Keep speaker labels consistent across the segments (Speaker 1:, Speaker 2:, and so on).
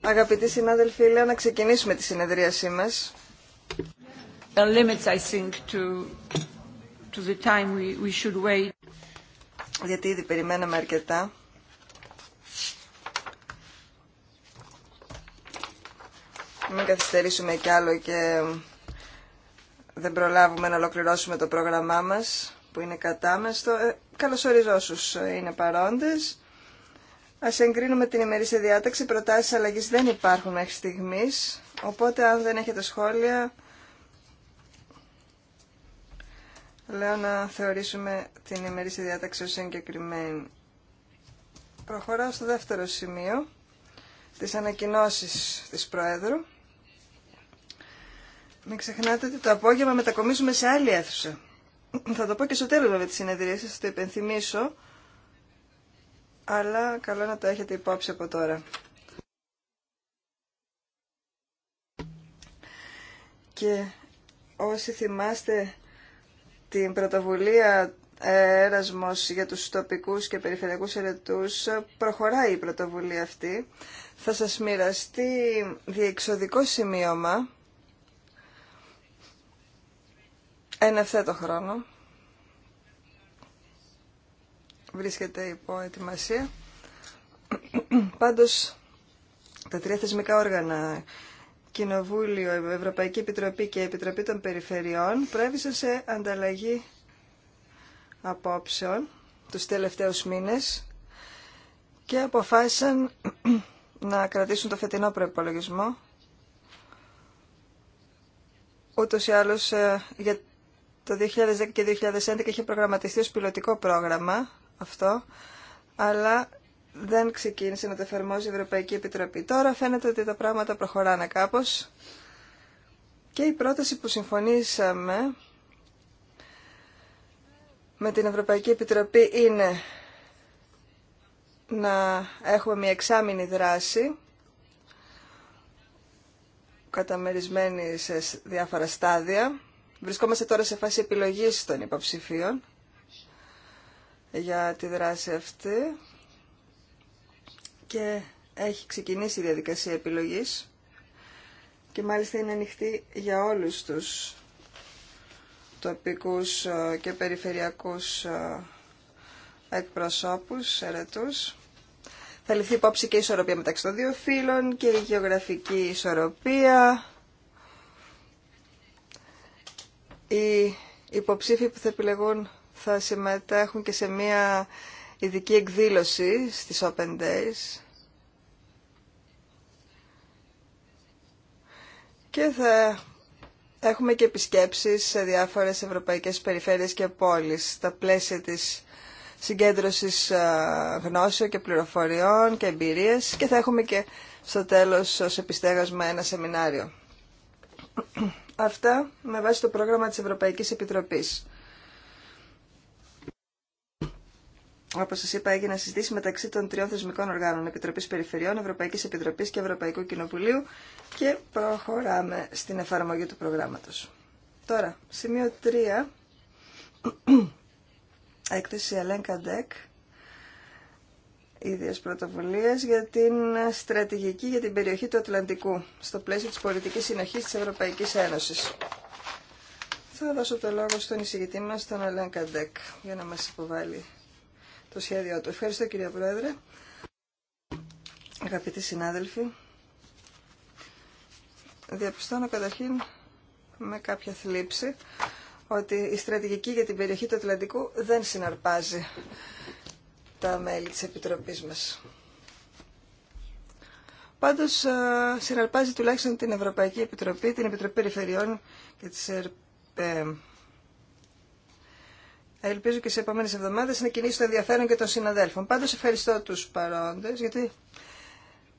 Speaker 1: Αγαπητοί συνάδελφοι, λέω να ξεκινήσουμε τη συνεδρίασή μας. limits, I Γιατί ήδη περιμέναμε αρκετά. Μην καθυστερήσουμε κι άλλο και δεν προλάβουμε να ολοκληρώσουμε το πρόγραμμά μας που είναι κατάμεστο. Ε, καλωσορίζω όσους ε, είναι παρόντες. Ας εγκρίνουμε την ημερήσια διάταξη. Προτάσεις αλλαγής δεν υπάρχουν μέχρι στιγμής. Οπότε αν δεν έχετε σχόλια, λέω να θεωρήσουμε την ημερήσια διάταξη ως εγκεκριμένη. Προχωράω στο δεύτερο σημείο, τις ανακοινώσεις της Προέδρου. Μην ξεχνάτε ότι το απόγευμα μετακομίζουμε σε άλλη αίθουσα. Θα το πω και στο τέλος βέβαια τις συνεδρία σας, το υπενθυμίσω, αλλά καλό να το έχετε υπόψη από τώρα. Και όσοι θυμάστε την πρωτοβουλία ε, έρασμος για τους τοπικούς και περιφερειακούς ερετούς, προχωράει η πρωτοβουλία αυτή. Θα σας μοιραστεί διεξοδικό σημείωμα εν ευθέτω χρόνο βρίσκεται υπό ετοιμασία. Πάντως, τα τρία θεσμικά όργανα, Κοινοβούλιο, Ευρωπαϊκή Επιτροπή και Επιτροπή των Περιφερειών, προέβησαν σε ανταλλαγή απόψεων τους τελευταίους μήνες και αποφάσισαν να κρατήσουν το φετινό προϋπολογισμό. Ούτως ή άλλως, ε, για το 2010 και 2011 είχε προγραμματιστεί ως πιλωτικό πρόγραμμα αυτό, αλλά δεν ξεκίνησε να το εφαρμόζει η Ευρωπαϊκή Επιτροπή. Τώρα φαίνεται ότι τα πράγματα προχωράνε κάπως και η πρόταση που συμφωνήσαμε με την Ευρωπαϊκή Επιτροπή είναι να έχουμε μια εξάμεινη δράση καταμερισμένη σε διάφορα στάδια Βρισκόμαστε τώρα σε φάση επιλογής των υποψηφίων για τη δράση αυτή και έχει ξεκινήσει η διαδικασία επιλογής και μάλιστα είναι ανοιχτή για όλους τους τοπικούς ε, και περιφερειακούς ε, εκπροσώπους, ερετούς. Θα ληφθεί υπόψη και η ισορροπία μεταξύ των δύο φύλων και η γεωγραφική ισορροπία οι υποψήφοι που θα επιλεγούν θα συμμετέχουν και σε μία ειδική εκδήλωση στις Open Days και θα έχουμε και επισκέψεις σε διάφορες ευρωπαϊκές περιφέρειες και πόλεις στα πλαίσια της συγκέντρωσης γνώσεων και πληροφοριών και εμπειρίες και θα έχουμε και στο τέλος ως επιστέγασμα ένα σεμινάριο. Αυτά με βάση το πρόγραμμα της Ευρωπαϊκής Επιτροπής. Όπω σα είπα, έγινε συζήτηση μεταξύ των τριών θεσμικών οργάνων Επιτροπή Περιφερειών, Ευρωπαϊκή Επιτροπή και Ευρωπαϊκού Κοινοβουλίου και προχωράμε στην εφαρμογή του προγράμματο. Τώρα, σημείο 3, έκθεση Αλέν Καντέκ ίδιες πρωτοβουλίες για την στρατηγική για την περιοχή του Ατλαντικού στο πλαίσιο της πολιτικής συνοχής της Ευρωπαϊκής Ένωσης. Θα δώσω το λόγο στον εισηγητή μας, τον Αλέν Καντέκ, για να μας υποβάλει το σχέδιό του. Ευχαριστώ κύριε Πρόεδρε. Αγαπητοί συνάδελφοι, διαπιστώνω καταρχήν με κάποια θλίψη ότι η στρατηγική για την περιοχή του Ατλαντικού δεν συναρπάζει τα μέλη της Επιτροπής μας. Πάντως ε, συναρπάζει τουλάχιστον την Ευρωπαϊκή Επιτροπή, την Επιτροπή Περιφερειών και της ΕΡΠΕ. Ελπίζω και σε επόμενες εβδομάδες να κινήσει το ενδιαφέρον και των συναδέλφων. Πάντως ευχαριστώ τους παρόντες, γιατί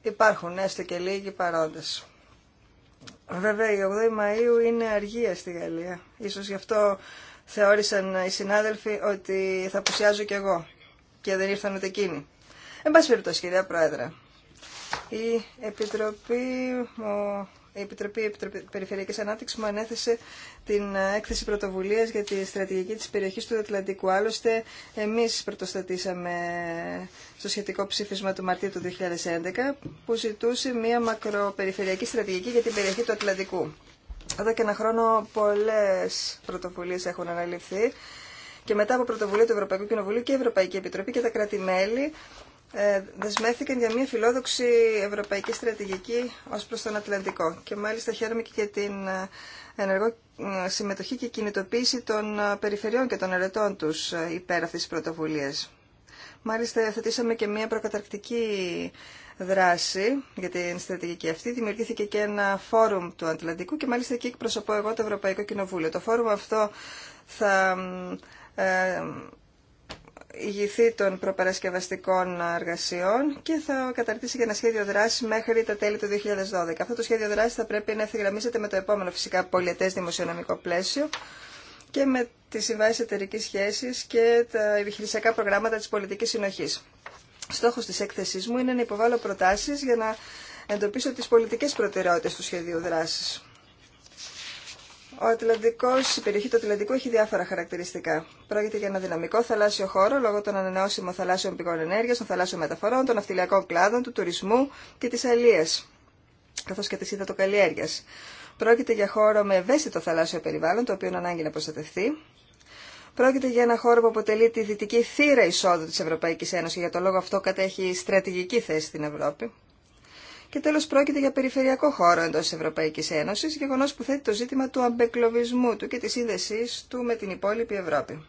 Speaker 1: υπάρχουν έστω και λίγοι παρόντες. Βέβαια, η 8η Μαΐου είναι αργία στη Γαλλία. Ίσως γι' αυτό θεώρησαν οι συνάδελφοι ότι θα πουσιάζω κι εγώ και δεν ήρθαν ούτε εκείνοι. Εν πάση περιπτώσει, κυρία Πρόεδρε, η Επιτροπή, η Επιτροπή, Περιφερειακής Ανάπτυξης μου ανέθεσε την έκθεση πρωτοβουλίας για τη στρατηγική της περιοχής του Ατλαντικού. Άλλωστε, εμείς πρωτοστατήσαμε στο σχετικό ψήφισμα του Μαρτίου του 2011 που ζητούσε μια μακροπεριφερειακή στρατηγική για την περιοχή του Ατλαντικού. Εδώ και ένα χρόνο πολλές πρωτοβουλίες έχουν αναλυφθεί και μετά από πρωτοβουλία του Ευρωπαϊκού Κοινοβουλίου και η Ευρωπαϊκή Επιτροπή και τα κράτη-μέλη ε, δεσμεύθηκαν για μια φιλόδοξη ευρωπαϊκή στρατηγική ως προς τον Ατλαντικό. Και μάλιστα χαίρομαι και για την ε, ενεργό ε, συμμετοχή και κινητοποίηση των περιφερειών και των ερετών τους υπέρ αυτής της πρωτοβουλίας. Μάλιστα, θετήσαμε και μια προκαταρκτική δράση για την στρατηγική αυτή. Δημιουργήθηκε και ένα φόρουμ του Ατλαντικού και μάλιστα εκεί εκπροσωπώ εγώ το Ευρωπαϊκό Κοινοβούλιο. Το φόρουμ αυτό θα ε, ηγηθεί των προπαρασκευαστικών εργασιών και θα καταρτήσει για ένα σχέδιο δράση μέχρι τα τέλη του 2012. Αυτό το σχέδιο δράση θα πρέπει να ευθυγραμμίζεται με το επόμενο φυσικά πολιτες δημοσιονομικό πλαίσιο και με τις συμβάσεις εταιρική σχέση και τα επιχειρησιακά προγράμματα της πολιτικής συνοχής. Στόχος της έκθεσής μου είναι να υποβάλω προτάσεις για να εντοπίσω τις πολιτικές προτεραιότητες του σχεδίου δράσης. Ο Ατλαντικός, η περιοχή του Ατλαντικού έχει διάφορα χαρακτηριστικά. Πρόκειται για ένα δυναμικό θαλάσσιο χώρο λόγω των ανανεώσιμων θαλάσσιων πηγών ενέργεια, των θαλάσσιων μεταφορών, των αυτιλιακών κλάδων, του τουρισμού και τη αλία, καθώ και τη υδατοκαλλιέργεια. Πρόκειται για χώρο με ευαίσθητο θαλάσσιο περιβάλλον, το οποίο είναι ανάγκη να προστατευτεί. Πρόκειται για ένα χώρο που αποτελεί τη δυτική θύρα εισόδου τη Ευρωπαϊκή Ένωση για το λόγο αυτό κατέχει στρατηγική θέση στην Ευρώπη. Και τέλος πρόκειται για περιφερειακό χώρο εντός της Ευρωπαϊκής Ένωσης, γεγονός που θέτει το ζήτημα του αμπεκλωβισμού του και της σύνδεσής του με την υπόλοιπη Ευρώπη.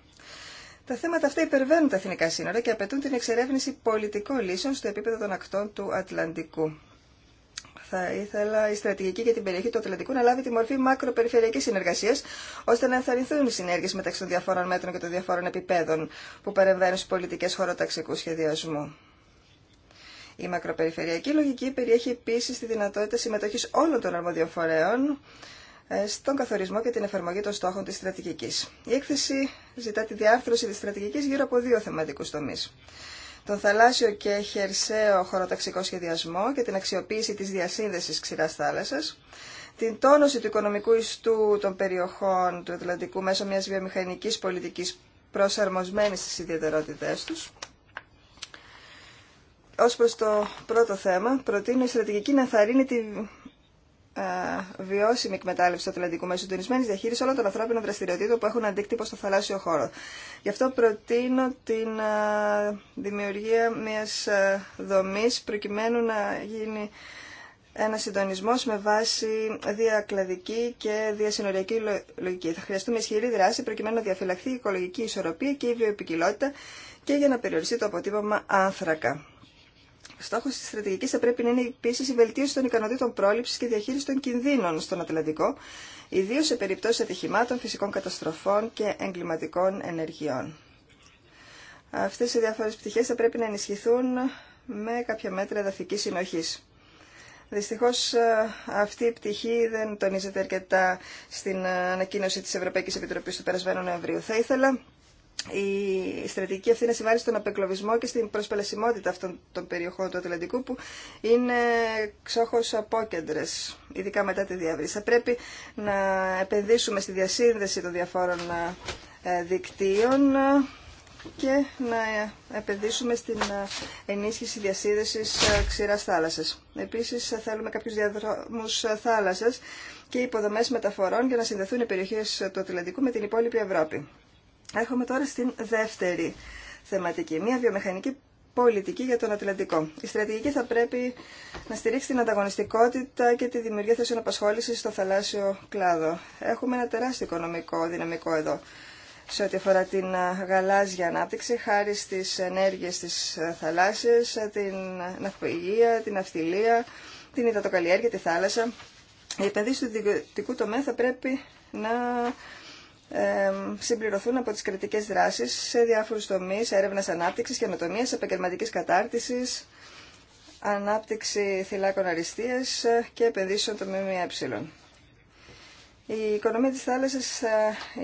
Speaker 1: Τα θέματα αυτά υπερβαίνουν τα εθνικά σύνορα και απαιτούν την εξερεύνηση πολιτικών λύσεων στο επίπεδο των ακτών του Ατλαντικού. Θα ήθελα η στρατηγική για την περιοχή του Ατλαντικού να λάβει τη μορφή μακροπεριφερειακή συνεργασία, ώστε να ενθαρρυνθούν οι συνέργειε μεταξύ των διαφόρων μέτρων και των διαφόρων επιπέδων που παρεμβαίνουν στι πολιτικέ χωροταξικού σχεδιασμού. Η μακροπεριφερειακή λογική περιέχει επίση τη δυνατότητα συμμετοχή όλων των αρμοδίων φορέων ε, στον καθορισμό και την εφαρμογή των στόχων τη στρατηγική. Η έκθεση ζητά τη διάρθρωση τη στρατηγική γύρω από δύο θεματικού τομεί. Τον θαλάσσιο και χερσαίο χωροταξικό σχεδιασμό και την αξιοποίηση τη διασύνδεση ξηρά θάλασσα, την τόνωση του οικονομικού ιστού των περιοχών του Ατλαντικού μέσω μια βιομηχανική πολιτική προσαρμοσμένη στι ιδιαίτεροτητέ του ως προς το πρώτο θέμα, προτείνω η στρατηγική να θαρρύνει τη ε, βιώσιμη εκμετάλλευση του Ατλαντικού μέσω συντονισμένη διαχείριση όλων των ανθρώπινων δραστηριοτήτων που έχουν αντίκτυπο στο θαλάσσιο χώρο. Γι' αυτό προτείνω την ε, δημιουργία μιας ε, δομής προκειμένου να γίνει ένα συντονισμό με βάση διακλαδική και διασυνοριακή λογική. Θα χρειαστούμε ισχυρή δράση προκειμένου να διαφυλαχθεί η οικολογική ισορροπία και η βιοεπικιλότητα και για να περιοριστεί το αποτύπωμα άνθρακα. Στόχο τη στρατηγική θα πρέπει να είναι επίση η βελτίωση των ικανοτήτων πρόληψη και διαχείριση των κινδύνων στον Ατλαντικό, ιδίω σε περιπτώσει ατυχημάτων, φυσικών καταστροφών και εγκληματικών ενεργειών. Αυτέ οι διάφορε πτυχέ θα πρέπει να ενισχυθούν με κάποια μέτρα εδαφική συνοχή. Δυστυχώ ε, αυτή η πτυχή δεν τονίζεται αρκετά στην ε, ανακοίνωση τη Ευρωπαϊκή Επιτροπή του περασμένου Νοεμβρίου. Θα ήθελα η στρατηγική αυτή να συμβάλλει στον απεκλωβισμό και στην προσπελασιμότητα αυτών των περιοχών του Ατλαντικού που είναι ξόχω απόκεντρε, ειδικά μετά τη διαβρύση. Θα πρέπει να επενδύσουμε στη διασύνδεση των διαφόρων ε, δικτύων και να επενδύσουμε στην ε, ενίσχυση διασύνδεσης ε, ξηράς θάλασσας. Επίσης θέλουμε κάποιους διαδρόμους θάλασσας και υποδομές μεταφορών για να συνδεθούν οι περιοχές του Ατλαντικού με την υπόλοιπη Ευρώπη. Έρχομαι τώρα στην δεύτερη θεματική, μια βιομηχανική πολιτική για τον Ατλαντικό. Η στρατηγική θα πρέπει να στηρίξει την ανταγωνιστικότητα και τη δημιουργία θέσεων απασχόληση στο θαλάσσιο κλάδο. Έχουμε ένα τεράστιο οικονομικό δυναμικό εδώ σε ό,τι αφορά την γαλάζια ανάπτυξη, χάρη στις ενέργειες τη θαλάσση, την ναυπηγία, την αυτιλία, την υδατοκαλλιέργεια, τη θάλασσα. Οι επενδύσεις του ιδιωτικού τομέα θα πρέπει να συμπληρωθούν από τις κρατικές δράσεις σε διάφορους τομείς έρευνας ανάπτυξης και ανατομίας, επαγγελματικής κατάρτισης, ανάπτυξη θυλάκων αριστείας και επενδύσεων των ΜΜΕ. Η οικονομία της θάλασσας ε,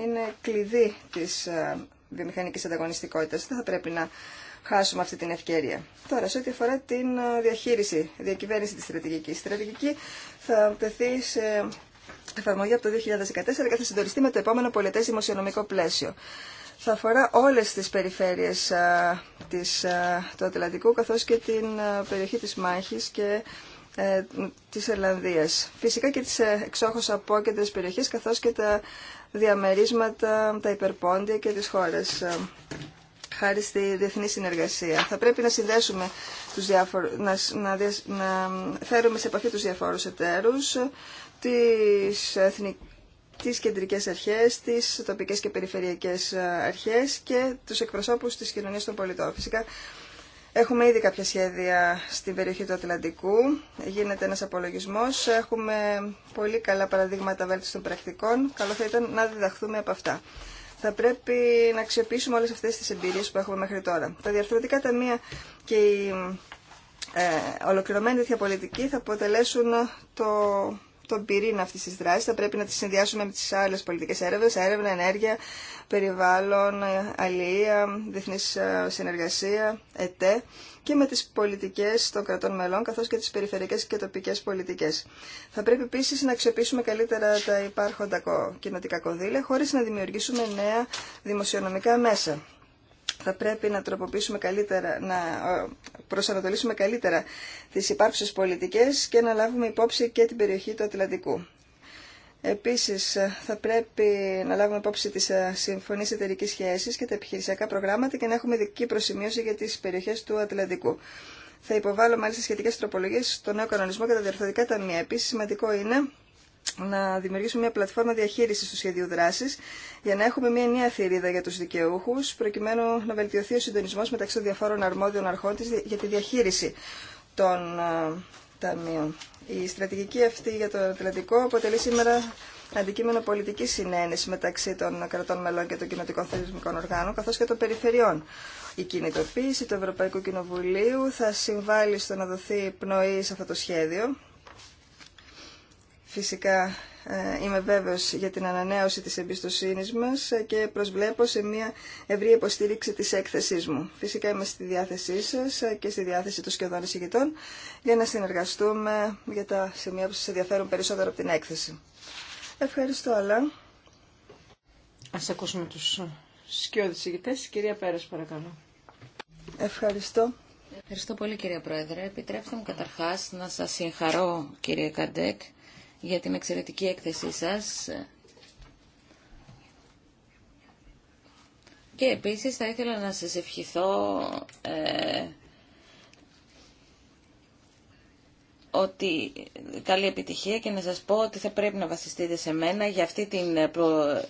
Speaker 1: είναι κλειδί της ε, βιομηχανικής ανταγωνιστικότητας. Δεν θα πρέπει να χάσουμε αυτή την ευκαιρία. Τώρα, σε ό,τι αφορά την ε, διαχείριση, διακυβέρνηση της στρατηγικής. Η στρατηγική θα τεθεί σε εφαρμογή από το 2014 και θα συντοριστεί με το επόμενο πολιτές δημοσιονομικό πλαίσιο. Θα αφορά όλες τις περιφέρειες του Ατλαντικού καθώς και την περιοχή της Μάχης και ε, της Ελλανδίας. Φυσικά και τις ε, εξόχως απόκεντρε περιοχές καθώς και τα διαμερίσματα, τα υπερπόντια και τις χώρες χάρη στη διεθνή συνεργασία. Θα πρέπει να συνδέσουμε τους διάφορους, να, να, να φέρουμε σε επαφή τους διαφόρους εταίρους, τις κεντρικέ τις κεντρικές αρχές, τις τοπικές και περιφερειακές αρχές και τους εκπροσώπους της κοινωνίας των πολιτών. Φυσικά έχουμε ήδη κάποια σχέδια στην περιοχή του Ατλαντικού, γίνεται ένας απολογισμός, έχουμε πολύ καλά παραδείγματα των πρακτικών, καλό θα ήταν να διδαχθούμε από αυτά. Θα πρέπει να αξιοποιήσουμε όλες αυτές τις εμπειρίες που έχουμε μέχρι τώρα. Τα διαρθρωτικά ταμεία και η ε, ολοκληρωμένη τέτοια πολιτική θα αποτελέσουν το τον πυρήνα αυτή τη δράση. Θα πρέπει να τη συνδυάσουμε με τι άλλε πολιτικέ έρευνε, έρευνα, ενέργεια, περιβάλλον, αλληλεία, διεθνή ε, συνεργασία, ΕΤΕ και με τι πολιτικέ των κρατών μελών καθώ και τι περιφερειακέ και τοπικέ πολιτικέ. Θα πρέπει επίση να αξιοποιήσουμε καλύτερα τα υπάρχοντα κοινοτικά κονδύλια χωρί να δημιουργήσουμε νέα δημοσιονομικά μέσα θα πρέπει να τροποποιήσουμε καλύτερα, να ε, προσανατολίσουμε καλύτερα τις υπάρξεις πολιτικές και να λάβουμε υπόψη και την περιοχή του Ατλαντικού. Επίσης, ε, θα πρέπει να λάβουμε υπόψη τις ε, συμφωνίες εταιρικής σχέσης και τα επιχειρησιακά προγράμματα και να έχουμε δική προσημείωση για τις περιοχές του Ατλαντικού. Θα υποβάλω μάλιστα σχετικές τροπολογίες στο νέο κανονισμό και τα διορθωτικά ταμεία. Επίσης, σημαντικό είναι να δημιουργήσουμε μια πλατφόρμα διαχείρισης του σχεδίου δράσης για να έχουμε μια νέα θηρίδα για τους δικαιούχους προκειμένου να βελτιωθεί ο συντονισμός μεταξύ των διαφόρων αρμόδιων αρχών της για τη διαχείριση των ε, ταμείων. Η στρατηγική αυτή για το Ατλαντικό αποτελεί σήμερα αντικείμενο πολιτικής συνένεση μεταξύ των κρατών μελών και των κοινοτικών θεσμικών οργάνων καθώς και των περιφερειών. Η κινητοποίηση του Ευρωπαϊκού Κοινοβουλίου θα συμβάλλει στο να δοθεί πνοή σε αυτό το σχέδιο Φυσικά ε, είμαι βέβαιος για την ανανέωση της εμπιστοσύνης μας και προσβλέπω σε μια ευρή υποστήριξη της έκθεσής μου. Φυσικά είμαι στη διάθεσή σας και στη διάθεση των σχεδόν εισηγητών για να συνεργαστούμε για τα σημεία που σας ενδιαφέρουν περισσότερο από την έκθεση. Ευχαριστώ,
Speaker 2: αλλά... Ας ακούσουμε τους
Speaker 3: σκιώδης εισηγητές. Κυρία Πέρας, παρακαλώ. Ευχαριστώ. Ευχαριστώ πολύ κυρία Πρόεδρε. Επιτρέψτε μου καταρχάς να σας συγχαρώ κύριε Καντέκ για την εξαιρετική έκθεσή σας. Και επίσης θα ήθελα να σας ευχηθώ ε, ότι καλή επιτυχία και να σας πω ότι θα πρέπει να βασιστείτε σε μένα για αυτή την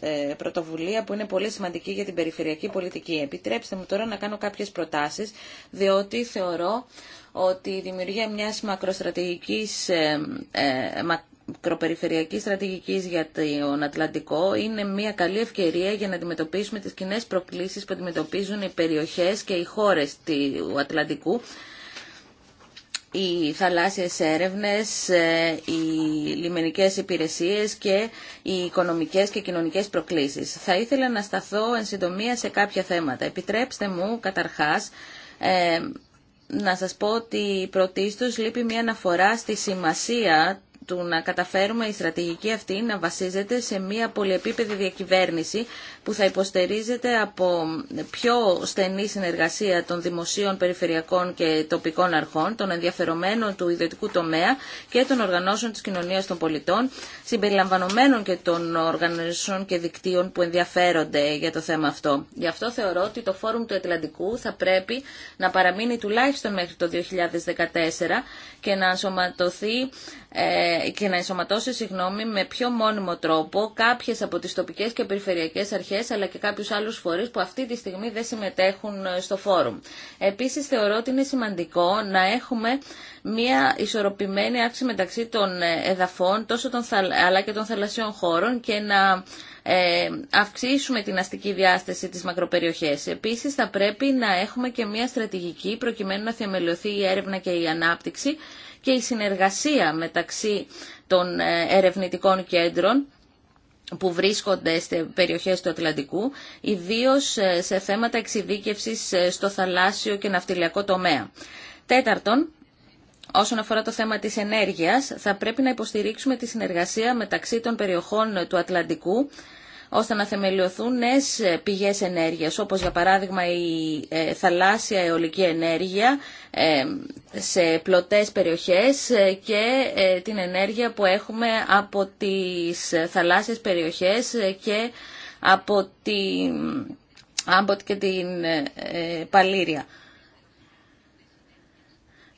Speaker 3: ε, πρωτοβουλία που είναι πολύ σημαντική για την περιφερειακή πολιτική. Επιτρέψτε μου τώρα να κάνω κάποιες προτάσεις, διότι θεωρώ ότι η δημιουργία μιας μακροστρατηγικής ε, ε μικροπεριφερειακή στρατηγικής για τον Ατλαντικό είναι μια καλή ευκαιρία για να αντιμετωπίσουμε τις κοινέ προκλήσεις που αντιμετωπίζουν οι περιοχές και οι χώρες του Ατλαντικού οι θαλάσσιες έρευνες, ε, οι λιμενικές υπηρεσίε και οι οικονομικές και κοινωνικές προκλήσεις. Θα ήθελα να σταθώ εν συντομία σε κάποια θέματα. Επιτρέψτε μου καταρχάς ε, να σας πω ότι πρωτίστως λείπει μια αναφορά στη σημασία του να καταφέρουμε η στρατηγική αυτή να βασίζεται σε μια πολυεπίπεδη διακυβέρνηση που θα υποστηρίζεται από πιο στενή συνεργασία των δημοσίων, περιφερειακών και τοπικών αρχών, των ενδιαφερομένων του ιδιωτικού τομέα και των οργανώσεων της κοινωνίας των πολιτών, συμπεριλαμβανομένων και των οργανώσεων και δικτύων που ενδιαφέρονται για το θέμα αυτό. Γι' αυτό θεωρώ ότι το Φόρουμ του Ατλαντικού θα πρέπει να παραμείνει τουλάχιστον μέχρι το 2014 και να ενσωματωθεί ε, και να ενσωματώσει, συγγνώμη, με πιο μόνιμο τρόπο κάποιες από τις τοπικές και περιφερειακές αρχές αλλά και κάποιους άλλους φορείς που αυτή τη στιγμή δεν συμμετέχουν ε, στο φόρουμ. Επίσης θεωρώ ότι είναι σημαντικό να έχουμε μια ισορροπημένη αύξηση μεταξύ των ε, εδαφών τόσο των, αλλά και των θαλασσιών χώρων και να αυξήσουμε την αστική διάσταση της μακροπεριοχής. Επίσης θα πρέπει να έχουμε και μια στρατηγική προκειμένου να θεμελιωθεί η έρευνα και η ανάπτυξη και η συνεργασία μεταξύ των ε, ερευνητικών κέντρων που βρίσκονται σε περιοχές του Ατλαντικού, ιδίως ε, σε θέματα εξειδίκευσης ε, στο θαλάσσιο και ναυτιλιακό τομέα. Τέταρτον, Όσον αφορά το θέμα της ενέργειας, θα πρέπει να υποστηρίξουμε τη συνεργασία μεταξύ των περιοχών του Ατλαντικού ώστε να θεμελιωθούν ε, πηγές ενέργειας, όπως για παράδειγμα η ε, θαλάσσια αιωλική ενέργεια ε, σε πλωτές περιοχές και την ενέργεια που έχουμε από τις θαλάσσιες περιοχές και από την, και την παλήρια.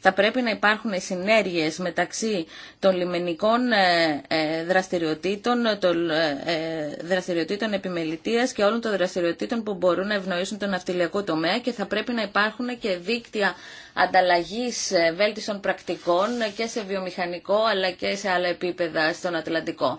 Speaker 3: Θα πρέπει να υπάρχουν συνέργειες μεταξύ των λιμενικών ε, ε, δραστηριοτήτων, των ε, δραστηριοτήτων επιμελητίας και όλων των δραστηριοτήτων που μπορούν να ευνοήσουν τον ναυτιλιακό τομέα και θα πρέπει να υπάρχουν και δίκτυα ανταλλαγής βέλτιστων πρακτικών και σε βιομηχανικό αλλά και σε άλλα επίπεδα στον Ατλαντικό.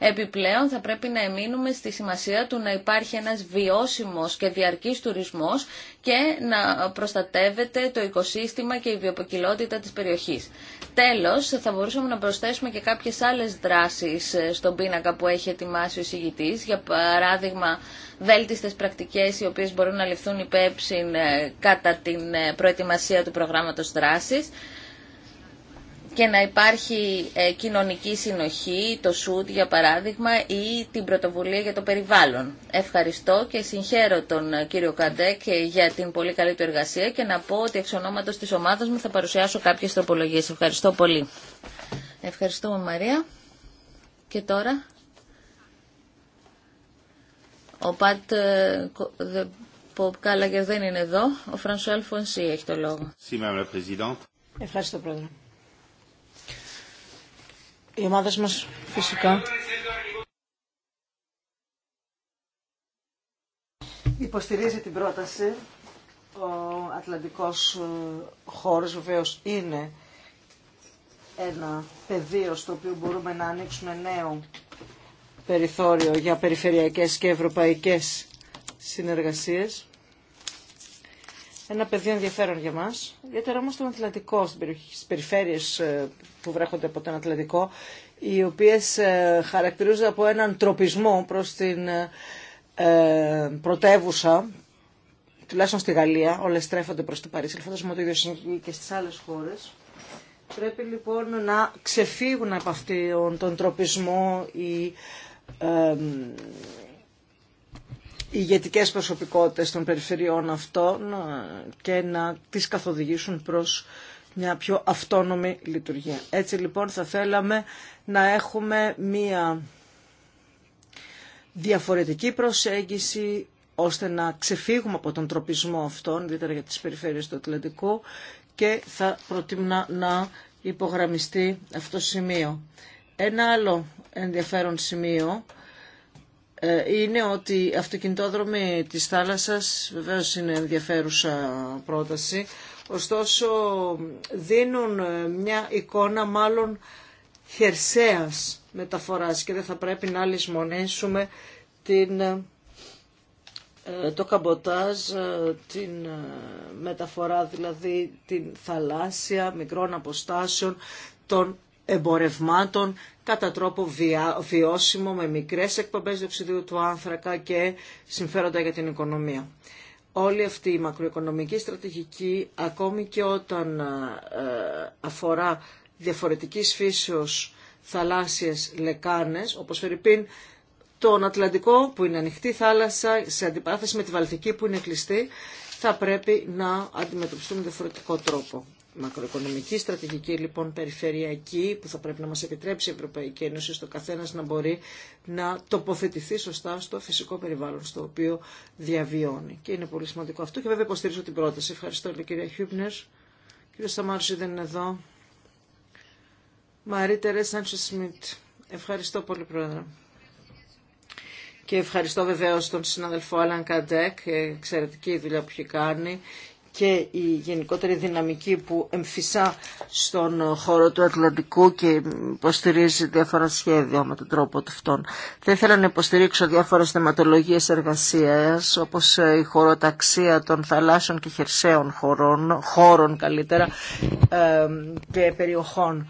Speaker 3: Επιπλέον θα πρέπει να εμείνουμε στη σημασία του να υπάρχει ένας βιώσιμος και διαρκής τουρισμός και να προστατεύεται το οικοσύστημα και η βιοποικιλότητα της περιοχής. Τέλος, θα μπορούσαμε να προσθέσουμε και κάποιες άλλες δράσεις ε, στον πίνακα που έχει ετοιμάσει ο συγητής, για παράδειγμα βέλτιστες πρακτικές οι οποίες μπορούν να ληφθούν υπέψη ε, κατά την ε, προετοιμασία του προγράμματος δράσης και να υπάρχει ε, κοινωνική συνοχή, το ΣΟΥΤ για παράδειγμα, ή την πρωτοβουλία για το περιβάλλον. Ευχαριστώ και συγχαίρω τον ε, κύριο Καντέκ ε, για την πολύ καλή του εργασία και να πω ότι εξ ονόματος της ομάδας μου θα παρουσιάσω κάποιες τροπολογίες. Ευχαριστώ πολύ. Ευχαριστούμε Μαρία. Και τώρα... Ο Πατ Κάλαγκερ δεν είναι εδώ. Ο Φρανσουέλ Φονσί έχει το λόγο. Ευχαριστώ, Πρόεδρε οι ομάδες μας φυσικά
Speaker 2: υποστηρίζει την πρόταση. Ο Ατλαντικός ε, χώρος βεβαίω είναι ένα πεδίο στο οποίο μπορούμε να ανοίξουμε νέο περιθώριο για περιφερειακές και ευρωπαϊκές συνεργασίες. Ένα πεδίο ενδιαφέρον για μας, Γιατί όμως τον Ατλαντικό, στις περιφέρειες ε, που βρέχονται από τον Ατλαντικό, οι οποίες ε, χαρακτηρίζονται από έναν τροπισμό προς την ε, ε, πρωτεύουσα, τουλάχιστον στη Γαλλία, όλες στρέφονται προς το Παρίσι, φαντάζομαι το ίδιο συμβεί και στις άλλες χώρες. Πρέπει λοιπόν να ξεφύγουν από αυτόν τον τροπισμό οι ε, ηγετικέ προσωπικότητες των περιφερειών αυτών και να τις καθοδηγήσουν προς μια πιο αυτόνομη λειτουργία. Έτσι λοιπόν θα θέλαμε να έχουμε μια διαφορετική προσέγγιση ώστε να ξεφύγουμε από τον τροπισμό αυτόν, ιδιαίτερα για τις περιφέρειες του Ατλαντικού και θα προτείνω να υπογραμμιστεί αυτό το σημείο. Ένα άλλο ενδιαφέρον σημείο ε, είναι ότι οι αυτοκινητόδρομοι της θάλασσας βεβαίως είναι ενδιαφέρουσα πρόταση ωστόσο δίνουν μια εικόνα μάλλον χερσαίας μεταφοράς και δεν θα πρέπει να λησμονήσουμε την, ε, το καμποτάζ, ε, την ε, μεταφορά δηλαδή την θαλάσσια μικρών αποστάσεων των εμπορευμάτων κατά τρόπο βιώσιμο με μικρές εκπομπές διοξιδίου του άνθρακα και συμφέροντα για την οικονομία όλη αυτή η μακροοικονομική στρατηγική, ακόμη και όταν ε, αφορά διαφορετικής φύσεως θαλάσσιες λεκάνες, όπως φερειπίν τον Ατλαντικό που είναι ανοιχτή θάλασσα, σε αντιπάθεση με τη Βαλτική που είναι κλειστή, θα πρέπει να αντιμετωπιστούν διαφορετικό τρόπο μακροοικονομική στρατηγική λοιπόν περιφερειακή που θα πρέπει να μας επιτρέψει η Ευρωπαϊκή Ένωση στο καθένας να μπορεί να τοποθετηθεί σωστά στο φυσικό περιβάλλον στο οποίο διαβιώνει. Και είναι πολύ σημαντικό αυτό και βέβαια υποστηρίζω την πρόταση. Ευχαριστώ κυρία Χιούπνερ. Κύριο Σταμάρση δεν είναι εδώ. Μαρή Τερέ Σμιτ. Ευχαριστώ πολύ πρόεδρε. Και ευχαριστώ βεβαίως τον συναδελφό Άλαν Καντέκ, εξαιρετική δουλειά που έχει κάνει και η γενικότερη δυναμική που εμφυσά στον χώρο του Ατλαντικού και υποστηρίζει διάφορα σχέδια με τον τρόπο του αυτών. Θα ήθελα να υποστηρίξω διάφορες θεματολογίες εργασία, όπως ε, η χωροταξία των θαλάσσιων και χερσαίων χωρών, χώρων καλύτερα ε, και περιοχών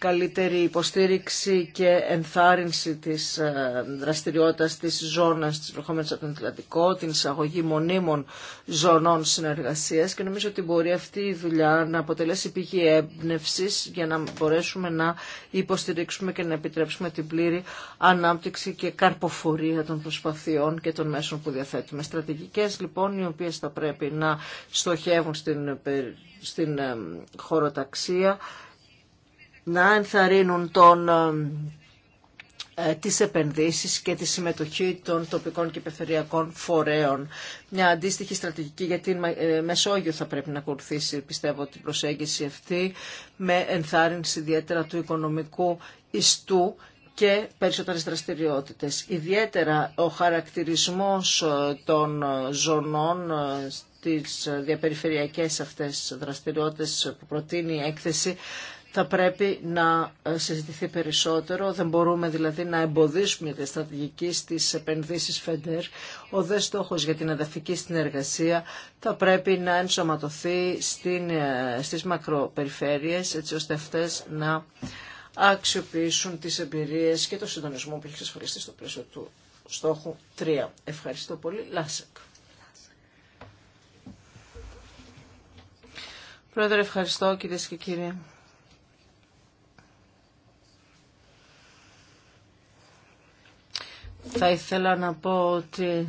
Speaker 2: καλύτερη υποστήριξη και ενθάρρυνση της ε, δραστηριότητας της ζώνας της προχώμενης από τον Ατλαντικό, την εισαγωγή μονίμων ζωνών συνεργασίας και νομίζω ότι μπορεί αυτή η δουλειά να αποτελέσει πηγή έμπνευση για να μπορέσουμε να υποστηρίξουμε και να επιτρέψουμε την πλήρη ανάπτυξη και καρποφορία των προσπαθειών και των μέσων που διαθέτουμε. Στρατηγικές λοιπόν οι οποίες θα πρέπει να στοχεύουν στην, στην ε, χωροταξία να ενθαρρύνουν τον, ε, ε, τις επενδύσεις και τη συμμετοχή των τοπικών και περιφερειακών φορέων. Μια αντίστοιχη στρατηγική για την ε, Μεσόγειο θα πρέπει να ακολουθήσει, πιστεύω, την προσέγγιση αυτή, με ενθάρρυνση ιδιαίτερα του οικονομικού ιστού και περισσότερες δραστηριότητες. Ιδιαίτερα ο χαρακτηρισμός ε, των ζωνών στις διαπεριφερειακές αυτές δραστηριότητες που προτείνει η έκθεση θα πρέπει να ε, συζητηθεί περισσότερο. Δεν μπορούμε δηλαδή να εμποδίσουμε τη στρατηγική στις επενδύσεις ΦΕΝΤΕΡ. Ο δε στόχος για την εδαφική συνεργασία θα πρέπει να ενσωματωθεί στην, ε, στις μακροπεριφέρειες έτσι ώστε αυτές να αξιοποιήσουν τις εμπειρίες και το συντονισμό που έχει εξασφαλιστεί στο πλαίσιο του στόχου 3. Ευχαριστώ πολύ. Λάσεκ. Πρόεδρε, ευχαριστώ κύριε και κύριοι. Θα ήθελα να πω ότι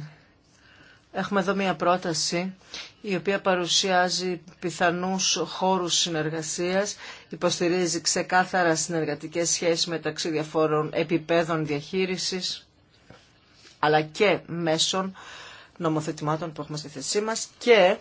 Speaker 2: έχουμε εδώ μία πρόταση η οποία παρουσιάζει πιθανούς χώρους συνεργασίας, υποστηρίζει ξεκάθαρα συνεργατικές σχέσεις μεταξύ διαφόρων επιπέδων διαχείρισης, αλλά και μέσων νομοθετημάτων που έχουμε στη θέσή μας και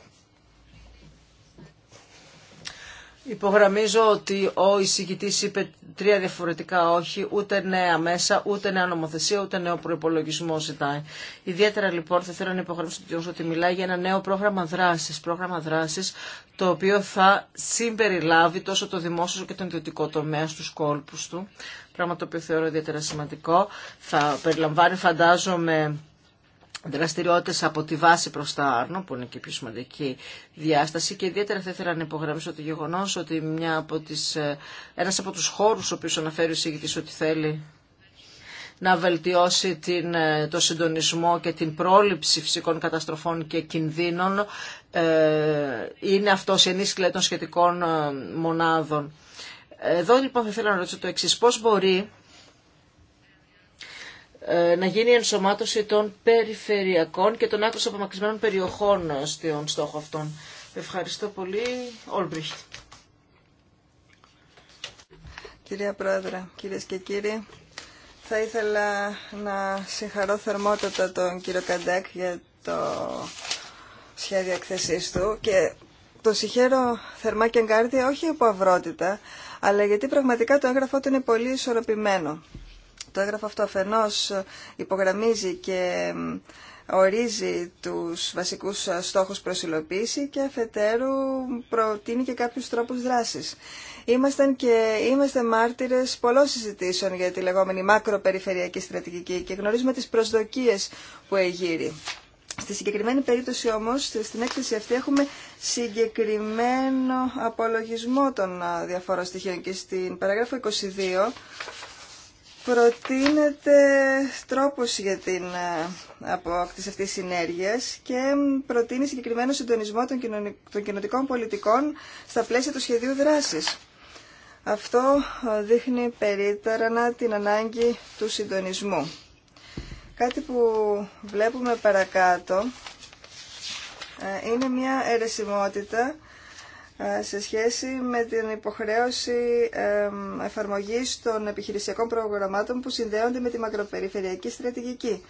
Speaker 2: Υπογραμμίζω ότι ο εισηγητή είπε τρία διαφορετικά όχι, ούτε νέα μέσα, ούτε νέα νομοθεσία, ούτε νέο προπολογισμό ζητάει. Ιδιαίτερα λοιπόν θα θέλω να υπογραμμίσω ότι μιλάει για ένα νέο πρόγραμμα δράση, πρόγραμμα δράσης το οποίο θα συμπεριλάβει τόσο το δημόσιο και το ιδιωτικό τομέα στου κόλπου του, πράγμα το οποίο θεωρώ ιδιαίτερα σημαντικό. Θα περιλαμβάνει φαντάζομαι δραστηριότητε από τη βάση προ τα Άρνο, που είναι και η πιο σημαντική διάσταση και ιδιαίτερα θα ήθελα να υπογραμμίσω το γεγονός ότι μια από τις, ε, ένας από τους χώρους ο οποίο αναφέρει ο εισηγητής ότι θέλει να βελτιώσει την, ε, το συντονισμό και την πρόληψη φυσικών καταστροφών και κινδύνων ε, είναι αυτό η ενίσχυση των σχετικών μονάδων. Εδώ λοιπόν θα ήθελα να ρωτήσω το εξή Πώς μπορεί ε, να γίνει η ενσωμάτωση των περιφερειακών και των άκρως απομακρυσμένων περιοχών στον στόχο αυτών. Ευχαριστώ πολύ. Όλμπριχτ.
Speaker 1: Κυρία Πρόεδρε, κυρίες και κύριοι, θα ήθελα να συγχαρώ θερμότατα τον κύριο Καντέκ για το σχέδιο εκθεσής του και το συγχαίρω θερμά και εγκάρδια όχι από αυρότητα, αλλά γιατί πραγματικά το έγγραφό του είναι πολύ ισορροπημένο. Το έγγραφο αυτό αφενός υπογραμμίζει και ορίζει τους βασικούς στόχους υλοποίηση και αφετέρου προτείνει και κάποιους τρόπους δράσης. Ήμασταν και είμαστε μάρτυρες πολλών συζητήσεων για τη λεγόμενη μακροπεριφερειακή στρατηγική και γνωρίζουμε τις προσδοκίες που εγείρει. Στη συγκεκριμένη περίπτωση όμως, στην έκθεση αυτή έχουμε συγκεκριμένο απολογισμό των διαφόρων στοιχείων και στην παραγράφο 22 προτείνεται τρόπος για την ε, απόκτηση αυτής της συνέργειας και προτείνει συγκεκριμένο συντονισμό των, των κοινωτικών πολιτικών στα πλαίσια του σχεδίου δράσης. Αυτό ε, δείχνει να την ανάγκη του συντονισμού. Κάτι που βλέπουμε παρακάτω ε, είναι μια αιρεσιμότητα ε, σε σχέση με την υποχρέωση ε, εφαρμογής των επιχειρησιακών προγραμμάτων που συνδέονται με τη μακροπεριφερειακή στρατηγική.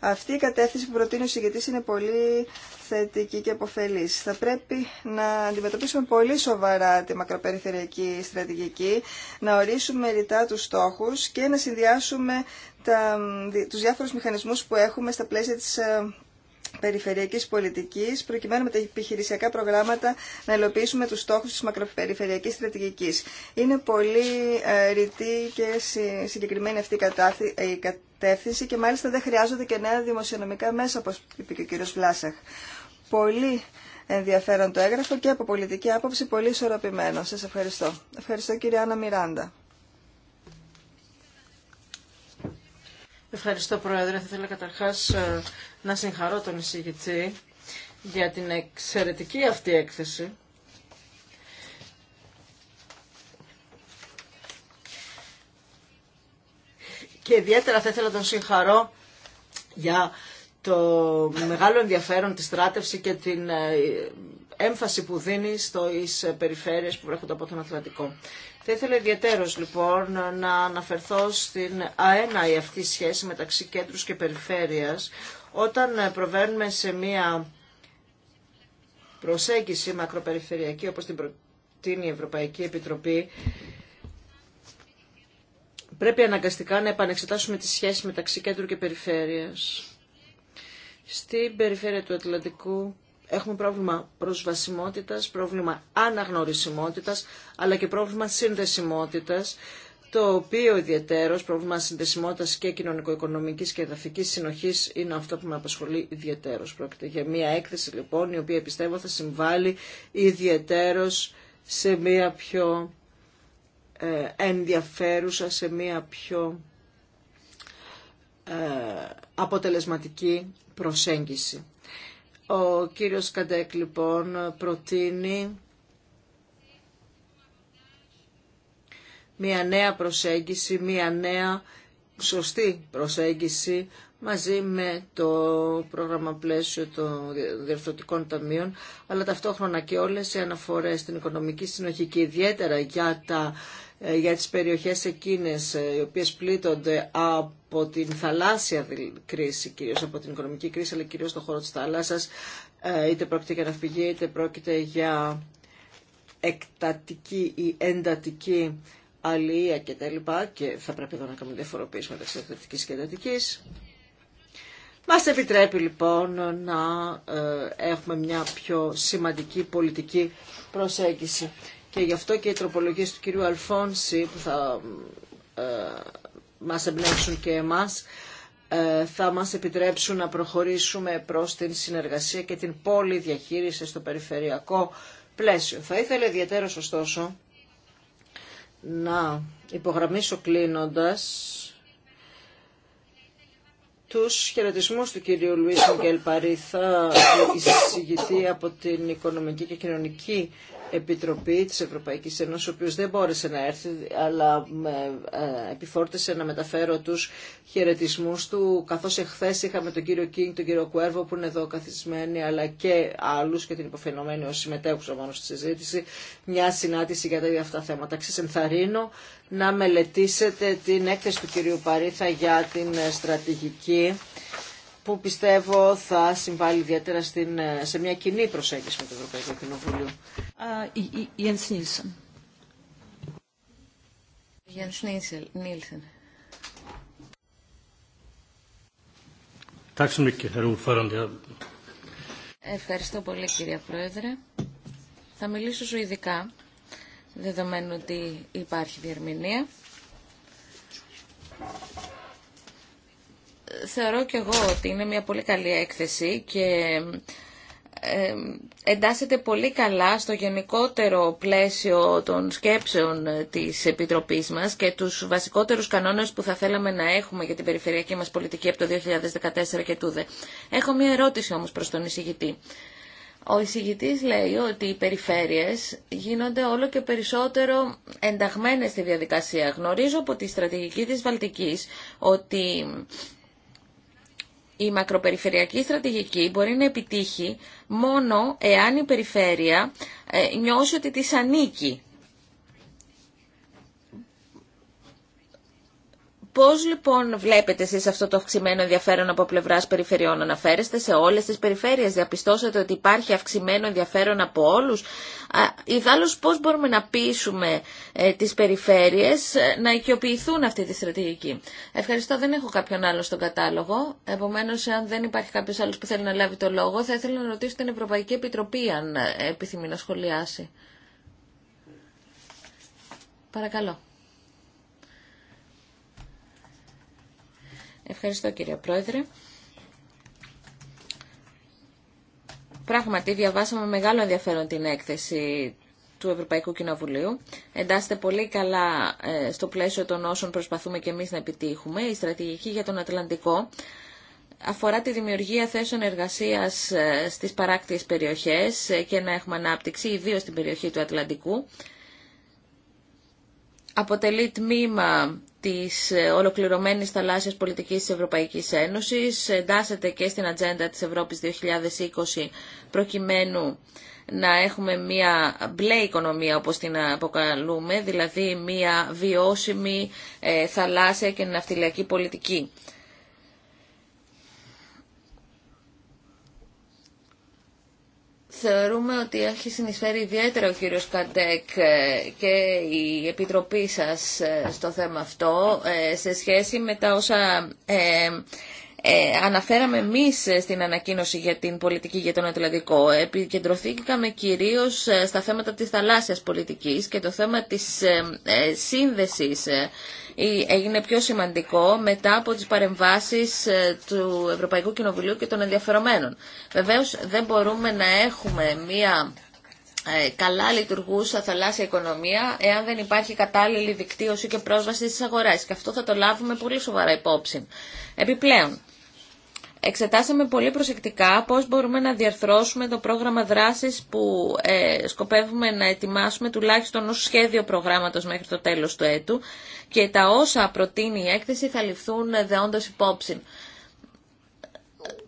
Speaker 1: Αυτή η κατεύθυνση που προτείνει ο συγκεκριτή είναι πολύ θετική και αποφελής. Θα πρέπει να αντιμετωπίσουμε πολύ σοβαρά τη μακροπεριφερειακή στρατηγική, να ορίσουμε ρητά τους στόχους και να συνδυάσουμε τα, τους διάφορους μηχανισμούς που έχουμε στα πλαίσια της ε, Περιφερειακή πολιτική, προκειμένου με τα επιχειρησιακά προγράμματα να υλοποιήσουμε του στόχου τη μακροπεριφερειακή στρατηγική. Είναι πολύ ε, ρητή και συγκεκριμένη αυτή η κατεύθυνση και μάλιστα δεν χρειάζονται και νέα δημοσιονομικά μέσα όπως είπε και ο κύριος Βλάσεχ. Πολύ ενδιαφέρον το έγγραφο και από πολιτική άποψη πολύ ισορροπημένο. Σα ευχαριστώ. Ευχαριστώ κύριε Άννα Μιράντα.
Speaker 2: Ευχαριστώ, Πρόεδρε. Θα ήθελα καταρχάς ε, να συγχαρώ τον εισηγητή για την εξαιρετική αυτή έκθεση. Και ιδιαίτερα θα ήθελα να τον συγχαρώ για το μεγάλο ενδιαφέρον, της στράτευση και την ε, έμφαση που δίνει στις ε, περιφέρειες που βρέχονται από τον Αθλαντικό. Θα ήθελα ιδιαίτερο λοιπόν να αναφερθώ στην αέναη αυτή σχέση μεταξύ κέντρου και περιφέρειας όταν προβαίνουμε σε μία προσέγγιση μακροπεριφερειακή όπως την προτείνει η Ευρωπαϊκή Επιτροπή πρέπει αναγκαστικά να επανεξετάσουμε τη σχέση μεταξύ κέντρου και περιφέρειας. Στην περιφέρεια του Ατλαντικού Έχουμε πρόβλημα προσβασιμότητας, πρόβλημα αναγνωρισιμότητας, αλλά και πρόβλημα συνδεσιμότητας, το οποίο ιδιαίτερο πρόβλημα συνδεσιμότητας και κοινωνικο-οικονομικής και εδαφικής συνοχής είναι αυτό που με απασχολεί ιδιαίτερο. Πρόκειται για μια έκθεση λοιπόν η οποία πιστεύω θα συμβάλλει ιδιαίτερο σε μια πιο ε, ενδιαφέρουσα, σε μια πιο ε, αποτελεσματική προσέγγιση ο κύριος Καντέκ λοιπόν προτείνει μια νέα προσέγγιση, μια νέα σωστή προσέγγιση μαζί με το πρόγραμμα πλαίσιο των διευθυντικών ταμείων, αλλά ταυτόχρονα και όλες οι αναφορές στην οικονομική συνοχή και ιδιαίτερα για τα ε, για τις περιοχές εκείνες ε, οι οποίες πλήττονται από την θαλάσσια κρίση, κυρίως από την οικονομική κρίση, αλλά κυρίως στον χώρο της θάλασσας, ε, είτε πρόκειται για ναυπηγή, είτε πρόκειται για εκτατική ή εντατική αλληλεία κτλ. Και θα πρέπει εδώ να κάνουμε διαφοροποίηση μεταξύ εκτατικής και εντατικής. Μας επιτρέπει λοιπόν να έχουμε μια πιο σημαντική πολιτική προσέγγιση και γι' αυτό και οι τροπολογίες του κυρίου Αλφόνση που θα ε, μας εμπνεύσουν και εμάς ε, θα μας επιτρέψουν να προχωρήσουμε προς την συνεργασία και την διαχείριση στο περιφερειακό πλαίσιο. Θα ήθελα ιδιαίτερα ωστόσο να υπογραμμίσω κλείνοντας τους χαιρετισμούς του κυρίου Λουίς Μιγγέλ Παρίθα, εισηγητή από την Οικονομική και Κοινωνική Επιτροπή της Ευρωπαϊκής Ένωσης, ο οποίος δεν μπόρεσε να έρθει, αλλά με ε, επιφόρτησε να μεταφέρω τους χαιρετισμού του, καθώς εχθές είχαμε τον κύριο Κίνγκ, τον κύριο Κουέρβο που είναι εδώ καθισμένοι, αλλά και άλλους και την υποφαινομένη ως συμμετέχουσα μόνο στη συζήτηση, μια συνάντηση για τα ίδια αυτά θέματα. Ξεσενθαρρύνω να μελετήσετε την έκθεση του κυρίου Παρίθα για την στρατηγική που πιστεύω θα συμβάλλει ιδιαίτερα στην, ε, σε μια κοινή προσέγγιση με το Ευρωπαϊκό Κοινοβούλιο.
Speaker 3: Ευχαριστώ πολύ κυρία Πρόεδρε. Θα μιλήσω σου ειδικά, δεδομένου ότι υπάρχει διερμηνία θεωρώ και εγώ ότι είναι μια πολύ καλή έκθεση και ε, εντάσσεται πολύ καλά στο γενικότερο πλαίσιο των σκέψεων της Επιτροπής μας και τους βασικότερους κανόνες που θα θέλαμε να έχουμε για την περιφερειακή μας πολιτική από το 2014 και τούδε. Έχω μια ερώτηση όμως προς τον εισηγητή. Ο εισηγητής λέει ότι οι περιφέρειες γίνονται όλο και περισσότερο ενταγμένες στη διαδικασία. Γνωρίζω από τη στρατηγική της Βαλτικής ότι η μακροπεριφερειακή στρατηγική μπορεί να επιτύχει μόνο εάν η περιφέρεια ε, νιώσει ότι της ανήκει Πώς λοιπόν βλέπετε εσείς αυτό το αυξημένο ενδιαφέρον από πλευράς περιφερειών αναφέρεστε σε όλες τις περιφέρειες, διαπιστώσατε ότι υπάρχει αυξημένο ενδιαφέρον από όλους. Ιδάλλως πώς μπορούμε να πείσουμε ε, τις περιφέρειες ε, να οικειοποιηθούν αυτή τη στρατηγική. Ευχαριστώ, δεν έχω κάποιον άλλο στον κατάλογο. Επομένως, αν δεν υπάρχει κάποιος άλλος που θέλει να λάβει το λόγο, θα ήθελα να ρωτήσω την Ευρωπαϊκή Επιτροπή αν ε, επιθυμεί να σχολιάσει. Παρακαλώ. Ευχαριστώ κύριε Πρόεδρε. Πράγματι διαβάσαμε μεγάλο ενδιαφέρον την έκθεση του Ευρωπαϊκού Κοινοβουλίου. Εντάσσεται πολύ καλά ε, στο πλαίσιο των όσων προσπαθούμε και εμείς να επιτύχουμε. Η στρατηγική για τον Ατλαντικό αφορά τη δημιουργία θέσεων εργασίας ε, στις παράκτιες περιοχές ε, και να έχουμε ανάπτυξη, ιδίως στην περιοχή του Ατλαντικού. Αποτελεί τμήμα της ολοκληρωμένης θαλάσσιας πολιτικής της Ευρωπαϊκής Ένωσης, εντάσσεται και στην ατζέντα της Ευρώπης 2020 προκειμένου να έχουμε μια μπλε οικονομία όπως την αποκαλούμε, δηλαδή μια βιώσιμη ε, θαλάσσια και ναυτιλιακή πολιτική. θεωρούμε ότι έχει συνεισφέρει ιδιαίτερα ο κύριος Καντέκ ε, και η Επιτροπή σας ε, στο θέμα αυτό ε, σε σχέση με τα όσα ε, αναφέραμε εμεί ε, στην ανακοίνωση για την πολιτική για τον Ατλαντικό. Επικεντρωθήκαμε κυρίω ε, στα θέματα τη θαλάσσιας πολιτική και το θέμα τη ε, σύνδεσης έγινε πιο σημαντικό μετά από τις παρεμβάσεις του Ευρωπαϊκού Κοινοβουλίου και των ενδιαφερομένων. Βεβαίω δεν μπορούμε να έχουμε μία καλά λειτουργούσα θαλάσσια οικονομία εάν δεν υπάρχει κατάλληλη δικτύωση και πρόσβαση στις αγορές και αυτό θα το λάβουμε πολύ σοβαρά υπόψη. Επιπλέον, εξετάσαμε πολύ προσεκτικά πώς μπορούμε να διαρθρώσουμε το πρόγραμμα δράσης που ε, σκοπεύουμε να ετοιμάσουμε τουλάχιστον ως σχέδιο προγράμματος μέχρι το τέλος του έτου και τα όσα προτείνει η έκθεση θα ληφθούν δεόντως υπόψη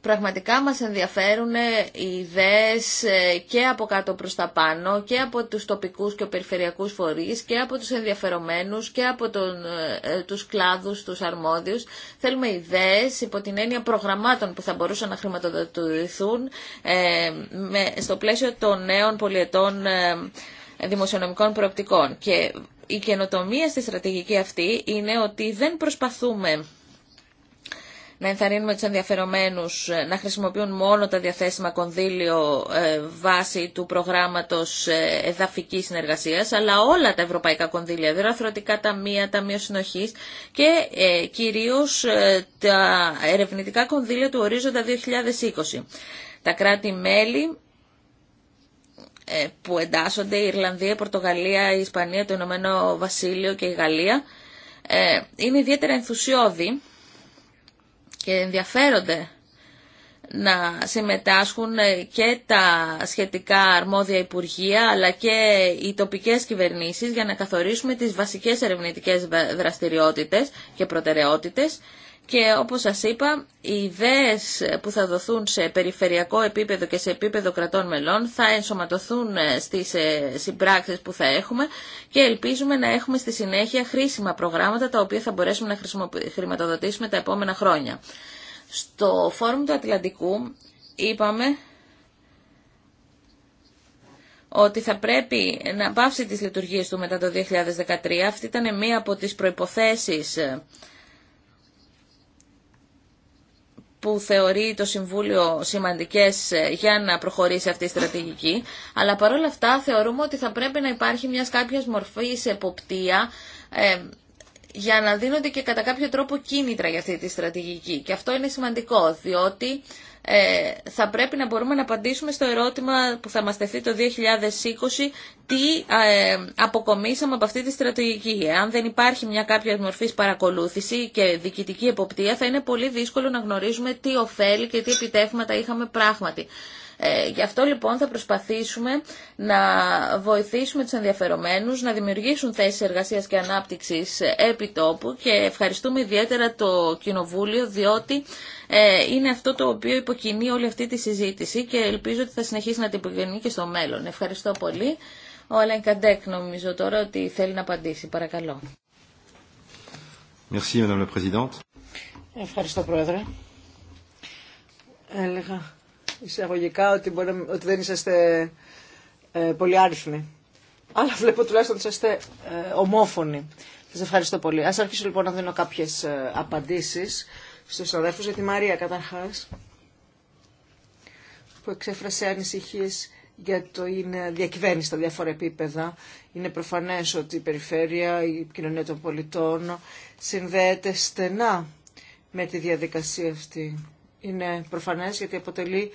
Speaker 3: πραγματικά μας ενδιαφέρουν οι ιδέες ε, και από κάτω προς τα πάνω και από τους τοπικούς και περιφερειακούς φορείς και από τους ενδιαφερομένους και από τον, ε, ε, τους κλάδους, τους αρμόδιους. Θέλουμε ιδέες υπό την έννοια προγραμμάτων που θα μπορούσαν να χρηματοδοτηθούν στο πλαίσιο των νέων πολιετών ε, δημοσιονομικών προοπτικών. Και η καινοτομία στη στρατηγική αυτή είναι ότι δεν προσπαθούμε να ενθαρρύνουμε του ενδιαφερομένους ε, να χρησιμοποιούν μόνο τα διαθέσιμα κονδύλιο ε, βάση του προγράμματος ε, εδαφικής συνεργασία, αλλά όλα τα ευρωπαϊκά κονδύλια, μία ταμεία, ταμείο συνοχής και κυρίω τα ερευνητικά κονδύλια του ορίζοντα 2020. Τα κράτη-μέλη που εντάσσονται, η Ιρλανδία, η Πορτογαλία, η Ισπανία, το Ηνωμένο Βασίλειο και η Γαλλία, είναι ιδιαίτερα ενθουσιώδη και ενδιαφέρονται να συμμετάσχουν και τα σχετικά αρμόδια υπουργεία αλλά και οι τοπικές κυβερνήσεις για να καθορίσουμε τις βασικές ερευνητικές δραστηριότητες και προτεραιότητες και όπως σας είπα, οι ιδέες που θα δοθούν σε περιφερειακό επίπεδο και σε επίπεδο κρατών μελών θα ενσωματωθούν ε, στις ε, συμπράξεις που θα έχουμε και ελπίζουμε να έχουμε στη συνέχεια χρήσιμα προγράμματα τα οποία θα μπορέσουμε να χρηματοδοτήσουμε τα επόμενα χρόνια. Στο Φόρουμ του Ατλαντικού είπαμε ότι θα πρέπει να πάψει τις λειτουργίες του μετά το 2013. Αυτή ήταν μία από τις προϋποθέσεις ε, που θεωρεί το Συμβούλιο σημαντικές ε, για να προχωρήσει αυτή η στρατηγική, αλλά παρόλα αυτά θεωρούμε ότι θα πρέπει να υπάρχει μιας κάποιας μορφής εποπτεία ε, για να δίνονται και κατά κάποιο τρόπο κίνητρα για αυτή τη στρατηγική. Και αυτό είναι σημαντικό, διότι ε, θα πρέπει να μπορούμε να απαντήσουμε στο ερώτημα που θα μας τεθεί το 2020 τι ε, αποκομίσαμε από αυτή τη στρατηγική. Αν δεν υπάρχει μια κάποια μορφής παρακολούθηση και διοικητική εποπτεία θα είναι πολύ δύσκολο να γνωρίζουμε τι ωφέλη και τι επιτεύγματα είχαμε πράγματι. Ε, γι' αυτό λοιπόν θα προσπαθήσουμε να βοηθήσουμε τους ενδιαφερομένους να δημιουργήσουν θέσεις εργασίας και ανάπτυξης επί τόπου και ευχαριστούμε ιδιαίτερα το Κοινοβούλιο διότι ε, είναι αυτό το οποίο υποκινεί όλη αυτή τη συζήτηση και ελπίζω ότι θα συνεχίσει να την υποκινεί και στο μέλλον. Ευχαριστώ πολύ. Ο Αλέν Καντέκ νομίζω τώρα ότι θέλει να απαντήσει. Παρακαλώ.
Speaker 1: Merci, Madame la
Speaker 3: Ευχαριστώ, Πρόεδρε.
Speaker 2: Έλεγα εισαγωγικά ότι, ότι δεν είσαστε ε, πολύ άριθμοι. Αλλά βλέπω τουλάχιστον ότι είσαστε ε, ομόφωνοι. Σας ευχαριστώ πολύ. Ας αρχίσω λοιπόν να δίνω κάποιες ε, απαντήσεις στους αδέρφους, για τη Μαρία καταρχάς, που εξέφρασε ανησυχίες για το είναι διακυβέρνηση στα διάφορα επίπεδα. Είναι προφανές ότι η περιφέρεια, η κοινωνία των πολιτών συνδέεται στενά με τη διαδικασία αυτή. Είναι προφανές γιατί αποτελεί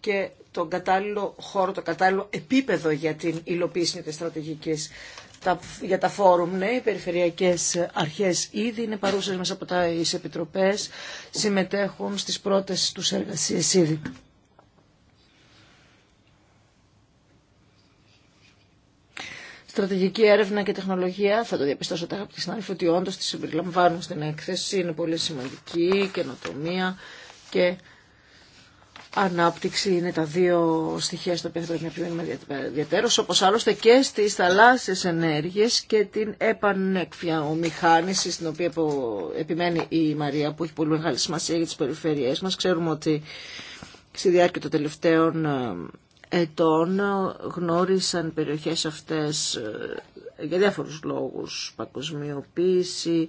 Speaker 2: και τον κατάλληλο χώρο, το κατάλληλο επίπεδο για την υλοποίηση της στρατηγικής για τα φόρουμ, ναι, οι περιφερειακές αρχές ήδη είναι παρούσες μέσα από τα επιτροπές, συμμετέχουν στις πρώτες τους εργασίες ήδη. Στρατηγική έρευνα και τεχνολογία, θα το τα αγαπητοί συνάδελφοι, ότι όντως τη συμπεριλαμβάνουν στην έκθεση, είναι πολύ σημαντική, καινοτομία και ανάπτυξη είναι τα δύο στοιχεία στα οποία θα πρέπει να επιμένουμε ιδιαίτερω, όπως άλλωστε και στις θαλάσσιες ενέργειες και την επανεκφιαομηχάνηση στην οποία επιμένει η Μαρία που έχει πολύ μεγάλη σημασία για τι περιφερειέ μας. Ξέρουμε ότι στη διάρκεια των τελευταίων ε, ετών γνώρισαν περιοχές αυτές ε, για διάφορου λόγου, παγκοσμιοποίηση,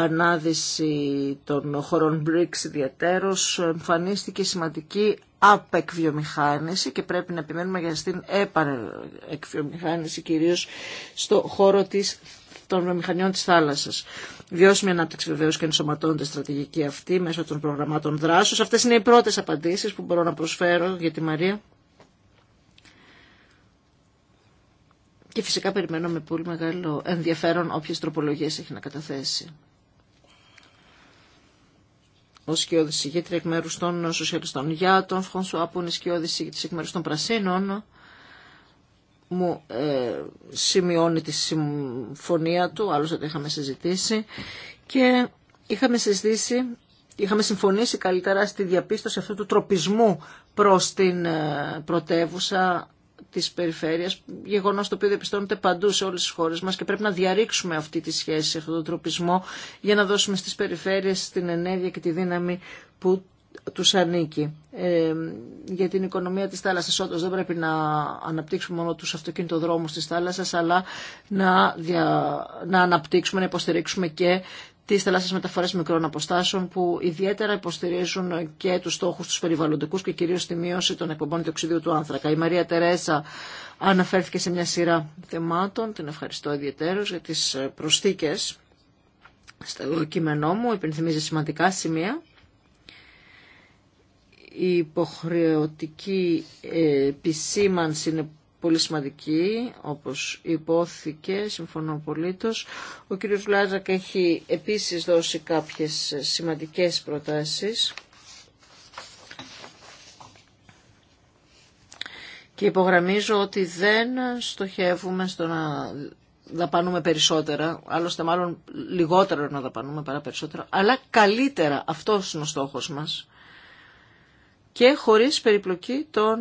Speaker 2: ανάδυση των χωρών BRICS ιδιαίτερως εμφανίστηκε σημαντική απεκβιομηχάνηση και πρέπει να επιμένουμε για στην επανεκβιομηχάνηση κυρίως στο χώρο της των βιομηχανιών της θάλασσας. Βιώσιμη ανάπτυξη βεβαίω και ενσωματώνεται στρατηγική αυτή μέσω των προγραμμάτων δράσεως. Αυτές είναι οι πρώτες απαντήσεις που μπορώ να προσφέρω για τη Μαρία. Και φυσικά περιμένω με πολύ μεγάλο ενδιαφέρον όποιε τροπολογίε έχει να καταθέσει. Ο σκιώδη ηγέτρια εκ μέρου των Σοσιαλιστών. Για τον Φρανσουά που είναι σκιώδη εκ μέρου των Πρασίνων, μου ε, σημειώνει τη συμφωνία του, άλλωστε το είχαμε συζητήσει και είχαμε συζητήσει, είχαμε συμφωνήσει καλύτερα στη διαπίστωση αυτού του τροπισμού προς την ε, πρωτεύουσα της περιφέρειας, γεγονός το οποίο διαπιστώνεται παντού σε όλες τις χώρες μας και πρέπει να διαρρήξουμε αυτή τη σχέση, αυτόν τον τροπισμό για να δώσουμε στις περιφέρειες την ενέργεια και τη δύναμη που τους ανήκει. Ε, για την οικονομία της θάλασσας όντω δεν πρέπει να αναπτύξουμε μόνο τους αυτοκινητοδρόμους της θάλασσα, αλλά να, να αναπτύξουμε, να υποστηρίξουμε και τι θαλάσσιες μεταφορές μικρών αποστάσεων που ιδιαίτερα υποστηρίζουν και τους στόχου του περιβαλλοντικούς και κυρίως τη μείωση των εκπομπών διοξιδίου του άνθρακα. Η Μαρία Τερέσα αναφέρθηκε σε μια σειρά θεμάτων, την ευχαριστώ ιδιαίτερω για τις προσθήκε στο κείμενό μου, υπενθυμίζει σημαντικά σημεία. Η υποχρεωτική επισήμανση είναι πολύ σημαντική, όπως υπόθηκε, συμφωνώ απολύτως. Ο κύριος Λάζακ έχει επίσης δώσει κάποιες σημαντικές προτάσεις. Και υπογραμμίζω ότι δεν στοχεύουμε στο να δαπανούμε περισσότερα, άλλωστε μάλλον λιγότερο να δαπανούμε παρά περισσότερα, αλλά καλύτερα αυτός είναι ο στόχος μας και χωρίς περιπλοκή των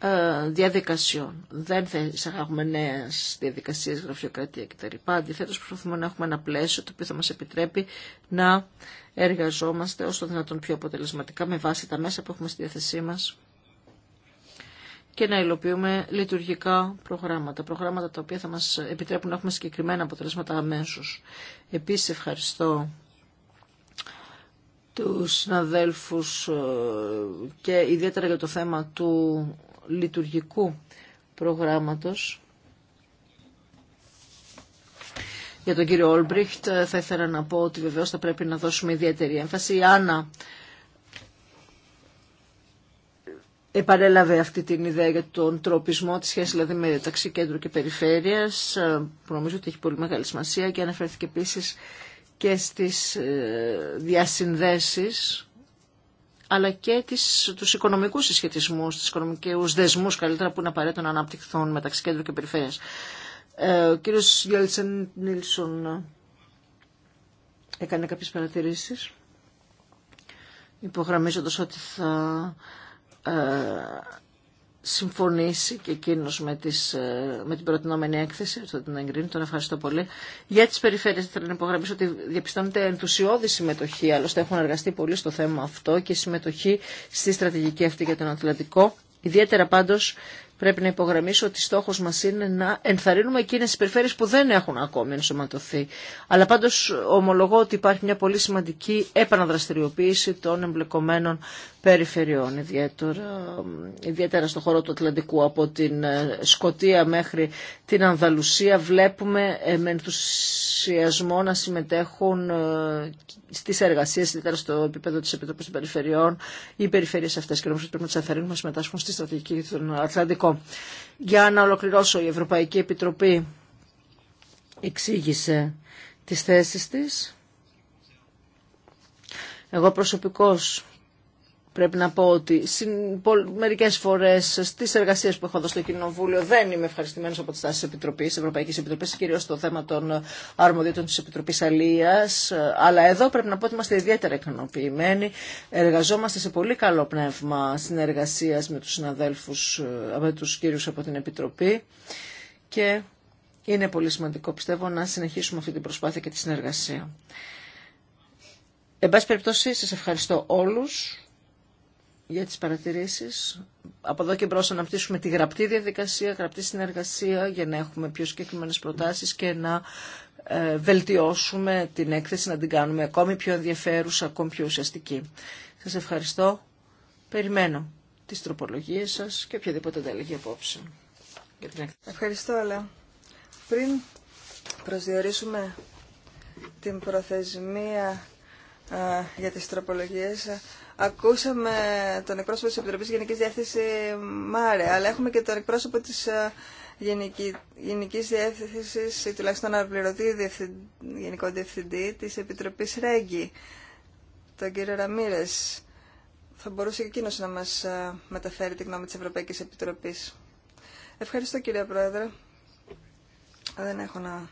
Speaker 2: ε, διαδικασιών. Δεν θα εισαγάγουμε νέε διαδικασίε, γραφειοκρατία κτλ. Αντιθέτω, προσπαθούμε να έχουμε ένα πλαίσιο το οποίο θα μα επιτρέπει να εργαζόμαστε όσο δυνατόν πιο αποτελεσματικά με βάση τα μέσα που έχουμε στη διάθεσή μα και να υλοποιούμε λειτουργικά προγράμματα. Προγράμματα τα οποία θα μα επιτρέπουν να έχουμε συγκεκριμένα αποτελέσματα αμέσω. Επίση, ευχαριστώ τους συναδέλφους ε, και ιδιαίτερα για το θέμα του λειτουργικού προγράμματος. Για τον κύριο Όλμπριχτ ε, θα ήθελα να πω ότι βεβαίως θα πρέπει να δώσουμε ιδιαίτερη έμφαση. Η Άννα επανέλαβε αυτή την ιδέα για τον τροπισμό τη σχέση δηλαδή μεταξύ κέντρο και περιφέρειας ε, που νομίζω ότι έχει πολύ μεγάλη σημασία και αναφέρθηκε επίσης και στις ε, διασυνδέσεις αλλά και τις, τους οικονομικούς συσχετισμούς, τους οικονομικούς δεσμούς καλύτερα που είναι απαραίτητο να αναπτυχθούν μεταξύ κέντρου και περιφέρειας. Ε, ο κύριος Γιέλσεν Νίλσον ε, έκανε κάποιες παρατηρήσεις υπογραμμίζοντας ότι θα ε, συμφωνήσει και εκείνο με, τις, ε, με την προτινόμενη έκθεση, θα την εγκρίνει, τον ευχαριστώ πολύ. Για τις περιφέρειες θέλω να υπογραμμίσω ότι διαπιστώνεται ενθουσιώδη συμμετοχή, άλλωστε έχουν εργαστεί πολύ στο θέμα αυτό και συμμετοχή στη στρατηγική αυτή για τον Ατλαντικό. Ιδιαίτερα πάντως Πρέπει να υπογραμμίσω ότι στόχος μας είναι να ενθαρρύνουμε εκείνες τις περιφέρειες που δεν έχουν ακόμη ενσωματωθεί. Αλλά πάντως ομολογώ ότι υπάρχει μια πολύ σημαντική επαναδραστηριοποίηση των εμπλεκομένων περιφερειών, ιδιαίτερα, ιδιαίτερα στον χώρο του Ατλαντικού. Από την ε, Σκοτία μέχρι την Ανδαλουσία βλέπουμε ε, με ενθουσιασμό να συμμετέχουν ε, στις εργασίες, ιδιαίτερα στο επίπεδο της Επιτροπής των Περιφερειών, οι περιφέρειες αυτές και νομίζω ότι πρέπει να τι ενθαρρύνουμε να συμμετάσχουν στη στρατηγική των Ατλαντικών. Για να ολοκληρώσω, η Ευρωπαϊκή Επιτροπή εξήγησε τις θέσεις της. Εγώ προσωπικώς Πρέπει να πω ότι μερικές φορές στις εργασίες που έχω δώσει στο Κοινοβούλιο δεν είμαι ευχαριστημένος από τις τάσεις της Επιτροπής, της Ευρωπαϊκής Επιτροπής, κυρίως στο θέμα των αρμοδιότητων της Επιτροπής Αλίας. Αλλά εδώ πρέπει να πω ότι είμαστε ιδιαίτερα ικανοποιημένοι. Εργαζόμαστε σε πολύ καλό πνεύμα συνεργασίας με τους συναδέλφους, ε, με τους κύριους από την Επιτροπή. Και είναι πολύ σημαντικό, πιστεύω, να συνεχίσουμε αυτή την προσπάθεια και τη συνεργασία. Εν πάση περιπτώσει, σας ευχαριστώ όλους για τις παρατηρήσεις. Από εδώ και μπρος αναπτύσσουμε τη γραπτή διαδικασία, γραπτή συνεργασία για να έχουμε πιο συγκεκριμένε προτάσεις και να ε, βελτιώσουμε την έκθεση, να την κάνουμε ακόμη πιο ενδιαφέρουσα, ακόμη πιο ουσιαστική. Σας ευχαριστώ. Περιμένω τις τροπολογίες σας και οποιαδήποτε ανταλλαγή απόψε. την Ευχαριστώ, αλλά πριν προσδιορίσουμε
Speaker 1: την προθεσμία ε, για τις τροπολογίες Ακούσαμε τον εκπρόσωπο της Επιτροπής Γενικής Διεύθυνσης ΜΑΡΕ, αλλά έχουμε και τον εκπρόσωπο της ε, Γενική, Γενικής Διεύθυνσης, ή τουλάχιστον αναπληρωτή διευθυν, Γενικό Διευθυντή της Επιτροπής Ρέγγι τον κύριο Ραμύρες. Θα μπορούσε και εκείνος να μας ε, μεταφέρει τη γνώμη της Ευρωπαϊκής Επιτροπής. Ευχαριστώ κύριε Πρόεδρε. Δεν έχω να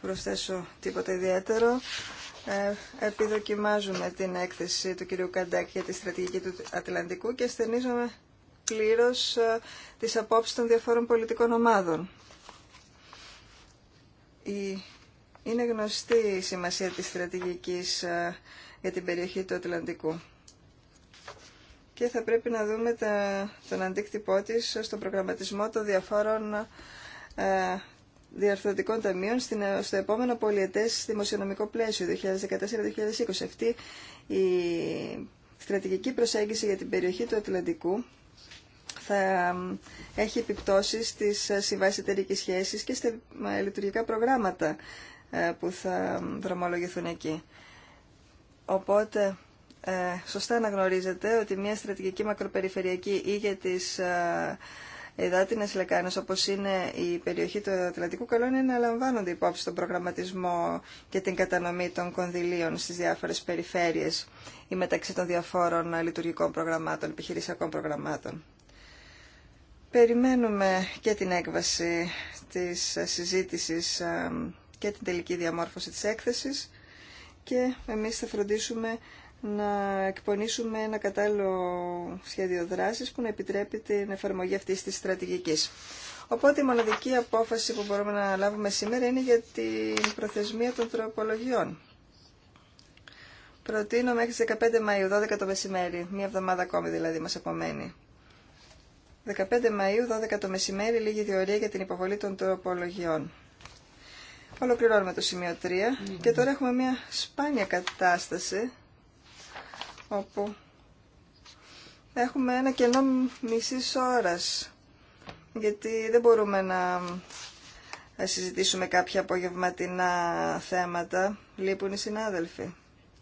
Speaker 1: προσθέσω τίποτα ιδιαίτερο. Ε, επιδοκιμάζουμε την έκθεση του κυρίου Καντάκη για τη στρατηγική του Ατλαντικού και ασθενίζομαι πλήρως ε, τις απόψει των διαφόρων πολιτικών ομάδων. Είναι γνωστή η σημασία της στρατηγικής ε, για την περιοχή του Ατλαντικού και θα πρέπει να δούμε τον αντίκτυπό της στον προγραμματισμό των διαφόρων διαρθρωτικών ταμείων στο επόμενο πολιετές δημοσιονομικό πλαίσιο 2014-2020. Αυτή η στρατηγική προσέγγιση για την περιοχή του Ατλαντικού θα έχει επιπτώσεις στις ε, συμβάσεις εταιρικής σχέσης και στα ε, λειτουργικά προγράμματα ε, που θα δρομολογηθούν εκεί. Οπότε, σωστά αναγνωρίζετε ότι μια στρατηγική μακροπεριφερειακή ή για τις υδάτινε λεκάνες όπως είναι η περιοχή του Ατλαντικού καλό είναι να λαμβάνονται υπόψη τον προγραμματισμό και την κατανομή των κονδυλίων στις διάφορες περιφέρειες ή μεταξύ των διαφόρων λειτουργικών προγραμμάτων, επιχειρησιακών προγραμμάτων. Περιμένουμε και την έκβαση της συζήτησης και την τελική διαμόρφωση της έκθεσης και εμείς θα φροντίσουμε να εκπονήσουμε ένα κατάλληλο σχέδιο δράσης που να επιτρέπει την εφαρμογή αυτής της στρατηγικής. Οπότε η μοναδική απόφαση που μπορούμε να λάβουμε σήμερα είναι για την προθεσμία των τροπολογιών. Προτείνω μέχρι τις 15 Μαΐου, 12 το μεσημέρι, μία εβδομάδα ακόμη δηλαδή μας απομένει. 15 Μαΐου, 12 το μεσημέρι, λίγη διορία για την υποβολή των τροπολογιών. Ολοκληρώνουμε το σημείο 3 και τώρα έχουμε μια σπάνια κατάσταση όπου έχουμε ένα κενό μισής ώρας, γιατί δεν μπορούμε να συζητήσουμε κάποια απογευματινά θέματα, λείπουν οι συνάδελφοι.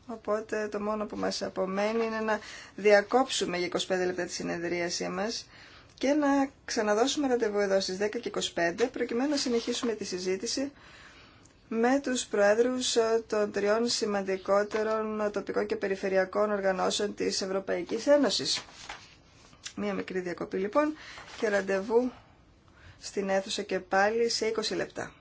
Speaker 1: Οπότε το μόνο που μας απομένει είναι να διακόψουμε για 25 λεπτά τη συνεδρίασή μας και να ξαναδώσουμε ραντεβού εδώ στις 10 και 25 προκειμένου να συνεχίσουμε τη συζήτηση με τους πρόεδρους των τριών σημαντικότερων τοπικών και περιφερειακών οργανώσεων της Ευρωπαϊκής Ένωσης. Μία μικρή διακοπή λοιπόν και ραντεβού στην αίθουσα και πάλι σε 20 λεπτά.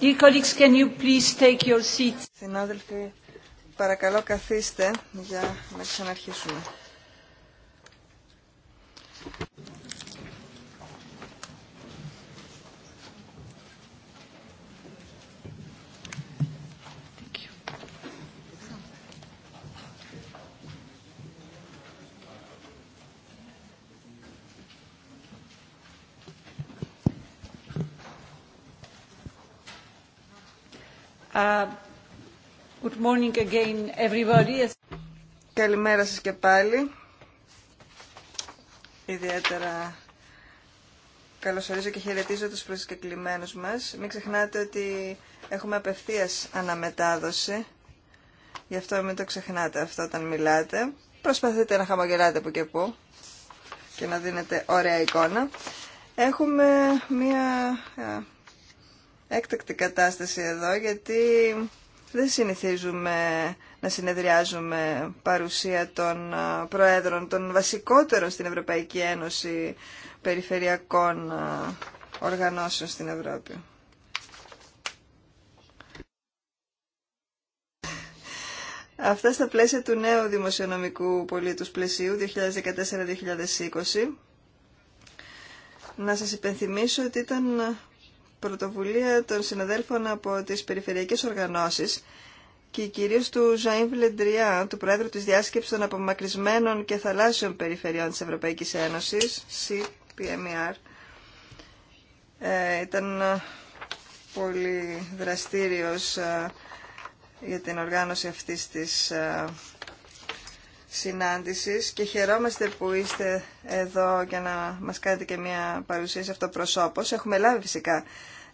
Speaker 1: Dear Συνάδελφοι, παρακαλώ καθίστε για να ξαναρχίσουμε.
Speaker 2: Καλημέρα σας και πάλι.
Speaker 1: Ιδιαίτερα καλωσορίζω και χαιρετίζω τους προσκεκλημένους μας. Μην ξεχνάτε ότι έχουμε απευθείας αναμετάδοση. Γι' αυτό μην το ξεχνάτε αυτό όταν μιλάτε. Προσπαθείτε να χαμογελάτε που και που και να δίνετε ωραία εικόνα. Έχουμε μία ε, έκτακτη κατάσταση εδώ γιατί δεν συνηθίζουμε να συνεδριάζουμε παρουσία των προέδρων των βασικότερων στην Ευρωπαϊκή Ένωση περιφερειακών οργανώσεων στην Ευρώπη. Αυτά στα πλαίσια του νέου δημοσιονομικού πολίτους πλαισίου 2014-2020. Να σας υπενθυμίσω ότι ήταν πρωτοβουλία των συναδέλφων από τις περιφερειακές οργανώσεις και κυρίως του Ζαΐν Βλεντριά, του Πρόεδρου της Διάσκεψης των Απομακρυσμένων και Θαλάσσιων Περιφερειών της Ευρωπαϊκής Ένωσης, CPMR, e ε, ήταν πολύ δραστήριος ε, για την οργάνωση αυτής της ε, συνάντησης και χαιρόμαστε που είστε εδώ για να μας κάνετε και μια παρουσίαση προσώπος. Έχουμε λάβει φυσικά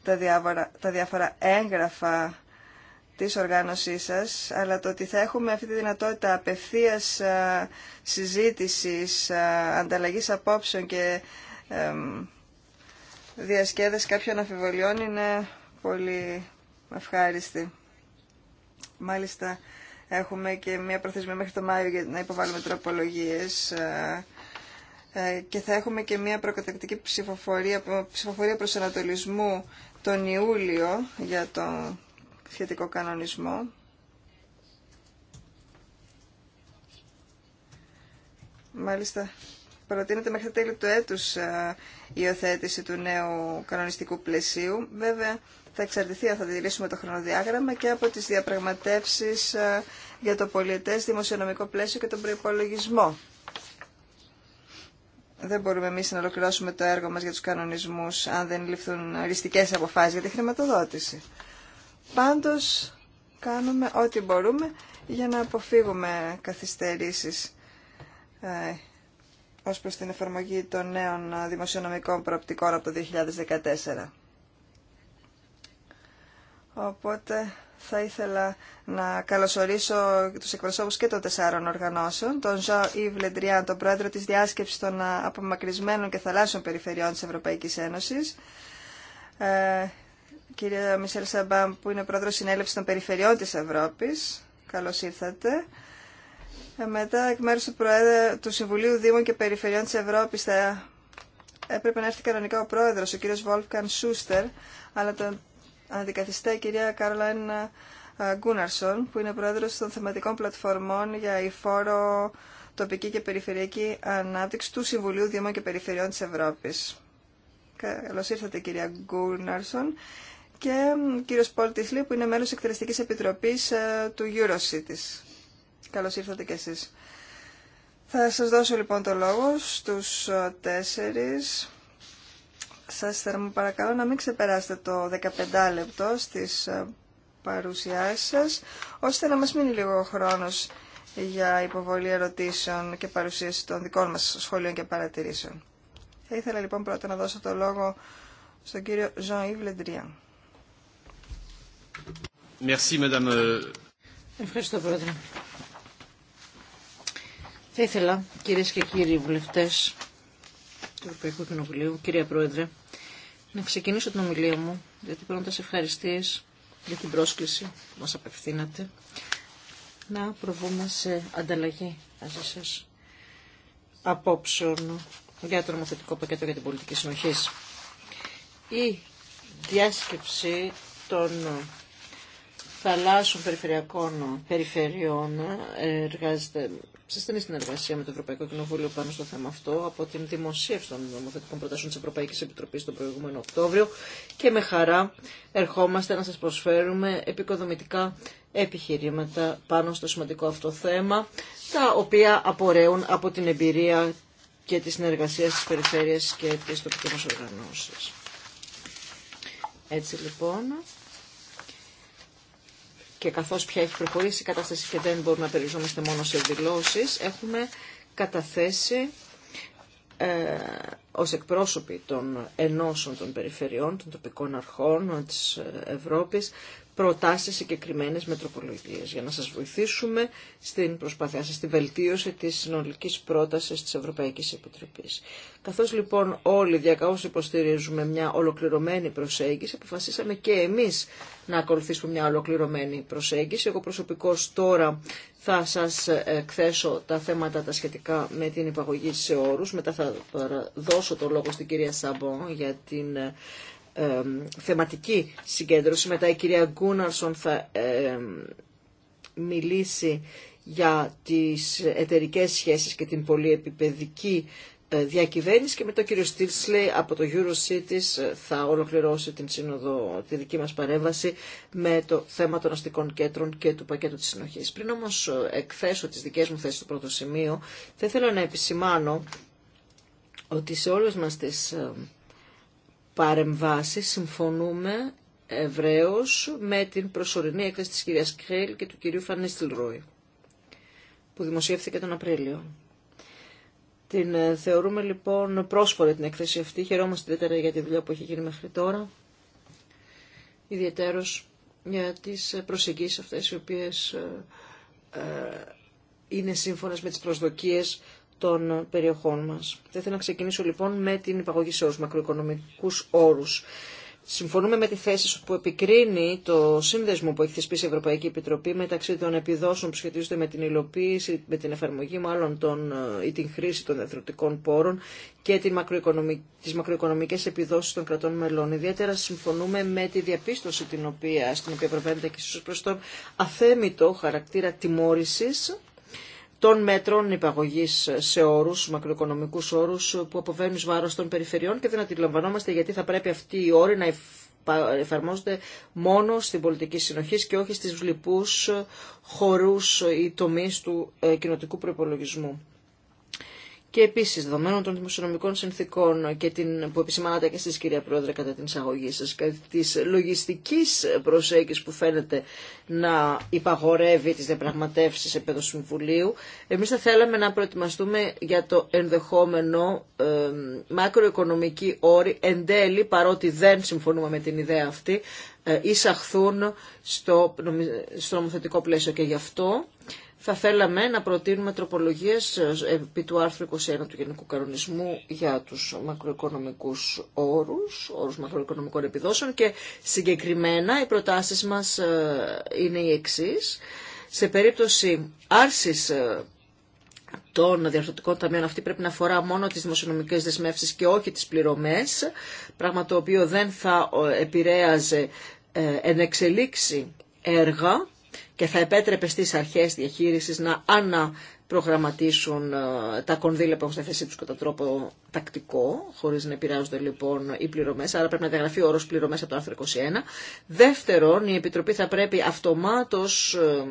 Speaker 1: τα, διάφορα, τα διάφορα έγγραφα της οργάνωσής σας, αλλά το ότι θα έχουμε αυτή τη δυνατότητα απευθείας ε, συζήτησης, ε, ανταλλαγής απόψεων και διασκέδες κάποιων αφιβολιών είναι πολύ ευχάριστη. Μάλιστα, Έχουμε και μια προθεσμία μέχρι το Μάιο για να υποβάλουμε τροπολογίε. Ε, ε, και θα έχουμε και μια προκατακτική ψηφοφορία, ψηφοφορία ανατολισμού τον Ιούλιο για τον σχετικό κανονισμό. Μάλιστα, προτείνεται μέχρι τέλη του έτους ε, η υιοθέτηση του νέου κανονιστικού πλαισίου. Βέβαια, θα εξαρτηθεί αν θα διαλύσουμε το χρονοδιάγραμμα και από τις διαπραγματεύσεις ε, για το πολιτές δημοσιονομικό πλαίσιο και τον προϋπολογισμό. Δεν μπορούμε εμείς να ολοκληρώσουμε το έργο μας για τους κανονισμούς αν δεν ληφθούν οριστικές αποφάσεις για τη χρηματοδότηση. Πάντως κάνουμε ό,τι μπορούμε για να αποφύγουμε καθυστερήσεις ε, ως προς την εφαρμογή των νέων δημοσιονομικών προοπτικών από το 2014. Οπότε θα ήθελα να καλωσορίσω τους εκπροσώπους και των τεσσάρων οργανώσεων, τον Ζω Ιβ Λεντριάν, τον πρόεδρο της διάσκεψης των απομακρυσμένων και θαλάσσιων περιφερειών της Ευρωπαϊκής Ένωσης, ε, κύριε Μισελ Σαμπάμ που είναι πρόεδρος συνέλευση των περιφερειών της Ευρώπης, καλώς ήρθατε. Ε, μετά εκ μέρους του, Προέδρου, του Συμβουλίου Δήμων και Περιφερειών της Ευρώπης θα έπρεπε να έρθει κανονικά ο πρόεδρος, ο κύριος Βόλφκαν Σούστερ, αλλά τον αντικαθιστά η κυρία Κάρλαν ε, Γκούναρσον, που είναι πρόεδρος των θεματικών πλατφορμών για η φόρο τοπική και περιφερειακή ανάπτυξη του Συμβουλίου Δήμων και Περιφερειών της Ευρώπης. Καλώ ήρθατε κυρία Γκούναρσον και κύριος Πολ που είναι μέλος εκτελεστικής επιτροπής ε, του EuroCities. Καλώς ήρθατε κι εσείς. Θα σας δώσω λοιπόν το λόγο στους ε, τέσσερις σας παρακαλώ, να μην ξεπεράσετε το 15 λεπτό στις ε, παρουσιάσεις σας, ώστε να μας μείνει λίγο ο χρόνος για υποβολή ερωτήσεων και παρουσίαση των δικών μας σχολείων και παρατηρήσεων. Θα ήθελα λοιπόν πρώτα να δώσω το λόγο στον κύριο Jean-Yves euh,
Speaker 2: Ευχαριστώ, Πρόεδρε. Θα ήθελα, κυρίες και κύριοι βουλευτές, του Ευρωπαϊκού Κοινοβουλίου, κυρία Πρόεδρε, να ξεκινήσω την ομιλία μου, γιατί πρέπει να σας ευχαριστήσω για την πρόσκληση που μας απευθύνατε, να προβούμε σε ανταλλαγή μαζί σας απόψεων για το νομοθετικό πακέτο για την πολιτική συνοχή. Η διάσκεψη των θαλάσσων περιφερειακών περιφερειών εργάζεται σε στενή συνεργασία με το Ευρωπαϊκό Κοινοβούλιο πάνω στο θέμα αυτό από την δημοσίευση των νομοθετικών προτάσεων της Ευρωπαϊκής Επιτροπής τον προηγούμενο Οκτώβριο και με χαρά ερχόμαστε να σας προσφέρουμε επικοδομητικά επιχειρήματα πάνω στο σημαντικό αυτό θέμα τα οποία απορρέουν από την εμπειρία και τη συνεργασία τη περιφέρειας και τη τοπική μας οργανώσεις. Έτσι λοιπόν και καθώς πια έχει προχωρήσει η κατάσταση και δεν μπορούμε να περιζόμαστε μόνο σε δηλώσεις, έχουμε καταθέσει ε, ως εκπρόσωποι των ενώσεων των περιφερειών, των τοπικών αρχών της ε, Ευρώπης, προτάσεις συγκεκριμένες μετροπολογίες για να σας βοηθήσουμε στην προσπάθειά σας, στη βελτίωση της συνολικής πρότασης της Ευρωπαϊκής Επιτροπής. Καθώς λοιπόν όλοι διακαώς υποστηρίζουμε μια ολοκληρωμένη προσέγγιση, αποφασίσαμε και εμείς να ακολουθήσουμε μια ολοκληρωμένη προσέγγιση. Εγώ προσωπικώς τώρα θα σας εκθέσω τα θέματα τα σχετικά με την υπαγωγή σε όρους. Μετά θα δώσω το λόγο στην κυρία Σαμπό για την θεματική συγκέντρωση. Μετά η κυρία Γκούναρσον θα μιλήσει για τις εταιρικές σχέσεις και την πολυεπιπεδική ε, διακυβέρνηση και μετά ο κύριο Στίλσλεϊ από το EuroCities ε, θα ολοκληρώσει την σύνοδο, τη δική μας παρέμβαση με το θέμα των αστικών κέντρων και του πακέτου της συνοχής. Πριν όμως ε, εκθέσω τις δικές μου θέσεις στο πρώτο σημείο, θα ήθελα να επισημάνω ότι σε όλες μας τις πάρεμβάσει συμφωνούμε ευρέως με την προσωρινή έκθεση της κυρίας Κρέλ και του κυρίου Φανίστηλ Ρόι που δημοσιεύθηκε τον Απρίλιο. Την ε, θεωρούμε λοιπόν πρόσφορη την έκθεση αυτή. Χαιρόμαστε ιδιαίτερα για τη δουλειά που έχει γίνει μέχρι τώρα. Ιδιαίτερος για τις προσεγγίσεις αυτές οι οποίες ε, ε, είναι σύμφωνες με τις προσδοκίες των περιοχών μας. Θα ήθελα να ξεκινήσω λοιπόν με την υπαγωγή σε όρους, μακροοικονομικούς όρους. Συμφωνούμε με τη θέση που επικρίνει το σύνδεσμο που έχει θεσπίσει η Ευρωπαϊκή Επιτροπή μεταξύ των επιδόσεων που σχετίζονται με την υλοποίηση, με την εφαρμογή μάλλον των, ε, ή την χρήση των διαδροτικών πόρων και τι μακροοικονομικέ τις μακροοικονομικές επιδόσεις των κρατών μελών. Ιδιαίτερα συμφωνούμε με τη διαπίστωση την οποία, στην οποία προβαίνεται και ίσως προς τον αθέμητο χαρακτήρα τιμώρηση των μέτρων υπαγωγή σε όρου, μακροοικονομικού όρου που αποβαίνουν βάρο των περιφερειών και δεν αντιλαμβανόμαστε γιατί θα πρέπει αυτοί οι όροι να εφαρμόζονται μόνο στην πολιτική συνοχή και όχι στι λοιπού χωρού ή τομεί του ε, κοινοτικού προπολογισμού. Και επίσης, δεδομένων των δημοσιονομικών συνθήκων και την, που επισημάνατε και εσεί, κυρία Πρόεδρε κατά την εισαγωγή σα και της λογιστικής προσέγγισης που φαίνεται να υπαγορεύει τι διαπραγματεύσει επέδο Συμβουλίου, εμείς θα θέλαμε να προετοιμαστούμε για το ενδεχόμενο ε, μακροοικονομική όρη εν τέλει, παρότι δεν συμφωνούμε με την ιδέα αυτή, ε, εισαχθούν στο, στο νομοθετικό πλαίσιο και γι' αυτό θα θέλαμε να προτείνουμε τροπολογίες ε, επί του άρθρου 21 του Γενικού Κανονισμού για τους μακροοικονομικούς όρους, όρους μακροοικονομικών επιδόσεων και συγκεκριμένα οι προτάσεις μας ε, είναι οι εξής. Σε περίπτωση άρσης ε, των διαρθρωτικών ταμείων αυτή πρέπει να αφορά μόνο τις δημοσιονομικές δεσμεύσεις και όχι τις πληρωμές, πράγμα το οποίο δεν θα επηρέαζε εν έργα και θα επέτρεπε στις αρχές διαχείρισης να αναπρογραμματίσουν ε, τα κονδύλια που έχουν στη θέση τους κατά τρόπο τακτικό, χωρίς να επηρεάζονται λοιπόν οι πληρωμές, άρα πρέπει να διαγραφεί ο όρος πληρωμές από το άρθρο 21. Δεύτερον, η Επιτροπή θα πρέπει αυτομάτως ε,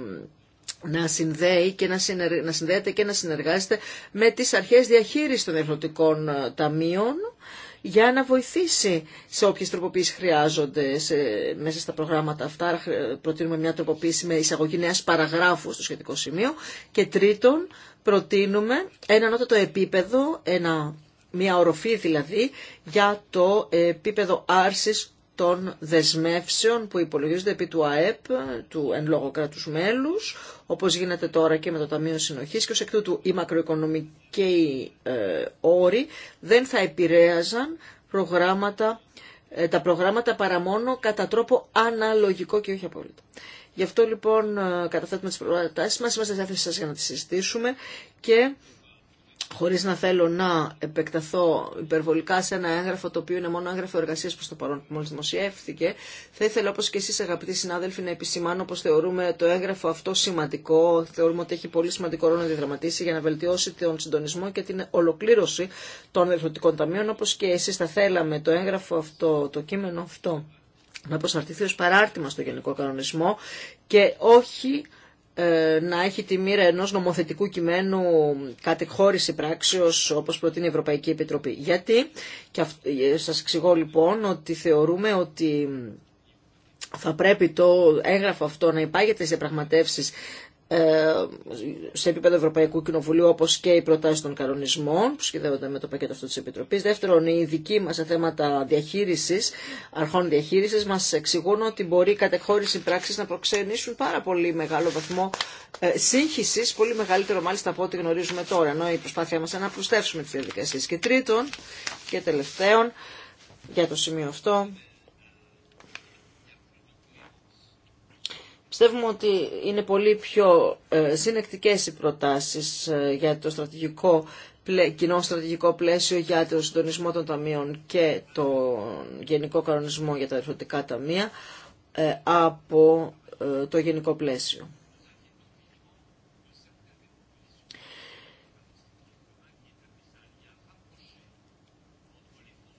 Speaker 2: να συνδέει και να, να συνδέεται και να συνεργάζεται με τις αρχές διαχείρισης των ευρωτικών ε, ταμείων για να βοηθήσει σε όποιες τροποποίησεις χρειάζονται σε, μέσα στα προγράμματα αυτά. Προτείνουμε μια τροποποίηση με εισαγωγή νέας παραγράφου στο σχετικό σημείο. Και τρίτον, προτείνουμε ένα το επίπεδο, ένα, μια οροφή δηλαδή, για το επίπεδο άρσης των δεσμεύσεων που υπολογίζονται επί του ΑΕΠ, του εν λόγω κράτου μέλου, όπω γίνεται τώρα και με το Ταμείο Συνοχή, και ω εκ τούτου οι μακροοικονομικοί ε, όροι δεν θα επηρέαζαν προγράμματα, ε, τα προγράμματα παρά μόνο κατά τρόπο αναλογικό και όχι απόλυτο. Γι' αυτό λοιπόν ε, καταθέτουμε τις προτάσεις μας, είμαστε διάθεση σας για να τις συζητήσουμε και χωρίς να θέλω να επεκταθώ υπερβολικά σε ένα έγγραφο το οποίο είναι μόνο έγγραφο εργασία προ το παρόν που μόλις δημοσιεύθηκε, θα ήθελα όπω και εσεί αγαπητοί συνάδελφοι να επισημάνω πω θεωρούμε το έγγραφο αυτό σημαντικό, θεωρούμε ότι έχει πολύ σημαντικό ρόλο να διδραματίσει για να βελτιώσει τον συντονισμό και την ολοκλήρωση των διευθυντικών ταμείων όπω και εσεί θα θέλαμε το έγγραφο αυτό, το κείμενο αυτό να προσαρτηθεί ω παράρτημα στο γενικό κανονισμό και όχι ε, να έχει τη μοίρα ενός νομοθετικού κειμένου κατεχώρηση πράξεως όπως προτείνει η Ευρωπαϊκή Επιτροπή. Γιατί, και ε, σας εξηγώ λοιπόν ότι θεωρούμε ότι θα πρέπει το έγγραφο αυτό να υπάγεται σε πραγματεύσεις ε, σε επίπεδο Ευρωπαϊκού Κοινοβουλίου όπως και οι προτάσεις των κανονισμών που σχεδεύονται με το πακέτο αυτό της Επιτροπής. Δεύτερον, οι ειδικοί μας σε θέματα διαχείρισης, αρχών διαχείρισης μας εξηγούν ότι μπορεί η κατεχώρηση πράξης να προξενήσουν πάρα πολύ μεγάλο βαθμό ε, σύγχυσης, πολύ μεγαλύτερο μάλιστα από ό,τι γνωρίζουμε τώρα, ενώ η προσπάθειά μας είναι να προστεύσουμε τις διαδικασίες. Και τρίτον και τελευταίον, για το σημείο αυτό, Πιστεύουμε ότι είναι πολύ πιο ε, συνεκτικές οι προτάσεις ε, για το στρατηγικό κοινό στρατηγικό πλαίσιο για το συντονισμό των ταμείων και τον γενικό κανονισμό για τα ερωτικά ταμεία ε, από το γενικό πλαίσιο.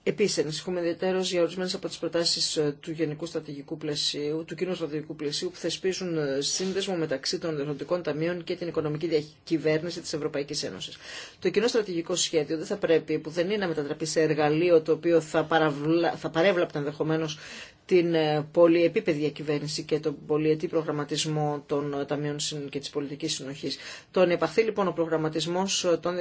Speaker 2: Επίση, ενισχύουμε ιδιαίτερω για ορισμένε από τι προτάσει ε, του Γενικού Στρατηγικού Πλαισίου, του Κοινού Στρατηγικού Πλαισίου, που θεσπίζουν ε, σύνδεσμο μεταξύ των διευθυντικών ταμείων και την οικονομική διακυβέρνηση τη Ευρωπαϊκή Ένωση. Το Κοινό Στρατηγικό Σχέδιο δεν θα πρέπει, που δεν είναι να μετατραπεί σε εργαλείο το οποίο θα, παραβλα... θα παρέβλαπτε ενδεχομένω την ε, πολυεπίπεδη διακυβέρνηση και τον πολυετή προγραμματισμό των ταμείων και τη πολιτική συνοχή. Το να επαχθεί λοιπόν ο προγραμματισμό των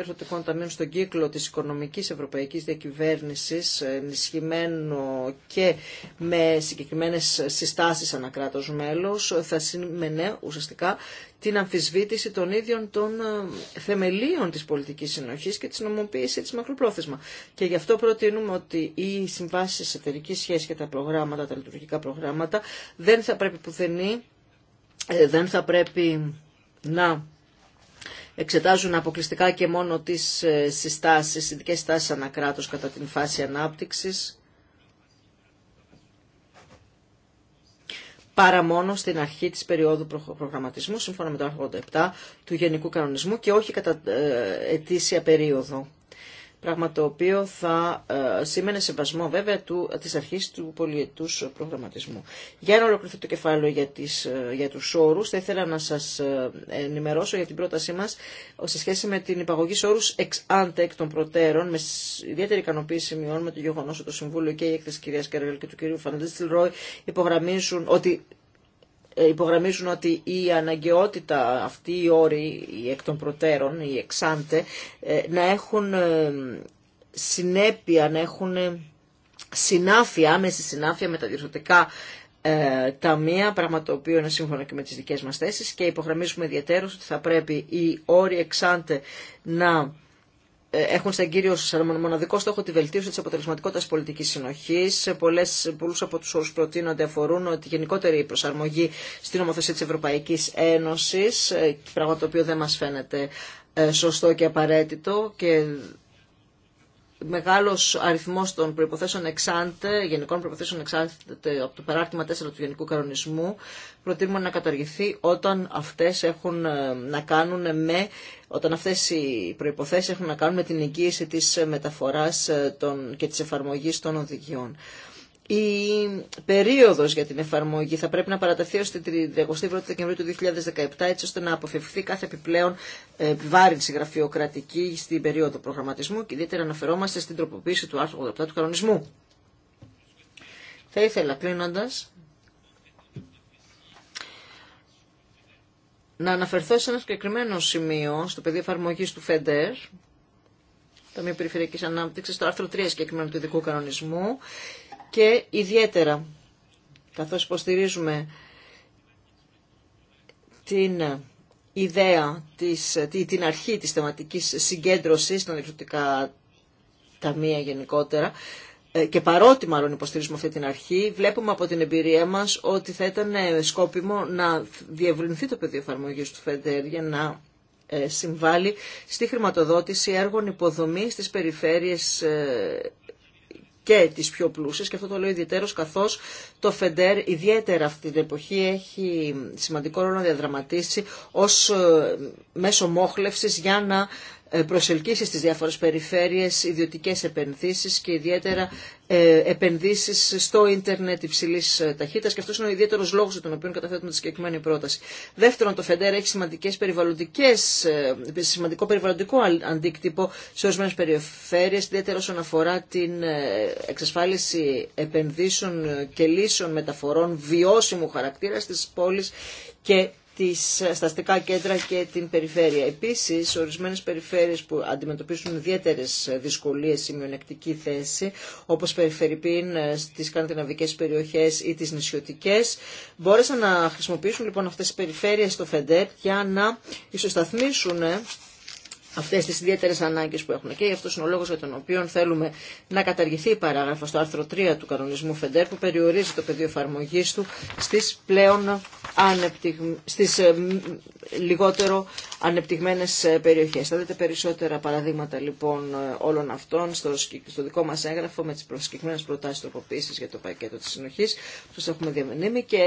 Speaker 2: ταμείων στον κύκλο τη οικονομική ευρωπαϊκή διακυβέρνηση ενισχυμένο και με συγκεκριμένες συστάσεις ανακράτος μέλος θα σήμαινε ουσιαστικά την αμφισβήτηση των ίδιων των ε, θεμελίων της πολιτικής συνοχής και της νομοποίησης της μακροπρόθεσμα. Και γι' αυτό προτείνουμε ότι οι συμβάσεις εταιρική σχέση και τα προγράμματα, τα λειτουργικά προγράμματα δεν θα πρέπει πουθενή, ε, δεν θα πρέπει να εξετάζουν αποκλειστικά και μόνο τις ε, συστάσεις, ειδικές συστάσεις ανακράτους κατά την φάση ανάπτυξης, παρά μόνο στην αρχή της περίοδου προγραμματισμού, σύμφωνα με το 87 του Γενικού Κανονισμού και όχι κατά ε, ετήσια περίοδο πράγμα το οποίο θα ε, σήμαινε σεβασμό βέβαια του, της αρχής του πολιετούς προγραμματισμού. Για να ολοκληρωθεί το κεφάλαιο για, τις, ε, για τους όρους, θα ήθελα να σας ε, ενημερώσω για την πρότασή μας σε σχέση με την υπαγωγή σε όρους εξ άντε εκ των προτέρων, με ιδιαίτερη ικανοποίηση με το γεγονό ότι το Συμβούλιο και η έκθεση κυρίας Καρέλ και του κυρίου Φαναντή Ροϊ υπογραμμίζουν ότι υπογραμμίζουν ότι η αναγκαιότητα αυτή οι όροι, οι εκ των προτέρων, οι εξάντε, ε, να έχουν ε, συνέπεια, να έχουν ε, συνάφεια, άμεση συνάφεια με τα διορθωτικά ταμεία, πράγμα το οποίο είναι σύμφωνα και με τις δικές μας θέσεις και υπογραμμίζουμε ιδιαίτερως ότι θα πρέπει οι όροι εξάντε να ε, έχουν σαν κύριο μοναδικό στόχο τη βελτίωση τη αποτελεσματικότητα πολιτική συνοχή. Πολλού από του όρου προτείνονται αφορούν ότι γενικότερη προσαρμογή στην νομοθεσία τη Ευρωπαϊκή Ένωση, ε, πράγμα το οποίο δεν μα φαίνεται ε, σωστό και απαραίτητο και Μεγάλο αριθμό των προποθέσεων εξάντε, γενικών προποθέσεων εξάντε από το παράρτημα 4 του Γενικού Κανονισμού προτείνουμε να καταργηθεί όταν αυτές έχουν ε, να κάνουν με όταν αυτές οι προϋποθέσεις έχουν να κάνουν με την εγγύηση της μεταφοράς ε, και τη εφαρμογή των οδηγιών η περίοδος για την εφαρμογή θα πρέπει να παραταθεί ως την 31η Δεκεμβρίου του 2017 έτσι ώστε να αποφευθεί κάθε επιπλέον ε, βάρυνση γραφειοκρατική στην περίοδο προγραμματισμού και ιδιαίτερα αναφερόμαστε στην τροποποίηση του άρθρου 87 του κανονισμού. Θα ήθελα κλείνοντα. να αναφερθώ σε ένα συγκεκριμένο σημείο στο πεδίο εφαρμογή του ΦΕΝΤΕΡ, Ταμείο Περιφερειακή ανάπτυξη, στο άρθρο 3 συγκεκριμένου του ειδικού κανονισμού, και ιδιαίτερα καθώς υποστηρίζουμε την ιδέα, της, την αρχή της θεματικής συγκέντρωσης των εξωτικά ταμεία γενικότερα, ε, και παρότι μάλλον υποστηρίζουμε αυτή την αρχή, βλέπουμε από την εμπειρία μας ότι θα ήταν ε, σκόπιμο να διευρυνθεί το πεδίο εφαρμογή του ΦΕΔΕΡ για να ε, συμβάλλει στη χρηματοδότηση έργων υποδομής στις περιφέρειες και τι πιο πλούσιες και αυτό το λέω ιδιαίτερο, καθώς το ΦΕΝΤΕΡ ιδιαίτερα αυτή την εποχή έχει σημαντικό ρόλο να διαδραματίσει ως ε, μέσο μόχλευσης για να ε, προσελκύσει στις διάφορες περιφέρειες ιδιωτικές επενδύσεις και ιδιαίτερα ε, επενδύσεις στο ίντερνετ υψηλής ε, ταχύτητας και αυτός είναι ο ιδιαίτερος λόγος για τον οποίο καταθέτουμε τη συγκεκριμένη πρόταση. Δεύτερον, το ΦΕΝΤΕΡ έχει σημαντικές περιβαλλοντικές, σημαντικό περιβαλλοντικό αντίκτυπο σε ορισμένε περιφέρειες, ιδιαίτερα όσον αφορά την εξασφάλιση επενδύσεων και λύσεων μεταφορών βιώσιμου χαρακτήρα στις πόλεις και τις, στα αστικά κέντρα και την περιφέρεια. Επίσης, ορισμένες περιφέρειες που αντιμετωπίσουν ιδιαίτερες δυσκολίες ή μειονεκτική θέση, όπως περιφερειπίν ε, στις σκανδιναβικές περιοχές ή τις νησιωτικές, μπόρεσαν να χρησιμοποιήσουν λοιπόν αυτές τις περιφέρειες στο ΦΕΝΤΕΡ για να ισοσταθμίσουν αυτές τις ιδιαίτερες ανάγκες που έχουν. Και αυτός είναι ο λόγος για τον οποίο θέλουμε να καταργηθεί η παράγραφα στο άρθρο 3 του κανονισμού ΦΕΝΤΕΡ που περιορίζει το πεδίο εφαρμογή του στις πλέον ανεπτυγ... στις ε, λιγότερο ανεπτυγμένες ε, περιοχές. Θα δείτε περισσότερα παραδείγματα λοιπόν ε, όλων αυτών στο, στο δικό μας έγγραφο με τις προσκεκριμένες προτάσεις τροποποίησης για το πακέτο της συνοχής που σας έχουμε διαμενήμει και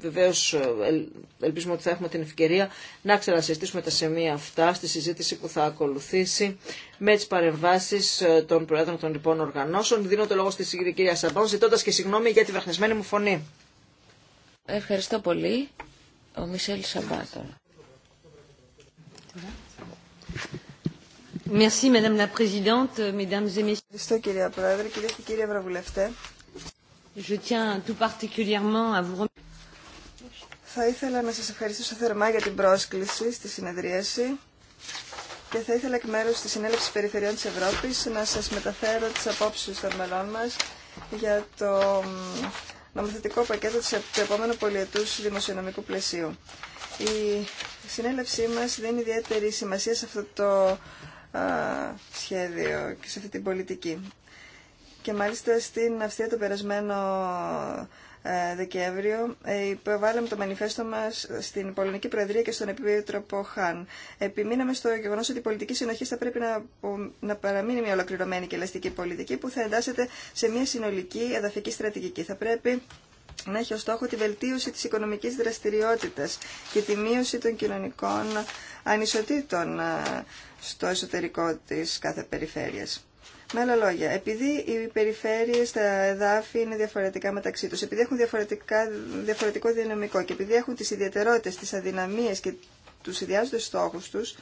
Speaker 2: βεβαίως ε, ελπίζουμε ότι θα έχουμε την ευκαιρία να ξανασυστήσουμε τα σημεία αυτά στη συζήτηση που θα ακολουθήσει με τις παρεμβάσεις των Προέδρων των λοιπόν οργανώσεων. Δίνω το λόγο στη κυρία Σαμπάν ζητώντα και συγγνώμη για τη βραχνισμένη μου φωνή. Ευχαριστώ πολύ. Ο Μισελ Σαμπάτο.
Speaker 1: Ευχαριστώ κυρία Πρόεδρε, και Ευρωβουλευτέ. θα ήθελα να σας ευχαριστήσω θερμά για την πρόσκληση στη συνεδρίαση και θα ήθελα εκ μέρους της Συνέλευσης Περιφερειών της Ευρώπης να σας μεταφέρω τις απόψεις των μελών μας για το νομοθετικό πακέτο του επόμενου πολιετούς δημοσιονομικού πλαισίου. Η συνέλευσή μας δίνει ιδιαίτερη σημασία σε αυτό το σχέδιο και σε αυτή την πολιτική. Και μάλιστα στην Αυστρία το περασμένο ε, Δεκέμβριο ε, υποβάλαμε το μανιφέστο μας στην Πολωνική Προεδρία και στον Επίτροπο Χαν. Επιμείναμε στο γεγονός ότι η πολιτική συνοχή θα πρέπει να, να παραμείνει μια ολοκληρωμένη και ελαστική πολιτική που θα εντάσσεται σε μια συνολική εδαφική στρατηγική. Θα πρέπει να έχει ως στόχο τη βελτίωση της οικονομικής δραστηριότητας και τη μείωση των κοινωνικών ανισοτήτων ε, στο εσωτερικό της κάθε περιφέρειας. Με άλλα λόγια, επειδή οι περιφέρειες, τα εδάφη είναι διαφορετικά μεταξύ τους, επειδή έχουν διαφορετικά, διαφορετικό δυναμικό και επειδή έχουν τις ιδιαιτερότητες, τις αδυναμίες και τους ιδιάζοντες στόχους τους,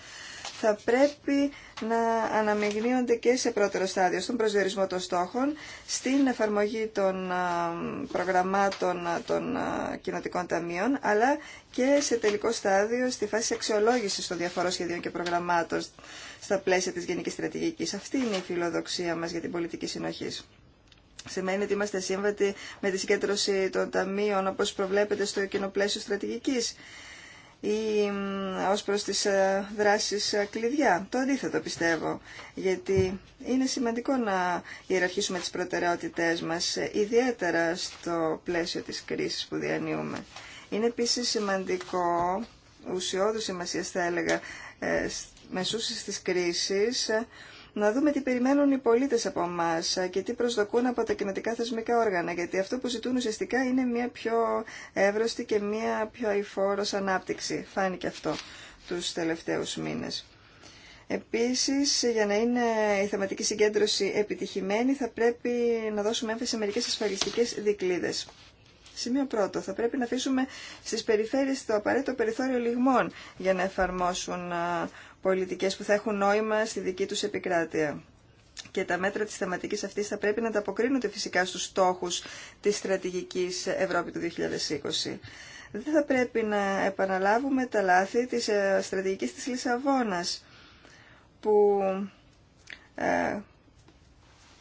Speaker 1: θα πρέπει να αναμειγνύονται και σε πρώτερο στάδιο, στον προσδιορισμό των στόχων, στην εφαρμογή των προγραμμάτων των κοινοτικών ταμείων, αλλά και σε τελικό στάδιο στη φάση αξιολόγησης των διαφορών σχεδίων και προγραμμάτων στα πλαίσια της γενικής στρατηγικής. Αυτή είναι η φιλοδοξία μας για την πολιτική συνοχή. Σημαίνει ότι είμαστε σύμβατοι με τη συγκέντρωση των ταμείων, όπως προβλέπεται στο κοινοπλαίσιο στρατηγικής ή ως προς τις ε, δράσεις ε, κλειδιά. Το αντίθετο πιστεύω, γιατί είναι σημαντικό να ιεραρχήσουμε τις προτεραιότητές μας, ε, ιδιαίτερα στο πλαίσιο της κρίσης που διανύουμε. Είναι επίσης σημαντικό, ουσιώδου σημασία θα έλεγα, μεσούσης της κρίσης, να δούμε τι περιμένουν οι πολίτε από εμά και τι προσδοκούν από τα κοινοτικά θεσμικά όργανα, γιατί αυτό που ζητούν ουσιαστικά είναι μια πιο εύρωστη και μια πιο αηφόρο ανάπτυξη. Φάνηκε αυτό του τελευταίου μήνε. Επίση, για να είναι η θεματική συγκέντρωση επιτυχημένη, θα πρέπει να δώσουμε έμφαση σε μερικέ ασφαλιστικέ δικλείδε. Σημείο πρώτο, θα πρέπει να αφήσουμε στις περιφέρειες το απαραίτητο περιθώριο λιγμών για να εφαρμόσουν πολιτικές που θα έχουν νόημα στη δική τους επικράτεια. Και τα μέτρα της θεματικής αυτής θα πρέπει να τα ανταποκρίνονται φυσικά στους στόχους της στρατηγικής Ευρώπη του 2020. Δεν θα πρέπει να επαναλάβουμε τα λάθη της ε, στρατηγικής της Λισαβόνας, που ε,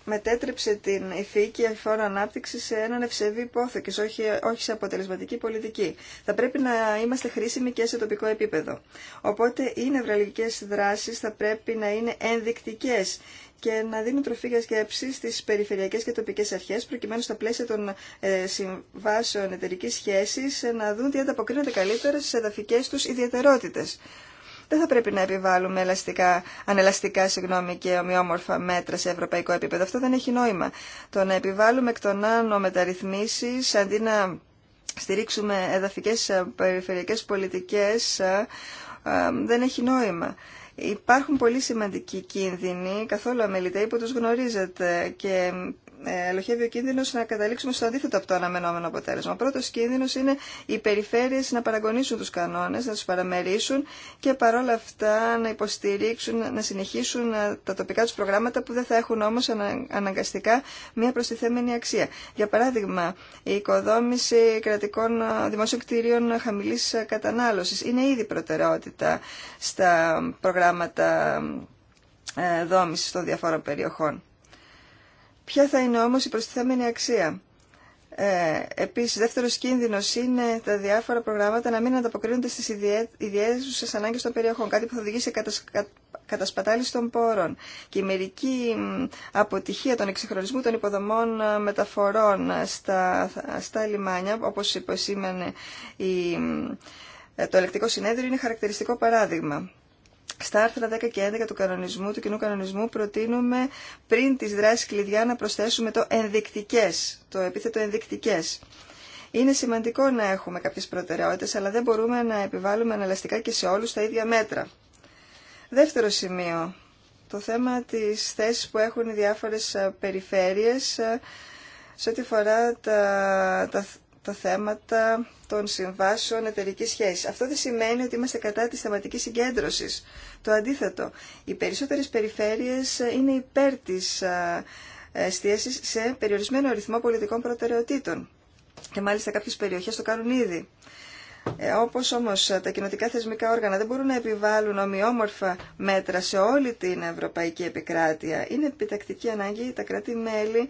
Speaker 1: μετέτρεψε την ηθίκη αφόρα ανάπτυξη σε έναν ευσεβή υπόθεκη, όχι, όχι σε αποτελεσματική πολιτική. Θα πρέπει να είμαστε χρήσιμοι και σε τοπικό επίπεδο. Οπότε οι νευραλικέ δράσει θα πρέπει να είναι ενδεικτικέ και να δίνουν τροφή για σκέψη στι περιφερειακέ και τοπικέ αρχέ, προκειμένου στα πλαίσια των ε, συμβάσεων εταιρική σχέση να δουν τι ανταποκρίνεται καλύτερα στι εδαφικέ του ιδιαιτερότητε δεν θα πρέπει να επιβάλλουμε ελαστικά, ανελαστικά συγγνώμη, και ομοιόμορφα μέτρα σε ευρωπαϊκό επίπεδο. Αυτό δεν έχει νόημα. Το να επιβάλλουμε εκ των άνω μεταρρυθμίσει αντί να στηρίξουμε εδαφικές ε, περιφερειακές πολιτικές ε, ε, δεν έχει νόημα. Υπάρχουν πολύ σημαντικοί κίνδυνοι, καθόλου αμεληταίοι, που τους γνωρίζετε και ε, ελοχεύει ο κίνδυνο να καταλήξουμε στο αντίθετο από το αναμενόμενο αποτέλεσμα. Ο πρώτο κίνδυνο είναι οι περιφέρειε να παραγωνίσουν του κανόνε, να του παραμερίσουν και παρόλα αυτά να υποστηρίξουν, να συνεχίσουν ε, τα τοπικά του προγράμματα που δεν θα έχουν όμω αναγκαστικά μια προστιθέμενη αξία. Για παράδειγμα, η οικοδόμηση κρατικών ε, δημόσιων κτηρίων χαμηλή κατανάλωση είναι ήδη προτεραιότητα στα προγράμματα δόμηση των διαφόρων περιοχών. Ποια θα είναι όμως η προστιθέμενη αξία. Ε, επίσης, δεύτερος κίνδυνος είναι τα διάφορα προγράμματα να μην ανταποκρίνονται στις ιδιαίτερες ανάγκες των περιοχών, κάτι που θα οδηγήσει σε κατασ... κατασπατάληση των πόρων και η μερική αποτυχία των εξεχρονισμού των υποδομών ε, μεταφορών ε, στα, στα λιμάνια, όπως υποσήμανε η... Ε, το ελεκτικό συνέδριο, είναι χαρακτηριστικό παράδειγμα. Στα άρθρα 10 και 11 του κανονισμού, του κοινού κανονισμού, προτείνουμε πριν τις δράσεις κλειδιά να προσθέσουμε το ενδεικτικές, το επίθετο ενδεικτικές. Είναι σημαντικό να έχουμε κάποιες προτεραιότητες, αλλά δεν μπορούμε να επιβάλλουμε αναλαστικά και σε όλους τα ίδια μέτρα. Δεύτερο σημείο, το θέμα της θέσης που έχουν οι διάφορες ε, περιφέρειες ε, σε ό,τι αφορά τα, τα, τα θέματα των συμβάσεων εταιρική σχέση. Αυτό δεν σημαίνει ότι είμαστε κατά τη θεματική συγκέντρωση. Το αντίθετο. Οι περισσότερε περιφέρειε ε, είναι υπέρ τη ε, ε, εστίαση σε περιορισμένο αριθμό πολιτικών προτεραιοτήτων. Και μάλιστα κάποιε περιοχέ το κάνουν ήδη. Ε, όπως όμως τα κοινοτικά θεσμικά όργανα δεν μπορούν να επιβάλλουν ομοιόμορφα μέτρα σε όλη την ευρωπαϊκή επικράτεια, είναι επιτακτική ανάγκη τα κράτη-μέλη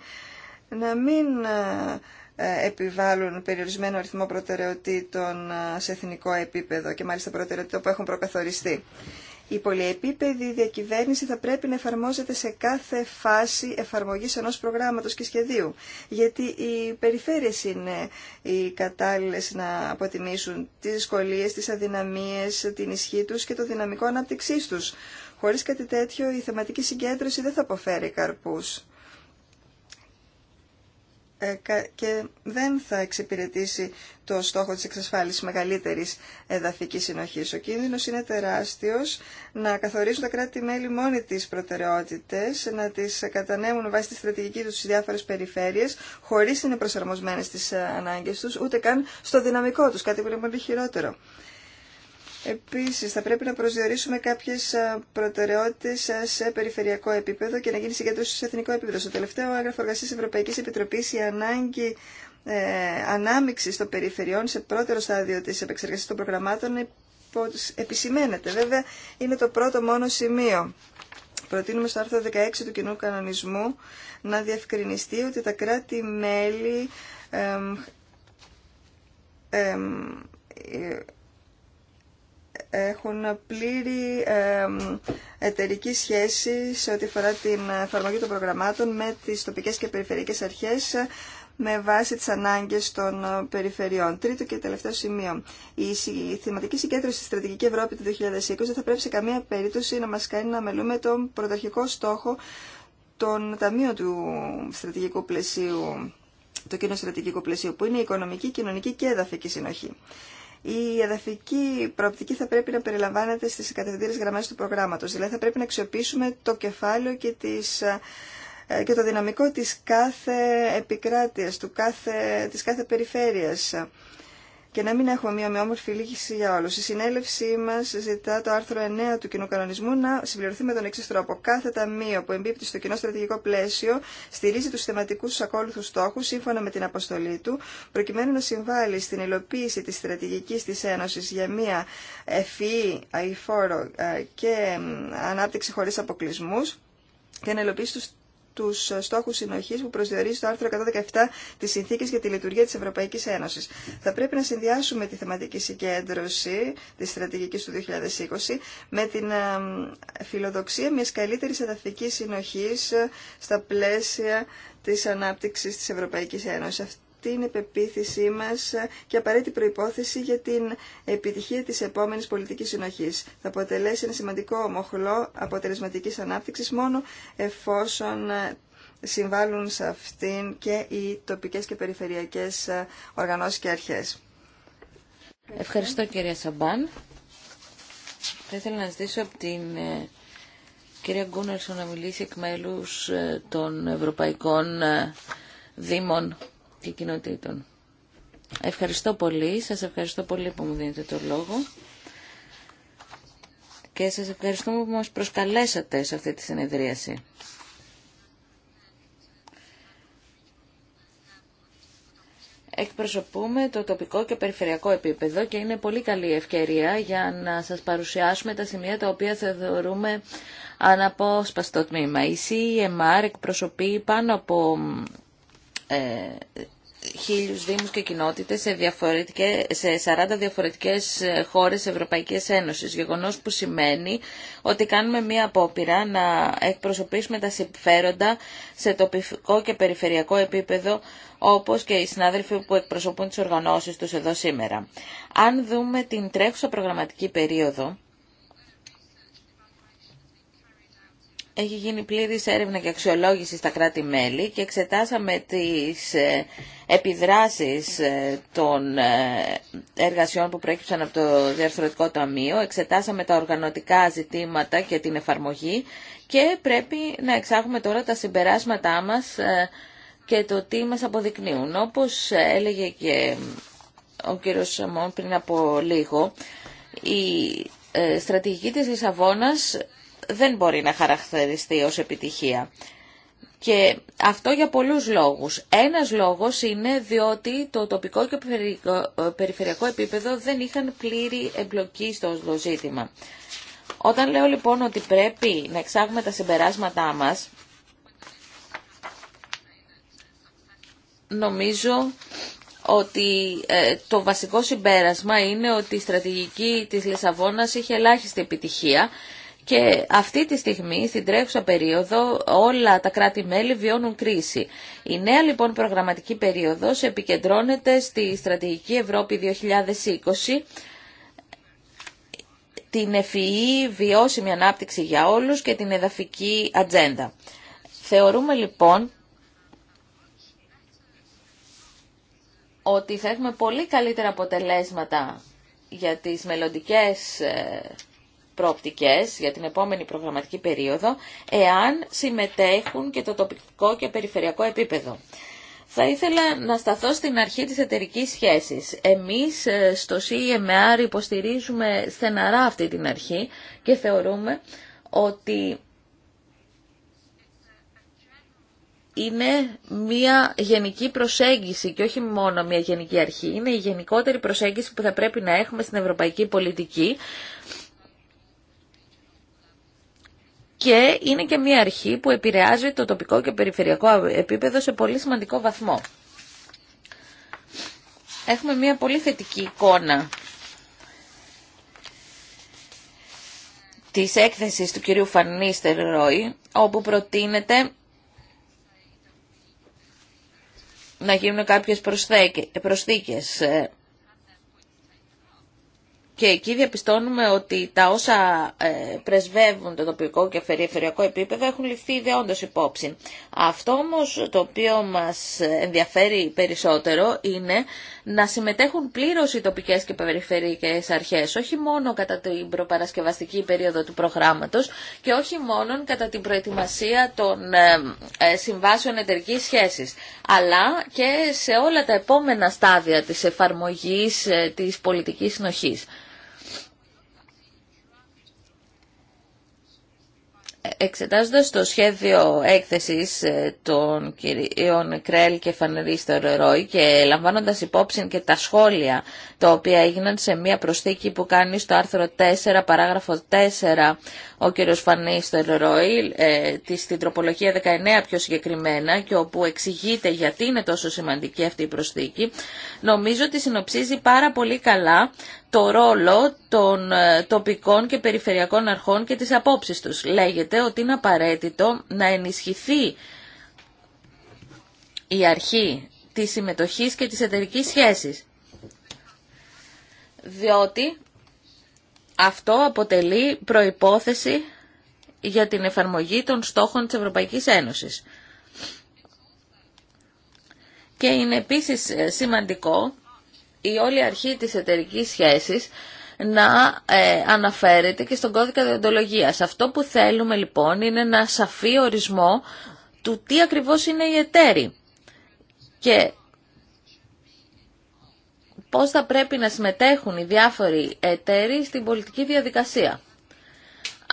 Speaker 1: να μην ε, επιβάλλουν περιορισμένο αριθμό προτεραιοτήτων ε, σε εθνικό επίπεδο και μάλιστα προτεραιοτήτων που έχουν προκαθοριστεί. Η πολυεπίπεδη διακυβέρνηση θα πρέπει να εφαρμόζεται σε κάθε φάση εφαρμογής ενός προγράμματος και σχεδίου, γιατί οι περιφέρειες είναι οι κατάλληλες να αποτιμήσουν τις δυσκολίε, τι αδυναμίε, την ισχύ του και το δυναμικό ανάπτυξή του. Χωρί κάτι τέτοιο η θεματική συγκέντρωση δεν θα αποφέρει καρπού και δεν θα εξυπηρετήσει το στόχο της εξασφάλισης μεγαλύτερης εδαφικής συνοχής. Ο κίνδυνος είναι τεράστιος να καθορίσουν τα κράτη-μέλη μόνοι τις προτεραιότητες, να τις κατανέμουν βάσει τη στρατηγική τους στις διάφορες περιφέρειες, χωρίς να είναι προσαρμοσμένες στις ανάγκες τους, ούτε καν στο δυναμικό τους, κάτι που είναι πολύ χειρότερο. Επίσης, θα πρέπει να προσδιορίσουμε κάποιες ε, προτεραιότητες ε, σε περιφερειακό επίπεδο και να γίνει συγκέντρωση σε εθνικό επίπεδο. Στο τελευταίο έγγραφο εργασίας Ευρωπαϊκής Επιτροπής, η ανάγκη ε, ανάμειξης των περιφερειών σε πρώτερο στάδιο της επεξεργασίας των προγραμμάτων επισημαίνεται. Βέβαια, είναι το πρώτο μόνο σημείο. Προτείνουμε στο άρθρο 16 του κοινού κανονισμού να διευκρινιστεί ότι τα κράτη-μέλη ε, ε, έχουν πλήρη εταιρική σχέση σε ό,τι αφορά την εφαρμογή των προγραμμάτων με τις τοπικές και περιφερειακές αρχές με βάση τις ανάγκες των περιφερειών. Τρίτο και τελευταίο σημείο. Η θεματική συγκέντρωση στη Στρατηγική Ευρώπη του 2020 θα πρέπει σε καμία περίπτωση να μας κάνει να μελούμε τον πρωταρχικό στόχο των ταμείων του στρατηγικού πλαισίου το κοινό στρατηγικό πλαίσιο που είναι η οικονομική, κοινωνική και εδαφική συνοχή η εδαφική προοπτική θα πρέπει να περιλαμβάνεται στις κατευθυντήρες γραμμές του προγράμματος. Δηλαδή θα πρέπει να αξιοποιήσουμε το κεφάλαιο και, τις, ε, και το δυναμικό της κάθε επικράτειας, του κάθε, της κάθε περιφέρειας και να μην έχουμε μια ομοιόμορφη λύγηση για όλου. Η συνέλευσή μα ζητά το άρθρο 9 του κοινού κανονισμού να συμπληρωθεί με τον εξή τρόπο. Κάθε ταμείο που εμπίπτει στο κοινό στρατηγικό πλαίσιο στηρίζει του θεματικού του ακόλουθου στόχου σύμφωνα με την αποστολή του, προκειμένου να συμβάλλει στην υλοποίηση τη στρατηγική τη Ένωση για μια ευφυή, αηφόρο ε, και ανάπτυξη χωρί αποκλεισμού και να υλοποιήσει του του στόχου συνοχή που προσδιορίζει το άρθρο 117 τη συνθήκη για τη Λειτουργία της Ευρωπαϊκής Ένωσης. Θα πρέπει να συνδυάσουμε τη θεματική συγκέντρωση της στρατηγικής του 2020 με την ε, φιλοδοξία μιας καλύτερης εδαφική συνοχή στα πλαίσια της ανάπτυξης της Ευρωπαϊκής Ένωσης την πεποίθησή μας και απαραίτητη προϋπόθεση για την επιτυχία της επόμενης πολιτικής συνοχής. Θα αποτελέσει ένα σημαντικό μόχλο αποτελεσματικής ανάπτυξης μόνο εφόσον συμβάλλουν σε αυτήν και οι τοπικές και
Speaker 3: περιφερειακές οργανώσεις και αρχές. Ευχαριστώ κυρία Σαμπάν. Θα ήθελα να ζητήσω από την ε, κυρία Γκούνερσον να μιλήσει εκ μέλους ε, των Ευρωπαϊκών ε, Δήμων και κοινοτήτων. Ευχαριστώ πολύ. Σας ευχαριστώ πολύ που μου δίνετε το λόγο. Και σας ευχαριστούμε που μας προσκαλέσατε σε αυτή τη συνεδρίαση. εκπροσωπούμε το τοπικό και περιφερειακό επίπεδο και είναι πολύ καλή ευκαιρία για να σας παρουσιάσουμε τα σημεία τα οποία θεωρούμε αναπόσπαστο τμήμα. Η CEMR εκπροσωπεί πάνω από ε, χίλιους δήμους και κοινότητες σε, διαφορετικές, σε 40 διαφορετικές χώρες Ευρωπαϊκής Ένωσης. Γεγονός που σημαίνει ότι κάνουμε μία απόπειρα να εκπροσωπήσουμε τα συμφέροντα σε τοπικό και περιφερειακό επίπεδο όπως και οι συνάδελφοι που εκπροσωπούν τις οργανώσεις τους εδώ σήμερα. Αν δούμε την τρέχουσα προγραμματική περίοδο, έχει γίνει πλήρης έρευνα και αξιολόγηση στα κράτη-μέλη και εξετάσαμε τις ε, επιδράσεις ε, των ε, εργασιών που προέκυψαν από το Διαρθρωτικό Ταμείο, εξετάσαμε τα οργανωτικά ζητήματα και την εφαρμογή και πρέπει να εξάγουμε τώρα τα συμπεράσματά μας και το τι μας αποδεικνύουν. Όπως έλεγε και ο κύριος Σαμών πριν από λίγο, η στρατηγική της Λισαβόνας δεν μπορεί να χαρακτηριστεί ως επιτυχία. Και αυτό για πολλούς λόγους. Ένας λόγος είναι διότι το τοπικό και περιφερειακό επίπεδο δεν είχαν πλήρη εμπλοκή στο ζήτημα. Όταν λέω λοιπόν ότι πρέπει να εξάγουμε τα συμπεράσματά μας, νομίζω ότι ε, το βασικό συμπέρασμα είναι ότι η στρατηγική της Λισαβόνας είχε ελάχιστη επιτυχία και αυτή τη στιγμή, στην τρέχουσα περίοδο, όλα τα κράτη-μέλη βιώνουν κρίση. Η νέα λοιπόν προγραμματική περίοδος επικεντρώνεται στη Στρατηγική Ευρώπη 2020, την ευφυή e e, βιώσιμη ανάπτυξη για όλους και την εδαφική ατζέντα. Θεωρούμε λοιπόν ότι θα έχουμε πολύ καλύτερα αποτελέσματα για τις μελλοντικές ε, προοπτικές για την επόμενη προγραμματική περίοδο, εάν συμμετέχουν και το τοπικό και περιφερειακό επίπεδο. Θα ήθελα να σταθώ στην αρχή της εταιρική σχέσης. Εμείς ε, στο CMR e υποστηρίζουμε στεναρά αυτή την αρχή και θεωρούμε ότι είναι μια γενική προσέγγιση και όχι μόνο μια γενική αρχή. Είναι η γενικότερη προσέγγιση που θα πρέπει να έχουμε στην ευρωπαϊκή πολιτική και είναι και μια αρχή που επηρεάζει το τοπικό και περιφερειακό επίπεδο σε πολύ σημαντικό βαθμό. Έχουμε μια πολύ θετική εικόνα της έκθεσης του κυρίου Φανίστερ Ρόι, όπου προτείνεται να γίνουν κάποιες προσθήκες ε, και εκεί διαπιστώνουμε ότι τα όσα ε, πρεσβεύουν το τοπικό και περιφερειακό επίπεδο έχουν ληφθεί όντω υπόψη. Αυτό όμω, το οποίο μα ενδιαφέρει περισσότερο είναι να συμμετέχουν πλήρω οι τοπικέ και περιφερειακές αρχές, όχι μόνο κατά την προπαρασκευαστική περίοδο του προγράμματο και όχι μόνο κατά την προετοιμασία των ε, ε, συμβάσεων εταιρική σχέση. αλλά και σε όλα τα επόμενα στάδια της εφαρμογής της πολιτικής συνοχής. Εξετάζοντας το σχέδιο έκθεσης ε, των κυρίων Κρέλ και Φανερίστερ Ρόι και λαμβάνοντας υπόψη και τα σχόλια τα οποία έγιναν σε μια προσθήκη που κάνει στο άρθρο 4 παράγραφο 4 ο κύριος Φανίστερ Ρόι ε, στην τροπολογία 19 πιο συγκεκριμένα και όπου εξηγείται γιατί είναι τόσο σημαντική αυτή η προσθήκη νομίζω ότι συνοψίζει πάρα πολύ καλά το ρόλο των ε, τοπικών και περιφερειακών αρχών και τις απόψεις τους. Λέγεται ότι είναι απαραίτητο να ενισχυθεί η αρχή της συμμετοχής και της εταιρικής σχέσης. Διότι αυτό αποτελεί προϋπόθεση για την εφαρμογή των στόχων της Ευρωπαϊκής Ένωσης. Και είναι επίσης ε, σημαντικό η όλη αρχή της εταιρικής σχέσης να ε, αναφέρεται και στον κώδικα διοντολογίας. Αυτό που θέλουμε λοιπόν είναι ένα σαφή ορισμό του τι ακριβώς είναι η εταίροι και πώς θα πρέπει να συμμετέχουν οι διάφοροι εταίροι στην πολιτική διαδικασία.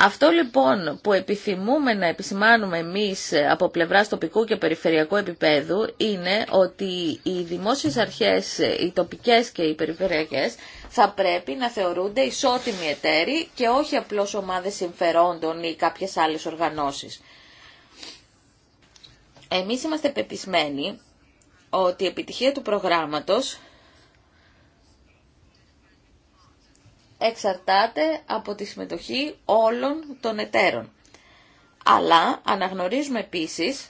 Speaker 3: Αυτό λοιπόν που επιθυμούμε να επισημάνουμε εμείς από πλευράς τοπικού και περιφερειακού επίπεδου είναι ότι οι δημόσιες αρχές, οι τοπικές και οι περιφερειακές θα πρέπει να θεωρούνται ισότιμοι εταίροι και όχι απλώς ομάδες συμφερόντων ή κάποιες άλλες οργανώσεις. Εμείς είμαστε πεπισμένοι ότι η επιτυχία του προγράμματος εξαρτάται από τη συμμετοχή όλων των εταίρων. Αλλά αναγνωρίζουμε επίσης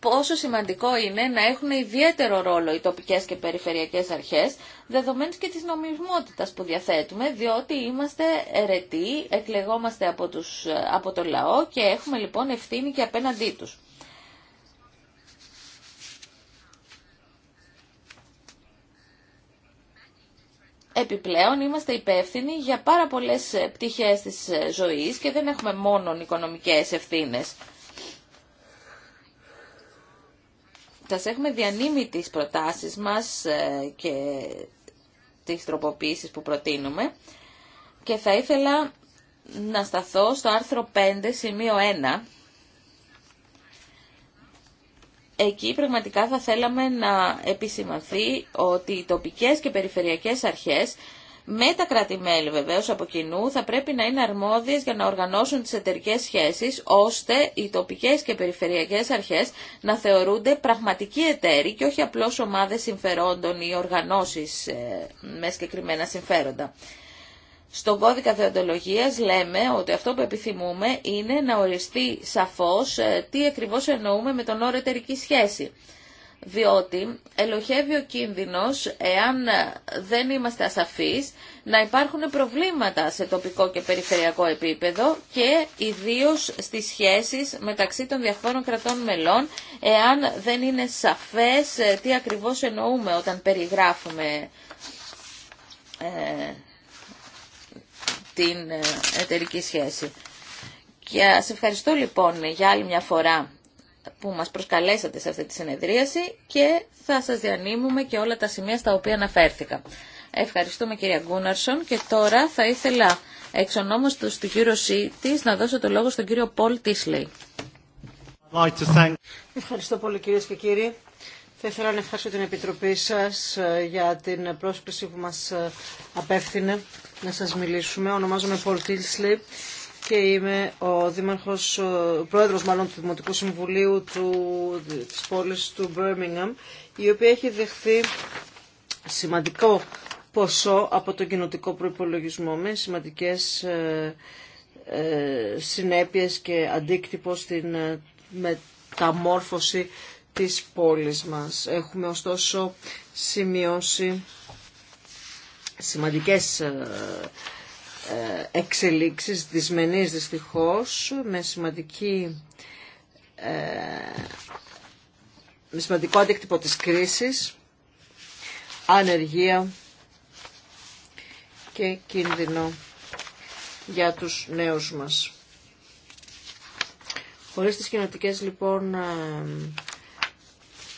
Speaker 3: πόσο σημαντικό είναι να έχουν ιδιαίτερο ρόλο οι τοπικές και περιφερειακές αρχές, δεδομένως και της νομισμότητας που διαθέτουμε, διότι είμαστε ερετοί, εκλεγόμαστε από, τους, από το λαό και έχουμε λοιπόν ευθύνη και απέναντί τους. επιπλέον είμαστε υπεύθυνοι για πάρα πολλές ε, πτυχές της ε, ζωής και δεν έχουμε μόνο οικονομικές ευθύνες. Σας έχουμε διανύμει τις προτάσεις μας ε, και τις τροποποίησεις που προτείνουμε και θα ήθελα να σταθώ στο άρθρο 5 σημείο 1 εκεί πραγματικά θα θέλαμε να επισημανθεί ότι οι τοπικές και περιφερειακές αρχές με τα κράτη-μέλη βεβαίως από κοινού θα πρέπει να είναι αρμόδιες για να οργανώσουν τις εταιρικέ σχέσεις ώστε οι τοπικές και περιφερειακές αρχές να θεωρούνται πραγματικοί εταίροι και όχι απλώς ομάδες συμφερόντων ή οργανώσεις ε, με συγκεκριμένα συμφέροντα. Στον κώδικα θεοντολογίας λέμε ότι αυτό που επιθυμούμε είναι να οριστεί σαφώς ε, τι ακριβώς εννοούμε με τον όρο εταιρική σχέση. Διότι ελοχεύει ο κίνδυνος, εάν ε, δεν είμαστε ασαφείς, να υπάρχουν προβλήματα σε τοπικό και περιφερειακό επίπεδο και ιδίως στις σχέσεις μεταξύ των διαφόρων κρατών μελών, εάν δεν είναι σαφές ε, τι ακριβώς εννοούμε όταν περιγράφουμε ε, την ε, εταιρική σχέση. Και σε ευχαριστώ λοιπόν για άλλη μια φορά που μας προσκαλέσατε σε αυτή τη συνεδρίαση και θα σας διανύμουμε και όλα τα σημεία στα οποία αναφέρθηκα. Ευχαριστούμε κυρία Γκούναρσον και τώρα θα ήθελα εξ ονόμως του του κύριου Σίτης να δώσω το λόγο στον κύριο Πολ Τίσλεϊ.
Speaker 2: Ευχαριστώ πολύ κυρίες και κύριοι. Θα ήθελα να ευχαριστώ την Επιτροπή σας ε, για την πρόσκληση που μας ε, απέφθηνε να σας μιλήσουμε. Ονομάζομαι Πολ Τίλσλι και είμαι ο δήμαρχος, πρόεδρος μάλλον του Δημοτικού Συμβουλίου του, της πόλης του Birmingham, η οποία έχει δεχθεί σημαντικό ποσό από τον κοινοτικό προϋπολογισμό με σημαντικές ε, ε συνέπειες και αντίκτυπο στην ε, μεταμόρφωση της πόλης μας. Έχουμε ωστόσο σημειώσει σημαντικές ε, ε, εξελίξεις, δυσμενείς δυστυχώς, με σημαντική ε, με σημαντικό αντίκτυπο της κρίσης, ανεργία και κίνδυνο για τους νέους μας. Χωρίς τις κοινωτικές λοιπόν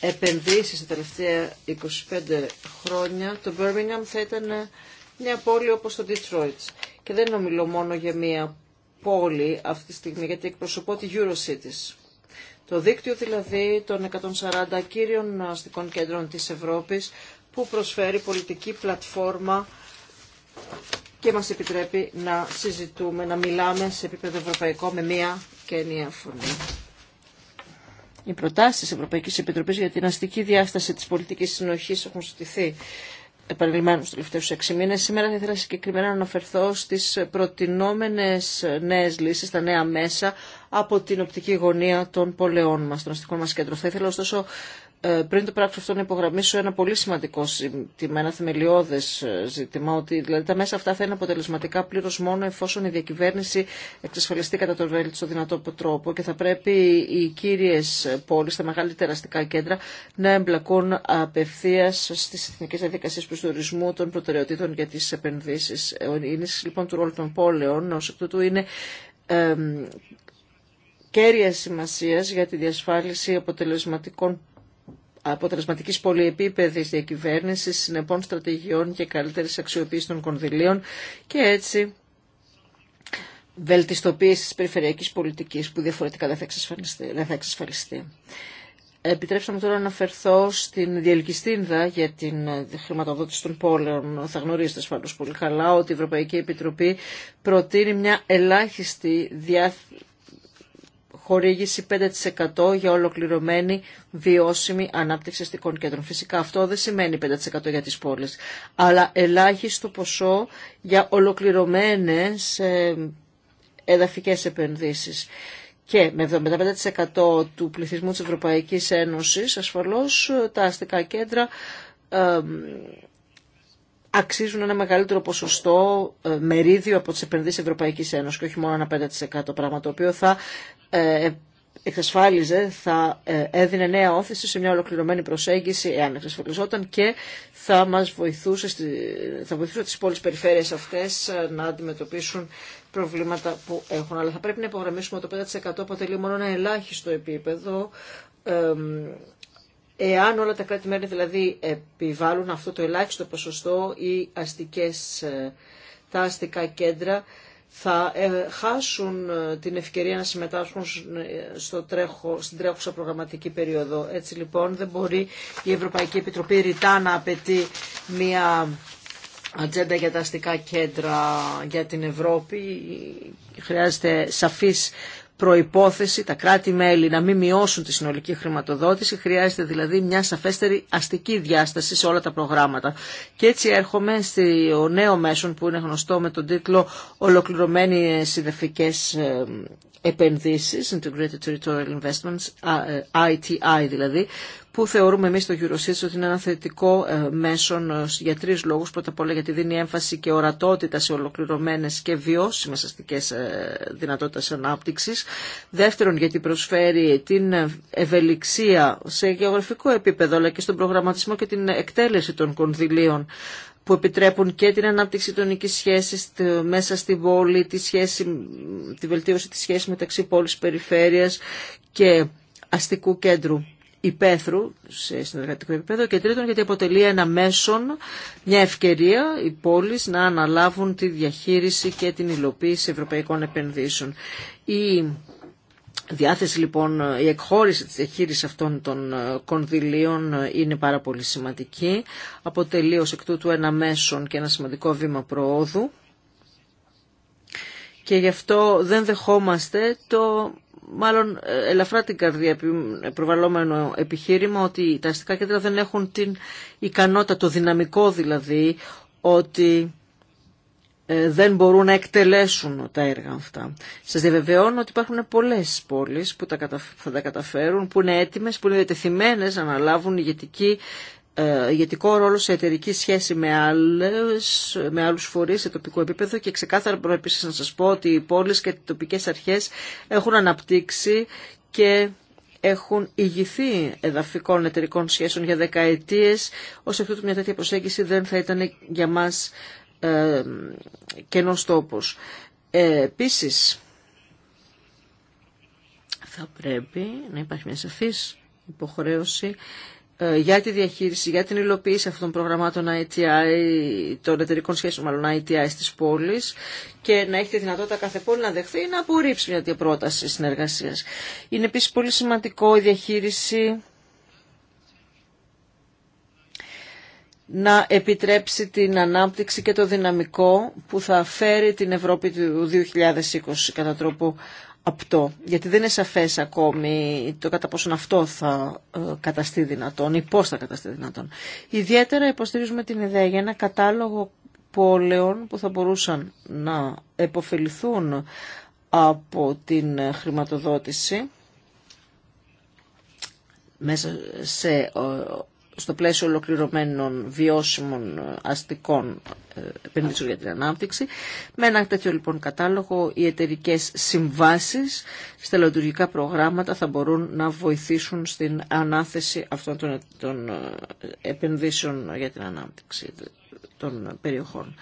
Speaker 2: επενδύσεις τα τελευταία 25 χρόνια, το Birmingham θα ήταν μια πόλη όπως το Detroit. Και δεν ομιλώ μόνο για μια πόλη αυτή τη στιγμή, γιατί εκπροσωπώ τη Eurocities. Το δίκτυο δηλαδή των 140 κύριων αστικών κέντρων της Ευρώπης που προσφέρει πολιτική πλατφόρμα και μας επιτρέπει να συζητούμε, να μιλάμε σε επίπεδο ευρωπαϊκό με μία και φωνή. Οι προτάσει της Ευρωπαϊκής Επιτροπής για την αστική διάσταση της πολιτικής συνοχής έχουν στηθεί του τελευταίου έξι μήνε. Σήμερα θα ήθελα συγκεκριμένα να αναφερθώ στι προτινόμενες νέε λύσει, τα νέα μέσα από την οπτική γωνία των πολεών μα των αστικών μας κέντρων. Θα ήθελα ωστόσο ε, πριν το πράξω αυτό να υπογραμμίσω ένα πολύ σημαντικό ζήτημα, ένα θεμελιώδε ε, ζήτημα, ότι δηλαδή τα μέσα αυτά θα είναι αποτελεσματικά πλήρω μόνο εφόσον η διακυβέρνηση εξασφαλιστεί κατά τον βέλτιστο δυνατό τρόπο και θα πρέπει οι κύριε πόλει, τα μεγαλύτερα αστικά κέντρα, να εμπλακούν απευθεία στι εθνικέ διαδικασίε προσδιορισμού των προτεραιοτήτων για τι επενδύσει. Η ε, ενίσχυση λοιπόν του ρόλου των πόλεων ω εκ τούτου είναι κέρια σημασία για τη διασφάλιση αποτελεσματικών αποτελεσματικής πολυεπίπεδης διακυβέρνησης, συνεπών στρατηγιών και καλύτερης αξιοποίησης των κονδυλίων και έτσι βελτιστοποίηση της περιφερειακής πολιτικής που διαφορετικά δεν θα εξασφαλιστεί. Δεν θα εξασφαλιστεί. Επιτρέψτε μου τώρα να αναφερθώ στην διελκυστίνδα για την χρηματοδότηση των πόλεων. Θα γνωρίζετε ασφαλώ πολύ καλά ότι η Ευρωπαϊκή Επιτροπή προτείνει μια ελάχιστη διάθεση χορήγηση 5% για ολοκληρωμένη βιώσιμη ανάπτυξη αστικών κέντρων. Φυσικά αυτό δεν σημαίνει 5% για τις πόλεις, αλλά ελάχιστο ποσό για ολοκληρωμένες ε, εδαφικές επενδύσεις. Και με 75% του πληθυσμού της Ευρωπαϊκής Ένωσης, ασφαλώς, τα αστικά κέντρα αξίζουν ένα μεγαλύτερο ποσοστό ε, μερίδιο από τις επενδύσεις Ευρωπαϊκής Ένωσης και όχι μόνο ένα 5% πράγμα το οποίο θα ε, εξασφάλιζε, θα ε, έδινε νέα όθηση σε μια ολοκληρωμένη προσέγγιση, εάν εξασφαλιζόταν και θα μας βοηθούσε, θα βοηθούσε τις πόλεις περιφέρειες αυτές ε, να αντιμετωπίσουν προβλήματα που έχουν. Αλλά θα πρέπει να υπογραμμίσουμε ότι το 5% αποτελεί μόνο ένα ελάχιστο επίπεδο Εάν όλα τα κράτη-μέρη δηλαδή επιβάλλουν αυτό το ελάχιστο ποσοστό, ή τα αστικά κέντρα θα ε, χάσουν ε, την ευκαιρία να συμμετάσχουν ε, στο τρέχο, στην τρέχουσα προγραμματική περίοδο. Έτσι λοιπόν δεν μπορεί η Ευρωπαϊκή Επιτροπή ρητά να απαιτεί μια ατζέντα για τα αστικά κέντρα για την Ευρώπη. Χρειάζεται σαφής προϋπόθεση τα κράτη-μέλη να μην μειώσουν τη συνολική χρηματοδότηση, χρειάζεται δηλαδή μια σαφέστερη αστική διάσταση σε όλα τα προγράμματα. Και έτσι έρχομαι στο νέο μέσον που είναι γνωστό με τον τίτλο «Ολοκληρωμένοι συνδεφικές επενδύσεις», Integrated Territorial Investments, ITI ε, δηλαδή, που θεωρούμε εμείς στο Eurosys ότι είναι ένα θετικό ε, μέσο ε, για τρεις λόγους. Πρώτα απ' όλα γιατί δίνει έμφαση και ορατότητα σε ολοκληρωμένες και βιώσιμες αστικές ε, δυνατότητες ανάπτυξης. Δεύτερον γιατί προσφέρει την ευελιξία σε γεωγραφικό επίπεδο αλλά και στον προγραμματισμό και την εκτέλεση των κονδυλίων που επιτρέπουν και την ανάπτυξη των οικής σχέσης μέσα στην πόλη, τη, σχέση, τη βελτίωση της σχέσης μεταξύ πόλης περιφέρειας και αστικού κέντρου υπαίθρου σε συνεργατικό επίπεδο και τρίτον γιατί αποτελεί ένα μέσον, μια ευκαιρία οι πόλεις να αναλάβουν τη διαχείριση και την υλοποίηση ευρωπαϊκών επενδύσεων. Η διάθεση λοιπόν, η εκχώρηση της διαχείρισης αυτών των ε, κονδυλίων ε, είναι πάρα πολύ σημαντική. Αποτελεί ως εκ τούτου ένα μέσον και ένα σημαντικό βήμα προόδου και γι' αυτό δεν δεχόμαστε το μάλλον ε, ελαφρά την καρδία προβαλλόμενο επιχείρημα ότι τα αστικά κέντρα δεν έχουν την ικανότητα, το δυναμικό δηλαδή, ότι ε, δεν μπορούν να εκτελέσουν τα έργα αυτά. Σας διαβεβαιώνω ότι υπάρχουν πολλές πόλεις που θα τα καταφέρουν, που είναι έτοιμες, που είναι διατεθειμένες να αναλάβουν ηγετική ε, ηγετικό ρόλο σε εταιρική σχέση με, άλλες, με άλλους φορείς σε τοπικό επίπεδο και ξεκάθαρα μπορώ επίσης να σας πω ότι οι πόλεις και οι τοπικές αρχές έχουν αναπτύξει και έχουν ηγηθεί εδαφικών εταιρικών σχέσεων για δεκαετίες, ως αυτού μια τέτοια προσέγγιση δεν θα ήταν για μας ε, κενός τόπος. Ε, επίσης, θα πρέπει να υπάρχει μια σαφής υποχρέωση ε, για τη διαχείριση, για την υλοποίηση αυτών των προγραμμάτων ITI, των εταιρικών σχέσεων μάλλον ITI στις πόλεις και να έχετε δυνατότητα κάθε πόλη να δεχθεί ή να απορρίψει μια τέτοια πρόταση συνεργασίας. Είναι επίσης πολύ σημαντικό η διαχείριση να επιτρέψει την ανάπτυξη και το δυναμικό που θα φέρει την Ευρώπη του 2020 κατά τρόπο απτό, γιατί δεν είναι σαφές ακόμη το κατά πόσον αυτό θα ε, καταστεί δυνατόν ή πώς θα καταστεί δυνατόν. Ιδιαίτερα υποστηρίζουμε την ιδέα για ένα κατάλογο πόλεων που θα μπορούσαν να επωφεληθούν από την χρηματοδότηση μέσα σε ε, στο πλαίσιο ολοκληρωμένων βιώσιμων ε, αστικών ε, επενδύσεων για την ανάπτυξη. Με ένα τέτοιο λοιπόν κατάλογο οι εταιρικέ συμβάσεις στα λειτουργικά προγράμματα θα μπορούν να βοηθήσουν στην ανάθεση αυτών των ε, επενδύσεων για την ανάπτυξη των περιοχών.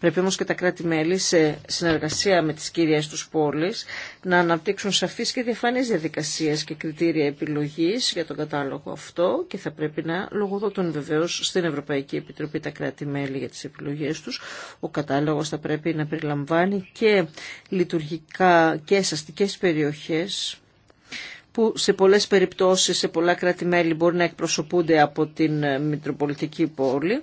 Speaker 2: Πρέπει όμως και τα κράτη-μέλη σε συνεργασία με τις κυρίες τους πόλεις να αναπτύξουν σαφείς και διαφανείς διαδικασίες και κριτήρια επιλογής για τον κατάλογο αυτό και θα πρέπει να λογοδοτούν βεβαίως στην Ευρωπαϊκή Επιτροπή τα κράτη-μέλη για τις επιλογές τους. Ο κατάλογος θα πρέπει να περιλαμβάνει και λειτουργικά και αστικές περιοχές που σε πολλές περιπτώσεις, σε πολλά κράτη-μέλη μπορεί να εκπροσωπούνται από την ε, Μητροπολιτική Πόλη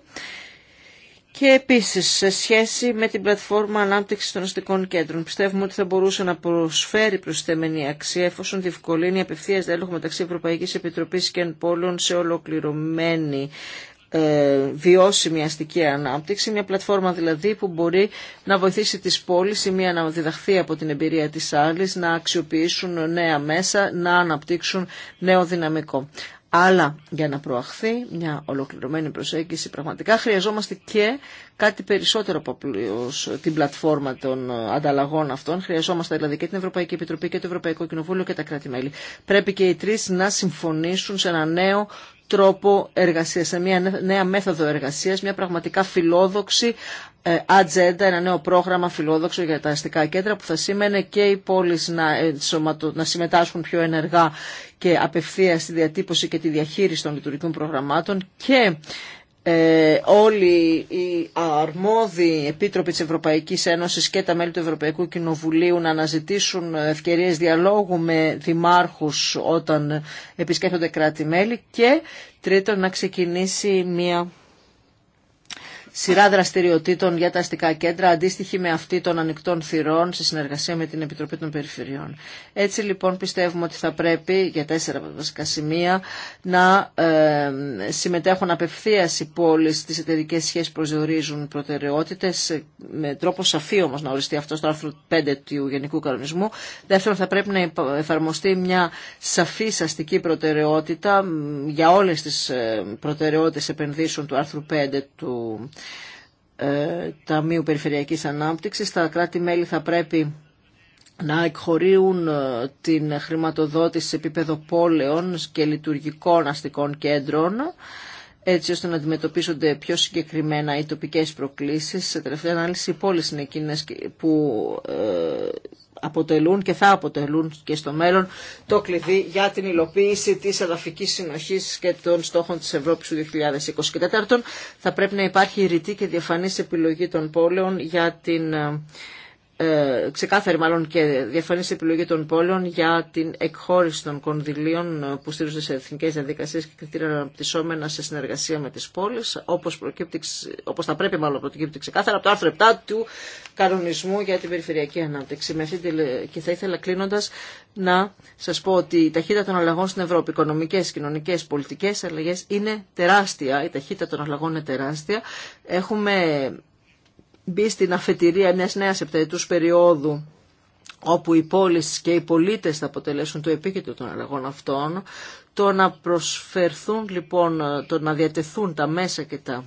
Speaker 2: και επίσης σε σχέση με την πλατφόρμα ανάπτυξης των αστικών κέντρων. Πιστεύουμε ότι θα μπορούσε να προσφέρει προσθέμενη αξία εφόσον διευκολύνει απευθεία διάλογο μεταξύ Ευρωπαϊκής Επιτροπής και Πόλων σε ολοκληρωμένη ε, βιώσιμη αστική ανάπτυξη, μια πλατφόρμα δηλαδή που μπορεί να βοηθήσει τις πόλεις η μία να διδαχθεί από την εμπειρία της άλλης, να αξιοποιήσουν νέα μέσα, να αναπτύξουν νέο δυναμικό. Αλλά για να προαχθεί μια ολοκληρωμένη προσέγγιση πραγματικά χρειαζόμαστε και κάτι περισσότερο από την πλατφόρμα των ανταλλαγών αυτών. Χρειαζόμαστε δηλαδή και την Ευρωπαϊκή Επιτροπή και το Ευρωπαϊκό Κοινοβούλιο και τα κράτη-μέλη. Πρέπει και οι τρεις να συμφωνήσουν σε ένα νέο τρόπο εργασίας, σε μια νέα μέθοδο εργασίας, μια πραγματικά φιλόδοξη ε, ατζέντα, ένα νέο πρόγραμμα φιλόδοξο για τα αστικά κέντρα που θα σήμαινε και οι πόλεις να, να συμμετάσχουν πιο ενεργά και απευθεία στη διατύπωση και τη διαχείριση των λειτουργικών προγραμμάτων και ε, όλοι οι αρμόδιοι επίτροποι της Ευρωπαϊκής Ένωσης και τα μέλη του Ευρωπαϊκού Κοινοβουλίου να αναζητήσουν ευκαιρίες διαλόγου με δημάρχους όταν επισκέφτονται κράτη-μέλη και τρίτον να ξεκινήσει μια σειρά δραστηριοτήτων για τα αστικά κέντρα, αντίστοιχη με αυτή των ανοιχτών θυρών σε συνεργασία με την Επιτροπή των Περιφερειών. Έτσι λοιπόν πιστεύουμε ότι θα πρέπει για τέσσερα βασικά σημεία να ε, συμμετέχουν απευθεία οι πόλει στι εταιρικέ σχέσει που προσδιορίζουν προτεραιότητε, ε, με τρόπο σαφή όμω να οριστεί αυτό στο άρθρο 5 του Γενικού Κανονισμού. Δεύτερον, θα πρέπει να εφαρμοστεί μια σαφή αστική προτεραιότητα για όλε τι ε, προτεραιότητε επενδύσεων του άρθρου 5 του ε, Ταμείου Περιφερειακής Ανάπτυξης. Τα κράτη-μέλη θα πρέπει να εκχωρίουν ε, την χρηματοδότηση σε επίπεδο πόλεων και λειτουργικών αστικών κέντρων έτσι ώστε να αντιμετωπίζονται πιο συγκεκριμένα οι τοπικές προκλήσεις. Σε τελευταία ανάλυση οι πόλεις είναι εκείνες που ε, αποτελούν και θα αποτελούν και στο μέλλον το κλειδί για την υλοποίηση της εδαφικής συνοχής και των στόχων της Ευρώπης του 2024. θα πρέπει να υπάρχει ρητή και διαφανής επιλογή των πόλεων για την ε, ε, ξεκάθαρη μάλλον και διαφανής επιλογή των πόλεων για την εκχώρηση των κονδυλίων ε, που στήριζονται σε εθνικές διαδικασίες και κριτήρια αναπτυσσόμενα σε συνεργασία με τις πόλεις, όπως, θα πρέπει μάλλον προκύπτει ξεκάθαρα από το άρθρο 7 του κανονισμού για την περιφερειακή ανάπτυξη. Με αυτή τη... Και θα ήθελα κλείνοντα να σας πω ότι η ταχύτητα των αλλαγών στην Ευρώπη, οικονομικές, κοινωνικές, πολιτικές αλλαγές είναι τεράστια. Η ταχύτητα των αλλαγών είναι τεράστια. Έχουμε μπει στην αφετηρία μιας νέας επταετούς περίοδου όπου οι πόλεις και οι πολίτες θα αποτελέσουν το επίκεντρο των αλλαγών αυτών, το να προσφερθούν λοιπόν, το να διατεθούν τα μέσα και τα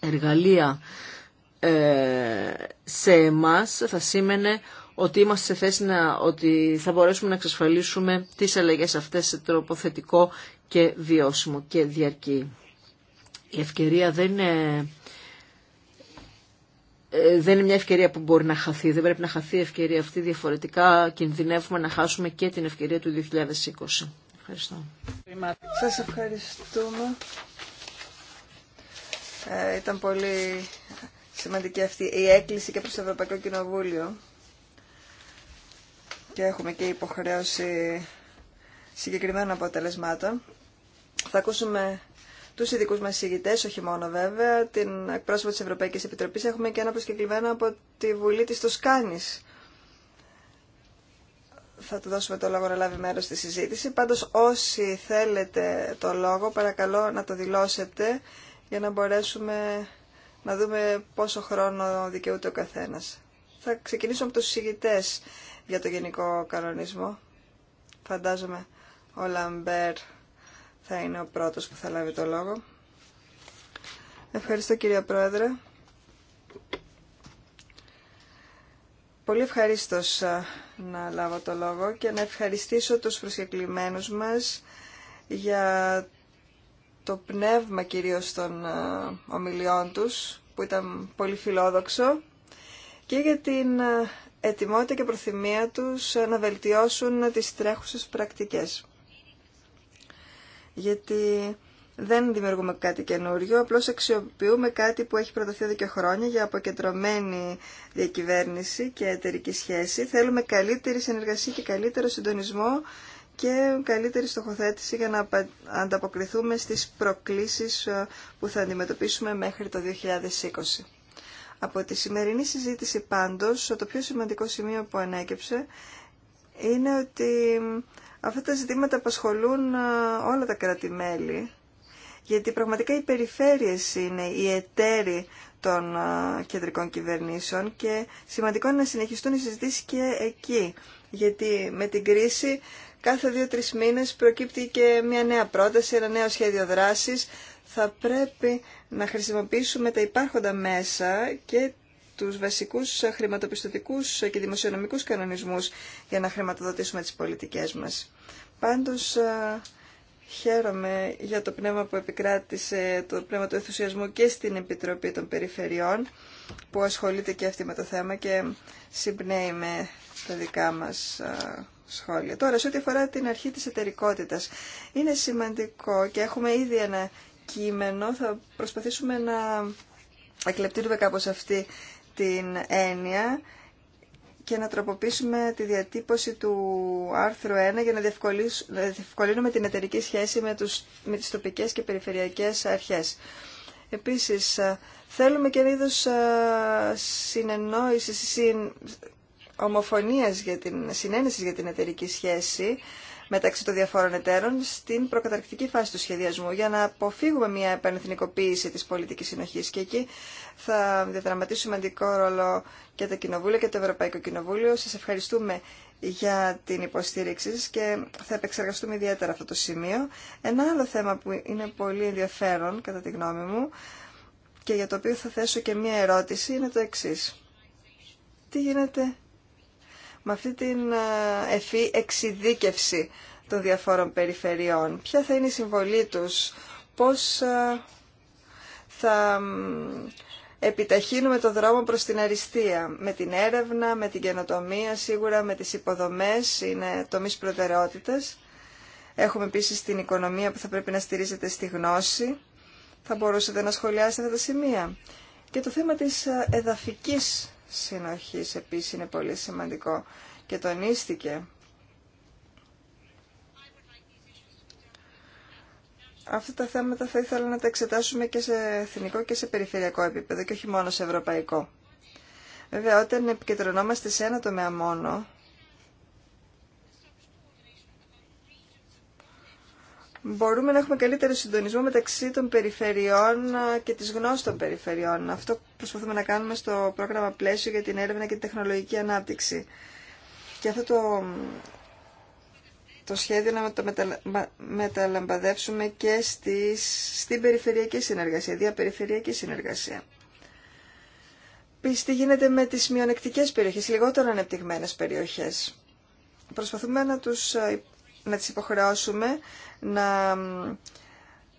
Speaker 2: εργαλεία ε, σε εμάς θα σήμαινε ότι είμαστε σε θέση να, ότι θα μπορέσουμε να εξασφαλίσουμε τις αλλαγές αυτές σε τρόπο και βιώσιμο και διαρκή. Η ευκαιρία δεν είναι ε, δεν είναι μια ευκαιρία που μπορεί να χαθεί. Δεν πρέπει να χαθεί η ευκαιρία αυτή. Διαφορετικά κινδυνεύουμε να χάσουμε και την ευκαιρία του 2020. Ευχαριστώ.
Speaker 1: Σας ευχαριστούμε. Ε, ήταν πολύ σημαντική αυτή η έκκληση και προς το Ευρωπαϊκό Κοινοβούλιο. Και έχουμε και υποχρέωση συγκεκριμένων αποτελεσμάτων. Θα ακούσουμε τους ειδικούς μας ηγητές, όχι μόνο βέβαια, την εκπρόσωπο της Ευρωπαϊκής Επιτροπής. Έχουμε και ένα προσκεκλημένο από τη Βουλή της Τοσκάνης. Θα του δώσουμε το λόγο να λάβει μέρο στη συζήτηση. Πάντως όσοι θέλετε το λόγο, παρακαλώ να το δηλώσετε για να μπορέσουμε να δούμε πόσο χρόνο δικαιούται ο καθένας. Θα ξεκινήσω από τους συζητητές για το γενικό κανονισμό. Φαντάζομαι ο Λαμπέρ θα είναι ο πρώτος που θα λάβει το λόγο. Ευχαριστώ κύριε Πρόεδρε. Πολύ ευχαριστώ να λάβω το λόγο και να ευχαριστήσω τους προσκεκλημένους μας για το πνεύμα κυρίως των ομιλιών τους που ήταν πολύ φιλόδοξο και για την ετοιμότητα και προθυμία τους να βελτιώσουν τις τρέχουσες πρακτικές γιατί δεν δημιουργούμε κάτι καινούριο, απλώς αξιοποιούμε κάτι που έχει προταθεί εδώ και χρόνια για αποκεντρωμένη διακυβέρνηση και εταιρική σχέση. Θέλουμε καλύτερη συνεργασία και καλύτερο συντονισμό και καλύτερη στοχοθέτηση για να ανταποκριθούμε στις προκλήσεις ε, που θα αντιμετωπίσουμε μέχρι το 2020. Από τη σημερινή συζήτηση πάντως, το πιο σημαντικό σημείο που ανέκυψε είναι ότι Αυτά τα ζητήματα απασχολούν ε, όλα τα κράτη-μέλη, γιατί πραγματικά οι περιφέρειες είναι οι εταίροι των ε, κεντρικών κυβερνήσεων και σημαντικό είναι να συνεχιστούν οι συζητήσεις και εκεί, γιατί με την κρίση κάθε δύο-τρεις μήνες προκύπτει και μια νέα πρόταση, ένα νέο σχέδιο δράσης. Θα πρέπει να χρησιμοποιήσουμε τα υπάρχοντα μέσα και τους βασικούς χρηματοπιστωτικούς και δημοσιονομικούς κανονισμούς για να χρηματοδοτήσουμε τις πολιτικές μας. Πάντως, χαίρομαι για το πνεύμα που επικράτησε, το πνεύμα του ενθουσιασμού και στην Επιτροπή των Περιφερειών, που ασχολείται και αυτή με το θέμα και συμπνέει με τα δικά μας σχόλια. Τώρα, σε ό,τι αφορά την αρχή της εταιρικότητας, είναι σημαντικό και έχουμε ήδη ένα κείμενο, θα προσπαθήσουμε να εκλεπτύνουμε κάπως αυτή την έννοια και να τροποποιήσουμε τη διατύπωση του άρθρου 1 για να διευκολύνουμε την εταιρική σχέση με, τους, με τις τοπικές και περιφερειακές αρχές. Επίσης, θέλουμε και ένα είδος συνεννόησης, συν, ομοφωνίας για την, συνένεση για την εταιρική σχέση μεταξύ των διαφόρων εταίρων στην προκαταρκτική φάση του σχεδιασμού για να αποφύγουμε μια επανεθνικοποίηση της πολιτικής συνοχής και εκεί θα διαδραματίσουμε σημαντικό ρόλο και το Κοινοβούλιο και το Ευρωπαϊκό Κοινοβούλιο. Σας ευχαριστούμε για την υποστήριξη σας και θα επεξεργαστούμε ιδιαίτερα αυτό το σημείο. Ένα άλλο θέμα που είναι πολύ ενδιαφέρον κατά τη γνώμη μου και για το οποίο θα θέσω και μία ερώτηση είναι το εξής. Τι γίνεται με αυτή την ε, ευφύ εξειδίκευση των διαφόρων περιφερειών. Ποια θα είναι η συμβολή τους, πώς ε, θα επιταχύνουμε το δρόμο προς την αριστεία. Με την έρευνα, με την καινοτομία, σίγουρα με τις υποδομές, είναι τομείς προτεραιότητας. Έχουμε επίσης την οικονομία που θα πρέπει να στηρίζεται στη γνώση. Θα μπορούσατε να σχολιάσετε αυτά τα σημεία. Και το θέμα της ε, εδαφικής συνοχής επίσης είναι πολύ σημαντικό και τονίστηκε. Αυτά τα θέματα θα ήθελα να τα εξετάσουμε και σε εθνικό και σε περιφερειακό επίπεδο και όχι μόνο σε ευρωπαϊκό. Βέβαια, όταν επικεντρωνόμαστε σε ένα τομέα μόνο, μπορούμε να έχουμε καλύτερο συντονισμό μεταξύ των περιφερειών και της γνώσης των περιφερειών. Αυτό προσπαθούμε να κάνουμε στο πρόγραμμα πλαίσιο για την έρευνα και την τεχνολογική ανάπτυξη. Και αυτό το, το σχέδιο να το μεταλα, μεταλαμπαδεύσουμε και στις, στην περιφερειακή συνεργασία, διαπεριφερειακή συνεργασία. τι γίνεται με τις μειονεκτικές περιοχές, λιγότερο ανεπτυγμένες περιοχές. Προσπαθούμε να τους ε, να τις υποχρεώσουμε να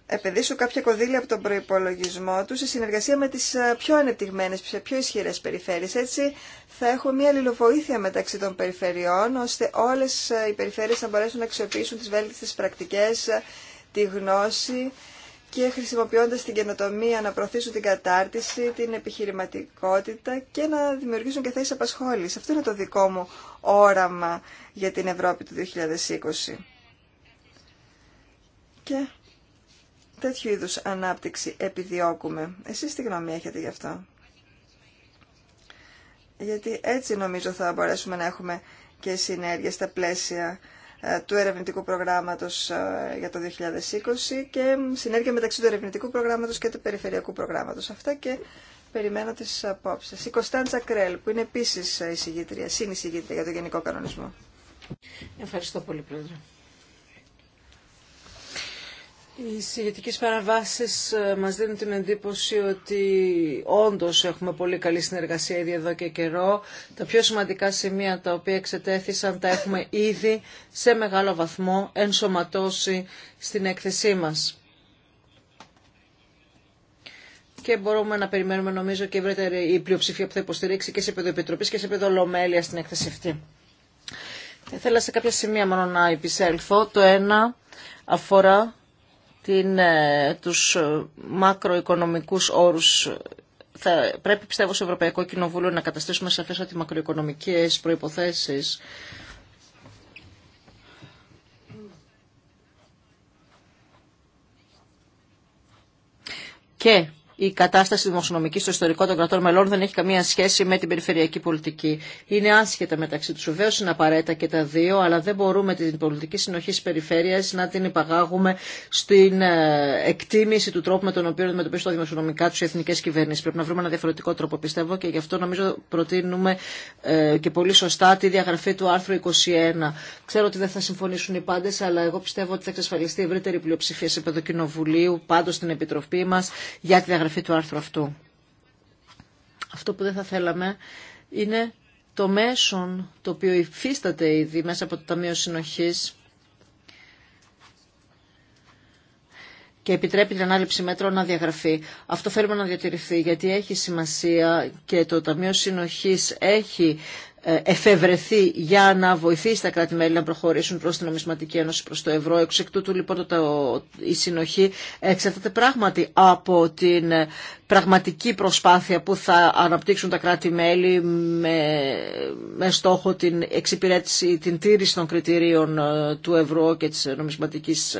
Speaker 1: επενδύσουν κάποια κονδύλια από τον προϋπολογισμό τους σε συνεργασία με τις ε, πιο ανεπτυγμένες, πιο ισχυρές περιφέρειες. Έτσι θα έχουμε μια αλληλοβοήθεια μεταξύ των περιφερειών, ώστε όλες ε, οι περιφέρειες να μπορέσουν να αξιοποιήσουν τις βέλτιστες πρακτικές, ε, τη γνώση και χρησιμοποιώντας την καινοτομία να προωθήσουν την κατάρτιση, την επιχειρηματικότητα και να δημιουργήσουν και θέσεις απασχόλησης. Αυτό είναι το δικό μου όραμα για την Ευρώπη του 2020. Και τέτοιου είδους ανάπτυξη επιδιώκουμε. Εσείς τι γνώμη έχετε γι' αυτό. Γιατί έτσι νομίζω θα μπορέσουμε να έχουμε και συνέργεια στα πλαίσια ε, του ερευνητικού προγράμματος ε, για το 2020 και συνέργεια μεταξύ του ερευνητικού προγράμματος και του περιφερειακού προγράμματος. Αυτά και περιμένω τις απόψεις. Η Κωνσταντζα Κρέλ, που είναι επίση εισηγήτρια, συνεισηγήτρια για το Γενικό Κανονισμό.
Speaker 2: Ευχαριστώ πολύ, Πρόεδρε. Οι συγγετικέ παραβάσει ε, μας δίνουν την εντύπωση ότι όντω έχουμε πολύ καλή συνεργασία ήδη εδώ και καιρό. Τα πιο σημαντικά σημεία τα οποία εξετέθησαν τα έχουμε ήδη σε μεγάλο βαθμό ενσωματώσει στην έκθεσή μας και μπορούμε να περιμένουμε νομίζω και ευρύτερη η πλειοψηφία που θα υποστηρίξει και σε επίπεδο επιτροπή και σε επίπεδο λομέλεια στην έκθεση αυτή. Θα ήθελα σε κάποια σημεία μόνο να επισέλθω. Το ένα αφορά την, ε, τους ε, μακροοικονομικούς όρους θα πρέπει πιστεύω στο Ευρωπαϊκό Κοινοβούλιο να καταστήσουμε σαφές ότι οι μακροοικονομικές προϋποθέσεις και η κατάσταση δημοσιονομική στο ιστορικό των κρατών μελών δεν έχει καμία σχέση με την περιφερειακή πολιτική. Είναι άσχετα μεταξύ του. Βεβαίω είναι απαραίτητα και τα δύο, αλλά δεν μπορούμε την πολιτική συνοχή τη περιφέρεια να την υπαγάγουμε στην ε, εκτίμηση του τρόπου με τον οποίο αντιμετωπίζουν τα δημοσιονομικά του οι εθνικέ κυβέρνησει. Πρέπει να βρούμε ένα διαφορετικό τρόπο, πιστεύω, και γι' αυτό νομίζω προτείνουμε ε, και πολύ σωστά τη διαγραφή του άρθρου 21. Ξέρω ότι δεν θα συμφωνήσουν οι πάντε, αλλά εγώ πιστεύω ότι θα εξασφαλιστεί ευρύτερη πλειοψηφία σε Κοινοβουλίου, πάντω στην Επιτροπή μα, για τη του άρθρου αυτού. Αυτό που δεν θα θέλαμε είναι το μέσον το οποίο υφίσταται ήδη μέσα από το Ταμείο Συνοχής και επιτρέπει την ανάληψη μέτρων να διαγραφεί. Αυτό θέλουμε να διατηρηθεί γιατί έχει σημασία και το Ταμείο Συνοχής έχει ε, εφευρεθεί για να βοηθήσει τα κράτη-μέλη να προχωρήσουν προς την νομισματική ένωση, προς το ευρώ. Εξ εκ τούτου λοιπόν η συνοχή εξαρτάται πράγματι από την ε, πραγματική προσπάθεια που θα αναπτύξουν τα κράτη-μέλη με, με στόχο την εξυπηρέτηση, την τήρηση των κριτηρίων ε, του ευρώ και της νομισματικής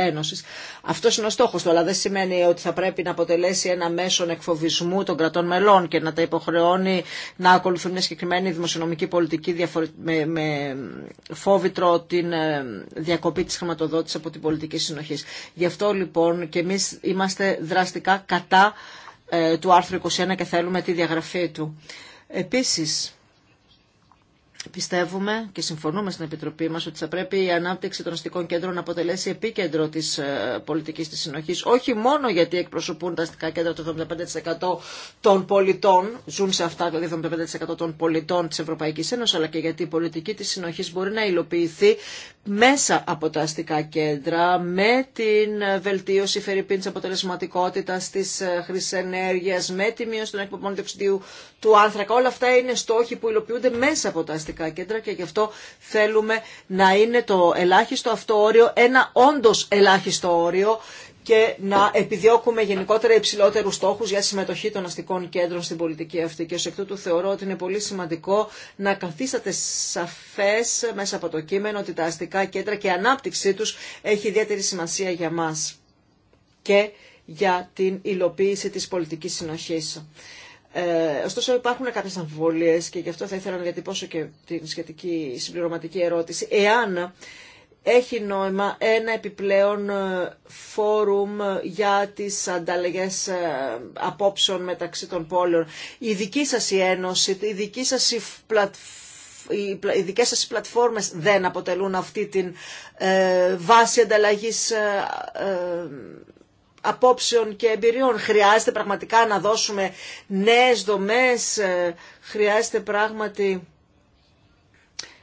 Speaker 2: Ένωση. Αυτό είναι ο στόχο του, αλλά δεν σημαίνει ότι θα πρέπει να αποτελέσει ένα μέσον εκφοβισμού των κρατών μελών και να τα υποχρεώνει να ακολουθούν μια συγκεκριμένη δημοσιονομική πολιτική με, με φόβητρο την ε, διακοπή τη χρηματοδότηση από την πολιτική συνοχή. Γι' αυτό λοιπόν και εμεί είμαστε δραστικά κατά ε, του άρθρου 21 και θέλουμε τη διαγραφή του. Επίσης, Πιστεύουμε και συμφωνούμε στην Επιτροπή μας ότι θα πρέπει η ανάπτυξη των αστικών κέντρων να αποτελέσει επίκεντρο της ε, πολιτικής της συνοχής, όχι μόνο γιατί εκπροσωπούν τα αστικά κέντρα το 75% των πολιτών, ζουν σε αυτά δηλαδή 75% των πολιτών της Ευρωπαϊκής Ένωσης, αλλά και γιατί η πολιτική της συνοχής μπορεί να υλοποιηθεί μέσα από τα αστικά κέντρα, με την βελτίωση φερρυπίν της αποτελεσματικότητας της ε, χρήση ενέργειας, με τη μείωση των εκπομπών διοξιδίου του άνθρακα. Όλα αυτά είναι στόχοι που υλοποιούνται μέσα από τα αστικά αστικά κέντρα και γι' αυτό θέλουμε να είναι το ελάχιστο αυτό όριο ένα όντως ελάχιστο όριο και να επιδιώκουμε γενικότερα υψηλότερου στόχου για συμμετοχή των αστικών κέντρων στην πολιτική αυτή. Και ω εκ τούτου θεωρώ ότι είναι πολύ σημαντικό να καθίσατε σαφέ μέσα από το κείμενο ότι τα αστικά κέντρα και η ανάπτυξή του έχει ιδιαίτερη σημασία για μα και για την υλοποίηση της πολιτικής συνοχής. Ε, ωστόσο υπάρχουν κάποιες αμφιβολίες και γι' αυτό θα ήθελα να διατυπώσω και την σχετική συμπληρωματική ερώτηση. Εάν έχει νόημα ένα επιπλέον ε, φόρουμ για τις ανταλλαγές ε, απόψεων μεταξύ των πόλεων. Η δική σας η ένωση, η σας οι δικές σας πλατφόρμες δεν αποτελούν αυτή την ε, βάση ανταλλαγής απόψεων και εμπειριών. Χρειάζεται πραγματικά να δώσουμε νέες δομές, ε, χρειάζεται πράγματι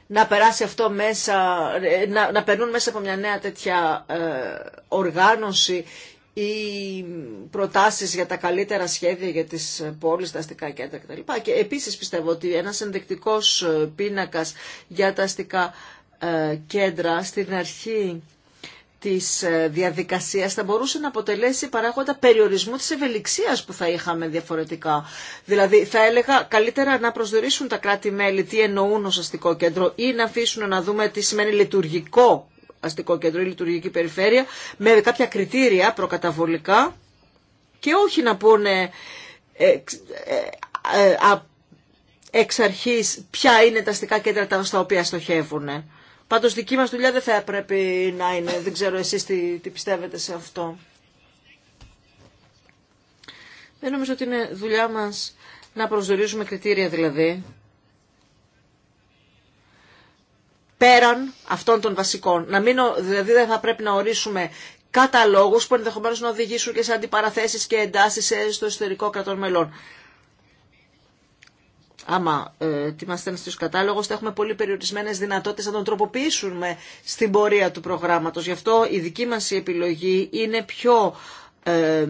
Speaker 2: να περάσει αυτό μέσα, ε, να, περνούν μέσα από μια νέα τέτοια ε, οργάνωση ή προτάσεις για τα καλύτερα σχέδια για τις πόλεις, τα αστικά κέντρα κτλ. Και επίσης πιστεύω ότι ένας ενδεικτικός πίνακας για τα αστικά κέντρα στην αρχή της ε, διαδικασίας θα μπορούσε να αποτελέσει παράγοντα περιορισμού της ευελιξίας που θα είχαμε διαφορετικά. Δηλαδή θα έλεγα καλύτερα να προσδιορίσουν τα κράτη-μέλη τι εννοούν ως αστικό κέντρο ή να αφήσουν να δούμε τι σημαίνει λειτουργικό αστικό κέντρο ή λειτουργική περιφέρεια με κάποια κριτήρια προκαταβολικά και όχι να πούνε ε, ε, εξ αρχής ποια είναι τα αστικά κέντρα στα οποία στοχεύουν. Πάντως δική μας δουλειά δεν θα πρέπει να είναι. Δεν ξέρω εσείς τι, πιστεύετε σε αυτό. Δεν νομίζω ότι είναι δουλειά μας να προσδιορίζουμε κριτήρια δηλαδή. Πέραν αυτών των βασικών. Να μην, δηλαδή δεν θα πρέπει να ορίσουμε καταλόγους που ενδεχομένως να οδηγήσουν και σε αντιπαραθέσεις και εντάσεις στο εσωτερικό κρατών μελών άμα ε, στέλνει στους κατάλογους, θα έχουμε πολύ περιορισμένες δυνατότητες να τον τροποποιήσουμε στην πορεία του προγράμματος. Γι' αυτό η δική μας επιλογή είναι πιο ε,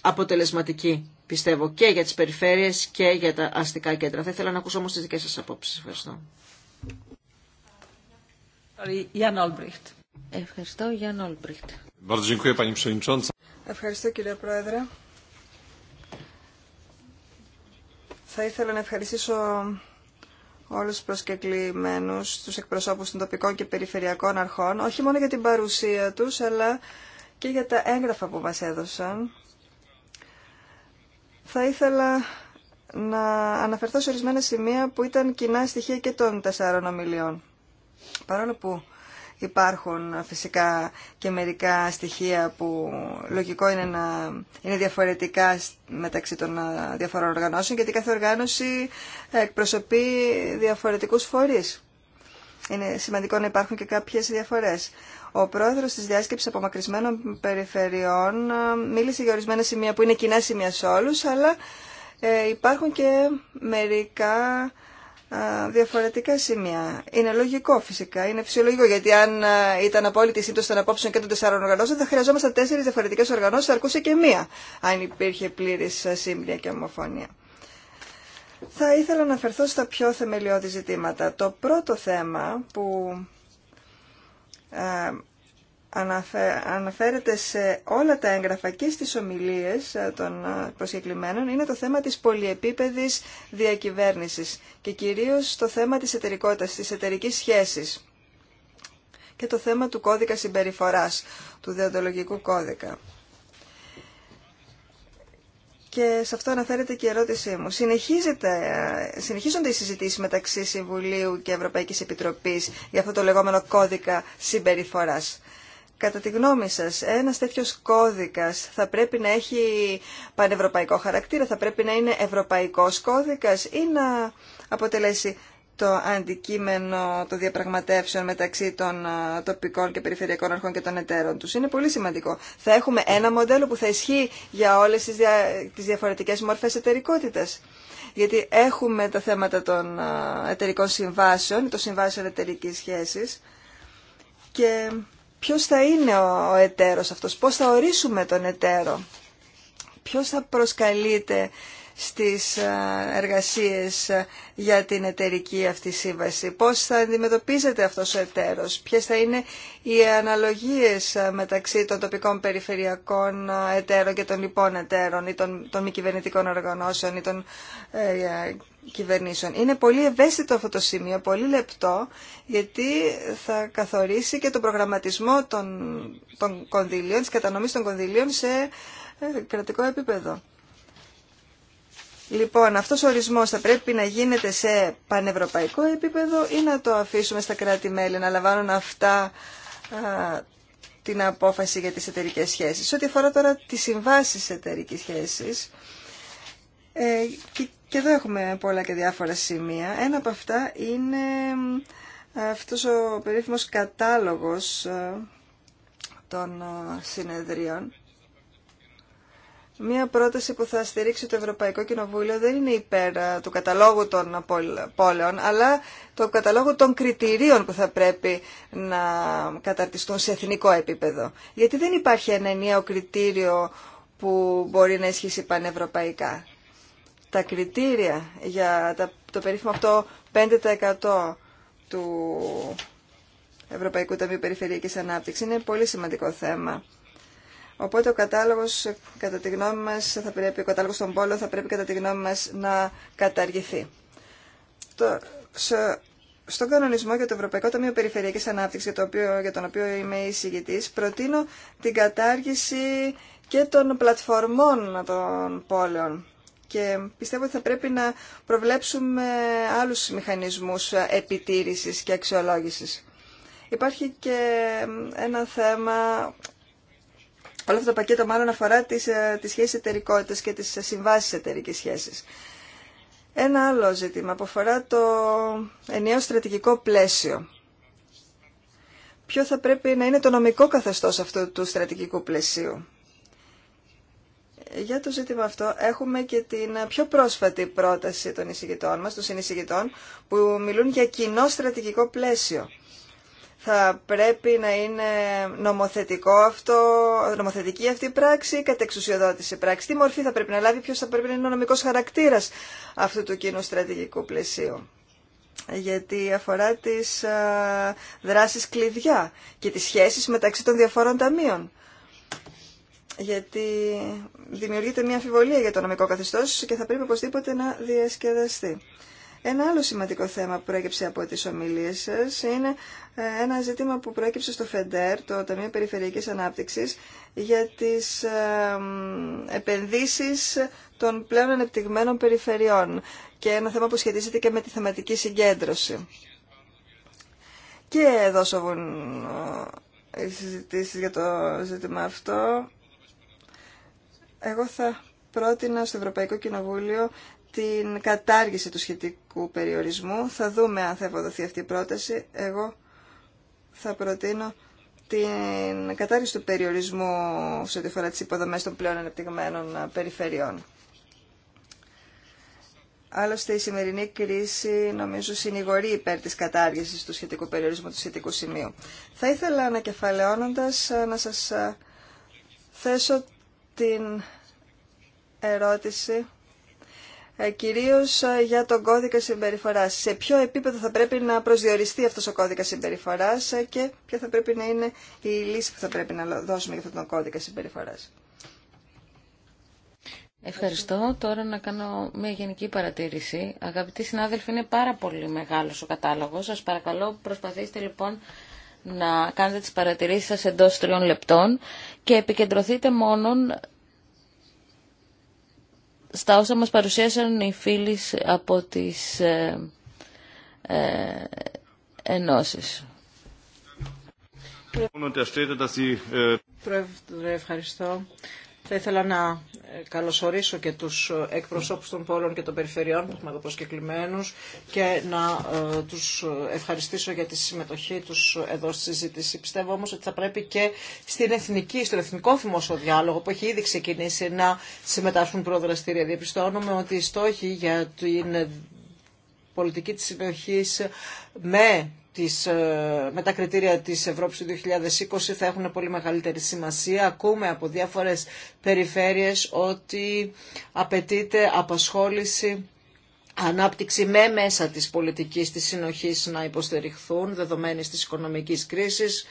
Speaker 2: αποτελεσματική, πιστεύω, και για τις περιφέρειες και για τα αστικά κέντρα. Θα ήθελα να ακούσω όμως τις δικές σας απόψεις. Ευχαριστώ.
Speaker 3: Ευχαριστώ,
Speaker 1: Ευχαριστώ, κύριε Πρόεδρε. Θα ήθελα να ευχαριστήσω όλους τους προσκεκλημένους, τους εκπροσώπους των τοπικών και περιφερειακών αρχών, όχι μόνο για την παρουσία τους, αλλά και για τα έγγραφα που μας έδωσαν. Θα ήθελα να αναφερθώ σε ορισμένα σημεία που ήταν κοινά στοιχεία και των τεσσάρων ομιλιών. Παρόλο που υπάρχουν ε, φυσικά και μερικά στοιχεία που λογικό είναι να είναι διαφορετικά μεταξύ των ε, διαφορών οργανώσεων γιατί κάθε οργάνωση ε, εκπροσωπεί διαφορετικούς φορείς. Είναι σημαντικό να υπάρχουν και κάποιες διαφορές. Ο πρόεδρος της διάσκεψης απομακρυσμένων περιφερειών μίλησε για ορισμένα σημεία που είναι κοινά σημεία σε όλους, αλλά υπάρχουν και μερικά διαφορετικά σημεία. Είναι λογικό φυσικά, είναι φυσιολογικό, γιατί αν ήταν απόλυτη η των απόψεων και των τεσσάρων οργανώσεων, θα χρειαζόμασταν τέσσερι διαφορετικέ οργανώσει, θα αρκούσε και μία, αν υπήρχε πλήρη σύμπνοια και ομοφωνία. Θα ήθελα να αναφερθώ στα πιο θεμελιώδη ζητήματα. Το πρώτο θέμα που αναφέρεται σε όλα τα έγγραφα και στις ομιλίες ε, των ε, προσκεκλημένων είναι το θέμα της πολυεπίπεδης διακυβέρνησης και κυρίως το θέμα της εταιρικότητας, της εταιρικής σχέσης και το θέμα του κώδικα συμπεριφοράς, του διοντολογικού κώδικα. Και σε αυτό αναφέρεται και η ερώτησή μου. Ε, συνεχίζονται οι συζητήσεις μεταξύ Συμβουλίου και Ευρωπαϊκής Επιτροπής για αυτό το λεγόμενο κώδικα συμπεριφοράς. Κατά τη γνώμη σας, ένας τέτοιος κώδικας θα πρέπει να έχει πανευρωπαϊκό χαρακτήρα, θα πρέπει να είναι ευρωπαϊκός κώδικας ή να αποτελέσει το αντικείμενο των διαπραγματεύσεων μεταξύ των τοπικών και περιφερειακών αρχών και των εταίρων τους. Είναι πολύ σημαντικό. Θα έχουμε ένα μοντέλο που θα ισχύει για όλες τις, δια... τις διαφορετικές μορφές εταιρικότητας. Γιατί έχουμε τα θέματα των εταιρικών συμβάσεων, των συμβάσεων εταιρική σχέσης και ποιος θα είναι ο εταίρος αυτός, πώς θα ορίσουμε τον εταίρο, ποιος θα προσκαλείται στις εργασίες για την εταιρική αυτή σύμβαση. Πώς θα αντιμετωπίζεται αυτός ο εταίρος, ποιες θα είναι οι αναλογίες μεταξύ των τοπικών περιφερειακών εταίρων και των λοιπών εταίρων ή των, των μη κυβερνητικών οργανώσεων ή των ε, κυβερνήσεων. Είναι πολύ ευαίσθητο αυτό το σημείο, πολύ λεπτό, γιατί θα καθορίσει και τον προγραμματισμό των, των κονδυλίων, της κατανομής των κονδυλίων σε ε, κρατικό επίπεδο. Λοιπόν, αυτός ο ορισμός θα πρέπει να γίνεται σε πανευρωπαϊκό επίπεδο ή να το αφήσουμε στα κράτη-μέλη να λαμβάνουν αυτά την απόφαση για τις εταιρικές σχέσεις. Ό,τι αφορά τώρα τις συμβάσεις εταιρικής σχέσης, ε, και εδώ έχουμε πολλά και διάφορα σημεία. Ένα από αυτά είναι αυτός ο περίφημος κατάλογος ε, των ε, συνεδρίων. Μία πρόταση που θα στηρίξει το Ευρωπαϊκό Κοινοβούλιο δεν είναι υπέρ ε, του καταλόγου των πόλεων, αλλά το καταλόγου των κριτηρίων που θα πρέπει να καταρτιστούν σε εθνικό επίπεδο. Γιατί δεν υπάρχει ένα ενιαίο κριτήριο που μπορεί να ισχύσει πανευρωπαϊκά τα κριτήρια για το περίφημο αυτό 5% του Ευρωπαϊκού Ταμείου Περιφερειακής Ανάπτυξης είναι πολύ σημαντικό θέμα. Οπότε ο κατάλογος, κατά τη γνώμη μας, θα πρέπει, ο κατάλογος των πόλων θα πρέπει κατά τη γνώμη μας να καταργηθεί. στον κανονισμό για το Ευρωπαϊκό Ταμείο Περιφερειακής Ανάπτυξης, για, το οποίο, για τον οποίο είμαι εισηγητής, προτείνω την κατάργηση και των πλατφορμών των πόλεων και πιστεύω ότι θα πρέπει να προβλέψουμε άλλους μηχανισμούς επιτήρησης και αξιολόγησης. Υπάρχει και ένα θέμα Όλο αυτό το πακέτο μάλλον αφορά τις, ε, τις σχέσεις εταιρικότητας και τις συμβάσεις εταιρικής σχέσης. Ένα άλλο ζήτημα που αφορά το ενιαίο στρατηγικό πλαίσιο. Ποιο θα πρέπει να είναι το νομικό καθεστώς αυτού του στρατηγικού πλαισίου για το ζήτημα αυτό έχουμε και την πιο πρόσφατη πρόταση των εισηγητών μας, των συνεισηγητών, που μιλούν για κοινό στρατηγικό πλαίσιο. Θα πρέπει να είναι νομοθετικό αυτό, νομοθετική αυτή η πράξη, κατεξουσιοδότηση πράξη. Τι μορφή θα πρέπει να λάβει, ποιος θα πρέπει να είναι ο νομικός χαρακτήρας αυτού του κοινού στρατηγικού πλαισίου γιατί αφορά τις ε, δράσεις κλειδιά και τις σχέσεις μεταξύ των διαφόρων ταμείων γιατί δημιουργείται μια αμφιβολία για το νομικό καθεστώς και θα πρέπει οπωσδήποτε να διασκεδαστεί. Ένα άλλο σημαντικό θέμα που προέκυψε από τις ομιλίες σας είναι ε, ένα ζήτημα που προέκυψε στο ΦΕΝΤΕΡ, το Ταμείο Περιφερειακής Ανάπτυξης, για τις ε, επενδύσεις των πλέον ανεπτυγμένων περιφερειών και ένα θέμα που σχετίζεται και με τη θεματική συγκέντρωση. Και δώσω ε, συζητήσεις για το ζήτημα αυτό εγώ θα πρότεινα στο Ευρωπαϊκό Κοινοβούλιο την κατάργηση του σχετικού περιορισμού. Θα δούμε αν θα ευοδοθεί αυτή η πρόταση. Εγώ θα προτείνω την κατάργηση του περιορισμού σε ό,τι αφορά τις υποδομές των πλέον ανεπτυγμένων ε, περιφερειών. Άλλωστε η σημερινή κρίση νομίζω συνηγορεί υπέρ της κατάργησης του σχετικού περιορισμού του σχετικού σημείου. Θα ήθελα ανακεφαλαιώνοντας ε, να σας ε, θέσω την ερώτηση ε, κυρίως ε, για τον κώδικα συμπεριφοράς. Σε ποιο επίπεδο θα πρέπει να προσδιοριστεί αυτός ο κώδικας συμπεριφοράς ε, και ποια θα πρέπει να είναι η λύση που θα πρέπει να δώσουμε για αυτόν τον κώδικα συμπεριφοράς.
Speaker 3: Ευχαριστώ. Τώρα να κάνω μια γενική παρατήρηση. Αγαπητοί συνάδελφοι, είναι πάρα πολύ μεγάλος ο κατάλογος. Σας παρακαλώ, προσπαθήστε λοιπόν να κάνετε τις παρατηρήσεις σας εντός τριών λεπτών και επικεντρωθείτε μόνον στα όσα μας παρουσίασαν οι φίλοι από τις ε, ε ενώσεις.
Speaker 2: Ε, ευχαριστώ. Θα ήθελα να ε, καλωσορίσω και τους εκπροσώπους των πόλων και των περιφερειών που έχουμε εδώ προσκεκλημένους και να ε, τους ευχαριστήσω για τη συμμετοχή τους εδώ στη συζήτηση. Πιστεύω όμως ότι θα πρέπει και στην εθνική, στον εθνικό θυμόσο διάλογο που έχει ήδη ξεκινήσει να συμμετάσχουν προδραστήρια. Διαπιστώνουμε ότι οι στόχοι για την πολιτική της συμμετοχής με ε, με τα κριτήρια της Ευρώπης του 2020 θα έχουν πολύ μεγαλύτερη σημασία. Ακούμε από διάφορες περιφέρειες ότι απαιτείται απασχόληση ανάπτυξη με μέσα της πολιτικής της συνοχής να υποστηριχθούν δεδομένης της οικονομικής κρίσης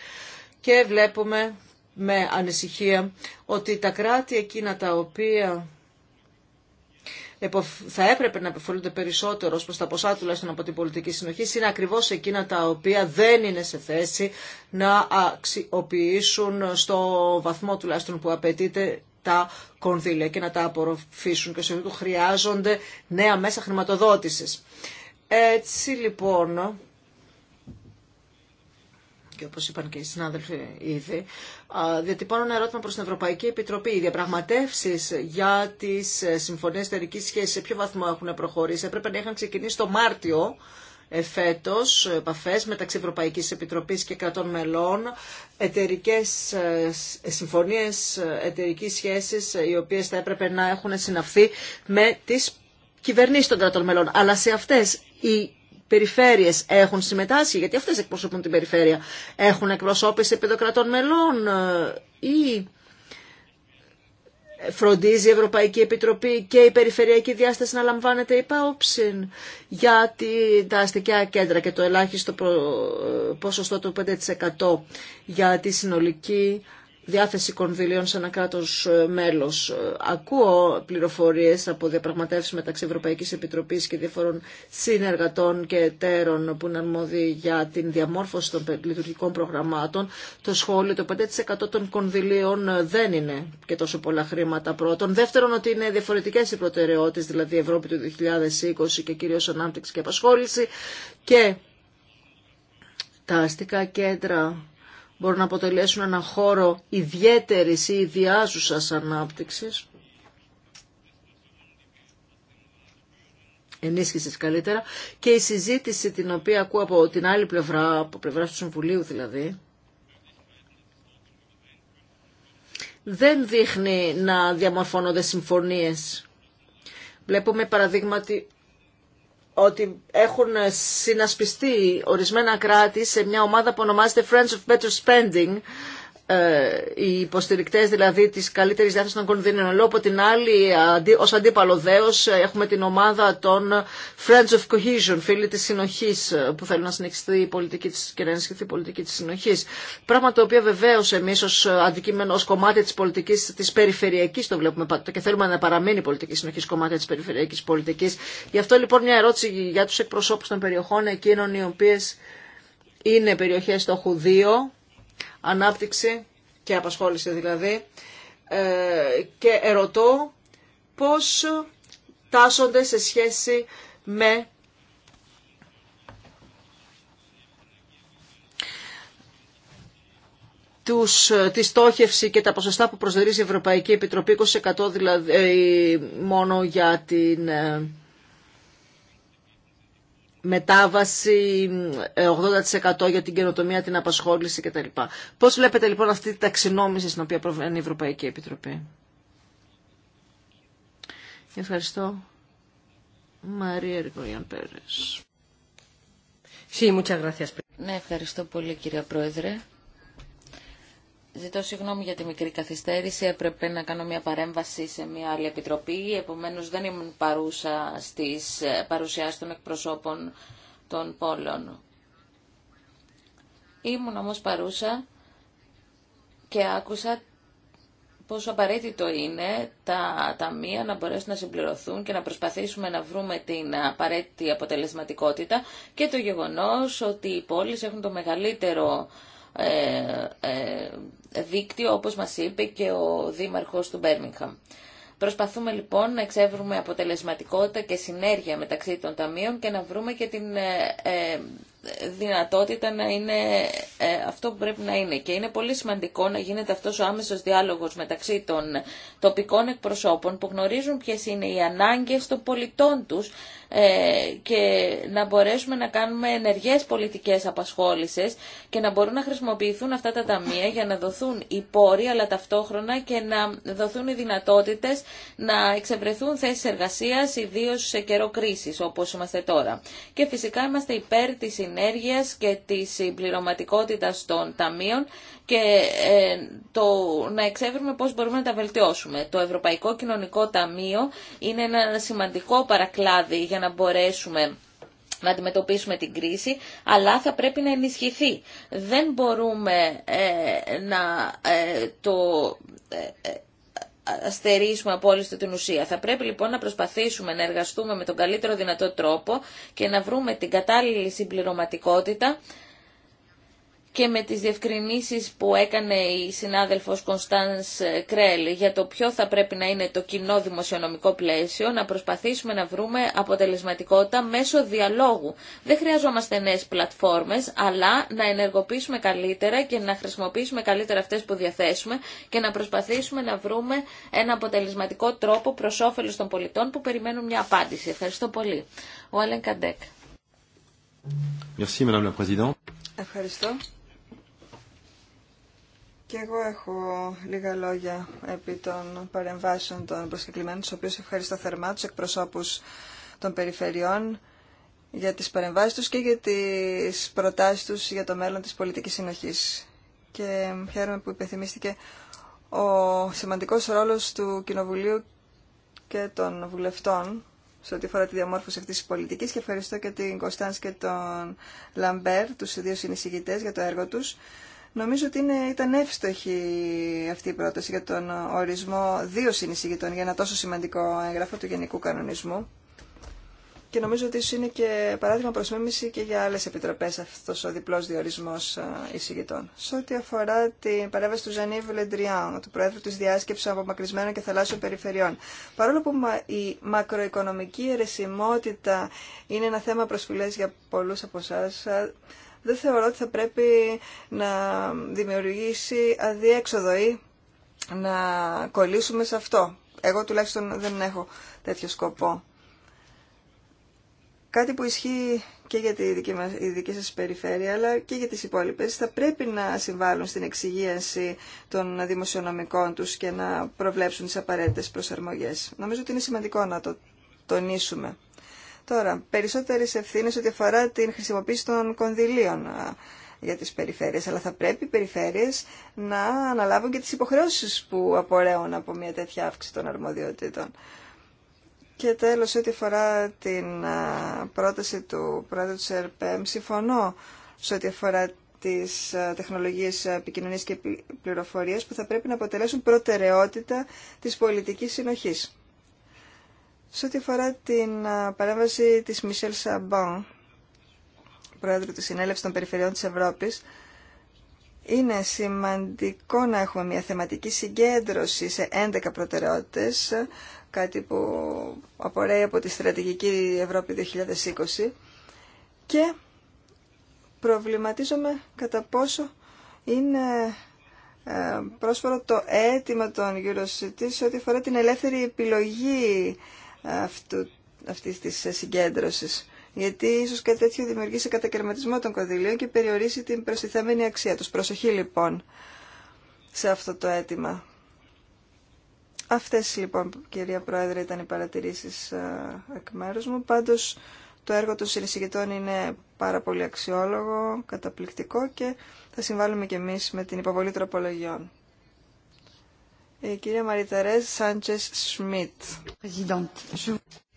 Speaker 2: και βλέπουμε με ανησυχία ότι τα κράτη εκείνα τα οποία θα έπρεπε να επωφελούνται περισσότερο προ τα ποσά τουλάχιστον από την πολιτική συνοχή είναι ακριβώ εκείνα τα οποία δεν είναι σε θέση να αξιοποιήσουν στο βαθμό τουλάχιστον που απαιτείται τα κονδύλια και να τα απορροφήσουν και σε αυτό χρειάζονται νέα μέσα χρηματοδότησης. Έτσι λοιπόν και όπως είπαν και οι συνάδελφοι ήδη, διατυπώνω ένα ερώτημα προς την Ευρωπαϊκή Επιτροπή. Οι διαπραγματεύσεις για τις ε, συμφωνίες εταιρικής σχέσης σε ποιο βαθμό έχουν προχωρήσει. Έπρεπε να είχαν ξεκινήσει το Μάρτιο ε, φέτος επαφές μεταξύ Ευρωπαϊκής Επιτροπής και κρατών μελών, εταιρικέ ε, συμφωνίες εταιρικής σχέσης οι οποίες θα έπρεπε να έχουν συναυθεί με τις κυβερνήσεις των κρατών μελών. Αλλά σε αυτές οι περιφέρειες έχουν συμμετάσχει, γιατί αυτές εκπροσωπούν την περιφέρεια, έχουν εκπροσώπηση επιδοκρατών μελών ε, ή φροντίζει η Ευρωπαϊκή Επιτροπή και η Περιφερειακή Διάσταση να λαμβάνεται υπόψη για τα αστικά κέντρα και το ελάχιστο ε, ποσοστό του 5% για τη συνολική διάθεση κονδυλίων σε ένα κράτο ε, μέλο. Ε, ακούω πληροφορίε από διαπραγματεύσει μεταξύ Ευρωπαϊκή Επιτροπή και διαφορών συνεργατών και εταίρων που είναι αρμόδιοι για την διαμόρφωση των λειτουργικών προγραμμάτων. Το σχόλιο, το 5% των κονδυλίων ε, δεν είναι και τόσο πολλά χρήματα πρώτον. Δεύτερον, ότι είναι διαφορετικέ οι προτεραιότητε, δηλαδή Ευρώπη του 2020 και κυρίω ανάπτυξη και απασχόληση. Και τα αστικά κέντρα μπορούν να αποτελέσουν ένα χώρο ιδιαίτερης ή ιδιάζουσας ανάπτυξης, ενίσχυση καλύτερα, και η συζήτηση την οποία ακούω από την άλλη πλευρά, από πλευρά του Συμβουλίου δηλαδή, δεν δείχνει να διαμορφώνονται συμφωνίες. Βλέπουμε παραδείγματι ότι έχουν συνασπιστεί ορισμένα κράτη σε μια ομάδα που ονομάζεται Friends of Better Spending ε, οι υποστηρικτέ, δηλαδή τη καλύτερη διάθεση των κονδύνων ενώ από την άλλη ω αντίπαλο δέο, ε, έχουμε την ομάδα των Friends of Cohesion, φίλοι τη συνοχή ε, που θέλουν να συνεχιστεί η πολιτική της και να ενισχυθεί η πολιτική τη συνοχή, πράγμα το οποίο βεβαίω εμεί ω αντικείμενο ως κομμάτι τη πολιτική τη περιφερειακή, το βλέπουμε και θέλουμε να παραμείνει η πολιτική συνοχής κομμάτι τη περιφερειακή πολιτική. γι' αυτό λοιπόν μια ερώτηση για του εκπροσώπου των περιοχών εκείνων οι οποίε είναι περιοχές στόχου 2 ανάπτυξη και απασχόληση δηλαδή ε, και ερωτώ πώς τάσσονται σε σχέση με τους, τη στόχευση και τα ποσοστά που προσδιορίζει η Ευρωπαϊκή Επιτροπή 20% δηλαδή ε, μόνο για την ε, μετάβαση 80% ε, για την καινοτομία, την απασχόληση κτλ. Πώς βλέπετε λοιπόν αυτή τη ταξινόμηση στην οποία προβαίνει η Ευρωπαϊκή Επιτροπή. Ευχαριστώ.
Speaker 3: Μαρία Ρικογιάν Πέρες. Ναι, ευχαριστώ πολύ κύριε Πρόεδρε. Ζητώ συγγνώμη για τη μικρή καθυστέρηση. Έπρεπε να κάνω μια παρέμβαση σε μια άλλη επιτροπή. Επομένω δεν ήμουν παρούσα στις ε, παρουσιάσει των εκπροσώπων των πόλων. Ήμουν όμως παρούσα και άκουσα πόσο απαραίτητο είναι τα ταμεία να μπορέσουν να συμπληρωθούν και να προσπαθήσουμε να βρούμε την απαραίτητη αποτελεσματικότητα και το γεγονός ότι οι πόλεις έχουν το μεγαλύτερο ε, ε, δίκτυο, όπως μας είπε και ο Δήμαρχος του Μπέρμιγχαμ. Προσπαθούμε λοιπόν να εξεύρουμε αποτελεσματικότητα και συνέργεια μεταξύ των ταμείων και να βρούμε και την ε, δυνατότητα να είναι αυτό που πρέπει να είναι. Και είναι πολύ σημαντικό να γίνεται αυτός ο άμεσος διάλογος μεταξύ των τοπικών εκπροσώπων που γνωρίζουν ποιες είναι οι ανάγκες των πολιτών τους ε, και να μπορέσουμε να κάνουμε ενεργές πολιτικές απασχόλησες και να μπορούν να χρησιμοποιηθούν αυτά τα ταμεία για να δοθούν οι πόροι αλλά ταυτόχρονα και να δοθούν οι δυνατότητες να εξευρεθούν θέσεις εργασίας ιδίως σε καιρό κρίσης όπως είμαστε τώρα. Και φυσικά είμαστε υπέρ της συνέργειας και της συμπληρωματικότητας των ταμείων και ε, να εξεύρουμε πώς μπορούμε να τα βελτιώσουμε. Το Ευρωπαϊκό Κοινωνικό Ταμείο είναι ένα σημαντικό παρακλάδι για να μπορέσουμε να αντιμετωπίσουμε την κρίση, αλλά θα πρέπει να ενισχυθεί. Δεν μπορούμε ε, να ε, το ε, ε στερήσουμε από όλη την ουσία. Θα πρέπει λοιπόν να προσπαθήσουμε να εργαστούμε με τον καλύτερο δυνατό τρόπο και να βρούμε την κατάλληλη συμπληρωματικότητα και με τις διευκρινήσεις που έκανε η συνάδελφος Κωνσταντς Κρέλ για το ποιο θα πρέπει να είναι το κοινό δημοσιονομικό πλαίσιο, να προσπαθήσουμε να βρούμε αποτελεσματικότητα μέσω διαλόγου. Δεν χρειαζόμαστε νέες πλατφόρμες, αλλά να ενεργοποιήσουμε καλύτερα και να χρησιμοποιήσουμε καλύτερα αυτές που διαθέσουμε και να προσπαθήσουμε να βρούμε ένα αποτελεσματικό τρόπο προς όφελος των πολιτών που περιμένουν μια απάντηση. Ευχαριστώ πολύ. Ο Αλέν Καντέκ. Merci,
Speaker 1: Madame la Présidente.
Speaker 3: Ευχαριστώ. Και εγώ έχω
Speaker 1: λίγα λόγια επί των παρεμβάσεων των προσκεκλημένων, τους οποίους ευχαριστώ θερμά, τους εκπροσώπους των περιφερειών, για τις παρεμβάσεις τους και για τις προτάσεις τους για το μέλλον της πολιτικής συνοχής. Και χαίρομαι που υπενθυμίστηκε ο σημαντικός ρόλος του Κοινοβουλίου και των βουλευτών σε ό,τι αφορά τη διαμόρφωση αυτής της πολιτικής και ευχαριστώ και την Κωνσταντ και τον Λαμπέρ, τους δύο συνεισηγητές για το έργο τους. Νομίζω ότι είναι, ήταν εύστοχη αυτή η πρόταση για τον ορισμό δύο συνεισηγητών για ένα τόσο σημαντικό έγγραφο του Γενικού Κανονισμού. Και νομίζω ότι ίσω είναι και παράδειγμα προ και για άλλε επιτροπέ αυτό ο διπλό διορισμό εισηγητών. Σε ό,τι αφορά την παρέμβαση του Ζανίβ Λεντριάν, του Προέδρου τη Διάσκεψη Απομακρυσμένων και Θαλάσσιων Περιφερειών, παρόλο που η μακροοικονομική ερεσιμότητα είναι ένα θέμα προσφυλέ για πολλού από εσά, δεν θεωρώ ότι θα πρέπει να δημιουργήσει αδιέξοδο ή να κολλήσουμε σε αυτό. Εγώ τουλάχιστον δεν έχω τέτοιο σκοπό. Κάτι που ισχύει και για τη δική, μας, σας περιφέρεια, αλλά και για τις υπόλοιπες, θα πρέπει να συμβάλλουν στην εξυγίανση των δημοσιονομικών τους και να προβλέψουν τις απαραίτητες προσαρμογές. Νομίζω ότι είναι σημαντικό να το τονίσουμε. Τώρα, περισσότερε ευθύνε ό,τι αφορά την χρησιμοποίηση των κονδυλίων για τις περιφέρειες, αλλά θα πρέπει οι περιφέρειες να αναλάβουν και τις υποχρεώσεις που απορρέουν από μια τέτοια αύξηση των αρμοδιοτήτων. Και τέλος, ό,τι αφορά την πρόταση του πρόεδρου του ΕΡΠΕΜ, συμφωνώ σε ό,τι αφορά τις τεχνολογίες επικοινωνίας και πληροφορίας που θα πρέπει να αποτελέσουν προτεραιότητα της πολιτικής συνοχής. Σε ό,τι αφορά την παρέμβαση της Μισελ Σαμπάν, Πρόεδρου της Συνέλευσης των Περιφερειών της Ευρώπης, είναι σημαντικό να έχουμε μια θεματική συγκέντρωση σε 11 προτεραιότητες, κάτι που απορρέει από τη Στρατηγική Ευρώπη 2020 και προβληματίζομαι κατά πόσο είναι ε, πρόσφορο το αίτημα των Eurocities σε ό,τι αφορά την ελεύθερη επιλογή αυτή αυτής της συγκέντρωσης. Γιατί ίσως κάτι τέτοιο δημιουργήσει κατακαιρματισμό των κονδυλίων και περιορίσει την προστιθέμενη αξία τους. Προσοχή λοιπόν σε αυτό το αίτημα. Αυτές λοιπόν, κυρία Πρόεδρε, ήταν οι παρατηρήσεις εκ μέρους μου. Πάντως, το έργο των συνεισηγητών είναι πάρα πολύ αξιόλογο, καταπληκτικό και θα συμβάλλουμε κι εμείς με την υποβολή τροπολογιών. Η ε,
Speaker 2: κυρία Μαριταρέ
Speaker 1: Σάντσες Σμιτ.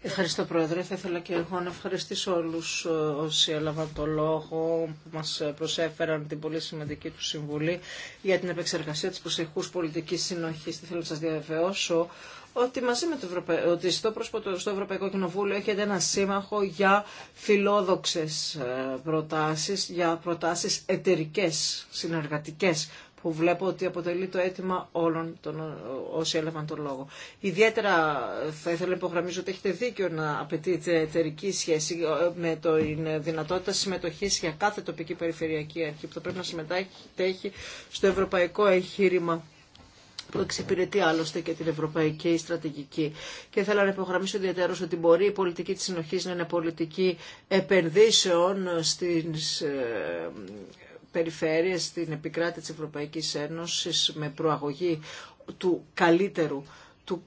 Speaker 2: Ευχαριστώ Πρόεδρε. Θα ήθελα και εγώ να ευχαριστήσω όλους ε, όσοι έλαβαν το λόγο που μας ε, προσέφεραν την πολύ σημαντική του συμβουλή για την επεξεργασία της προσεχούς πολιτικής συνοχής. Θέλω να σας διαβεβαιώσω ότι μαζί με το ότι στο, στο Ευρωπαϊκό Κοινοβούλιο έχετε ένα σύμμαχο για φιλόδοξες προτάσεις, για προτάσεις εταιρικέ, συνεργατικές που βλέπω ότι αποτελεί το αίτημα όλων των όσοι έλαβαν τον λόγο. Ιδιαίτερα θα ήθελα να υπογραμμίσω ότι έχετε δίκιο να απαιτείτε εταιρική σχέση ε, με την δυνατότητα συμμετοχή για κάθε τοπική περιφερειακή αρχή που θα πρέπει να συμμετέχει στο ευρωπαϊκό εγχείρημα που εξυπηρετεί άλλωστε και την ευρωπαϊκή στρατηγική. Και θέλω να υπογραμμίσω ιδιαίτερω ότι μπορεί η πολιτική της συνοχής να είναι πολιτική επενδύσεων στις ε, περιφέρειες στην επικράτεια της Ευρωπαϊκής Ένωσης με προαγωγή του καλύτερου, του,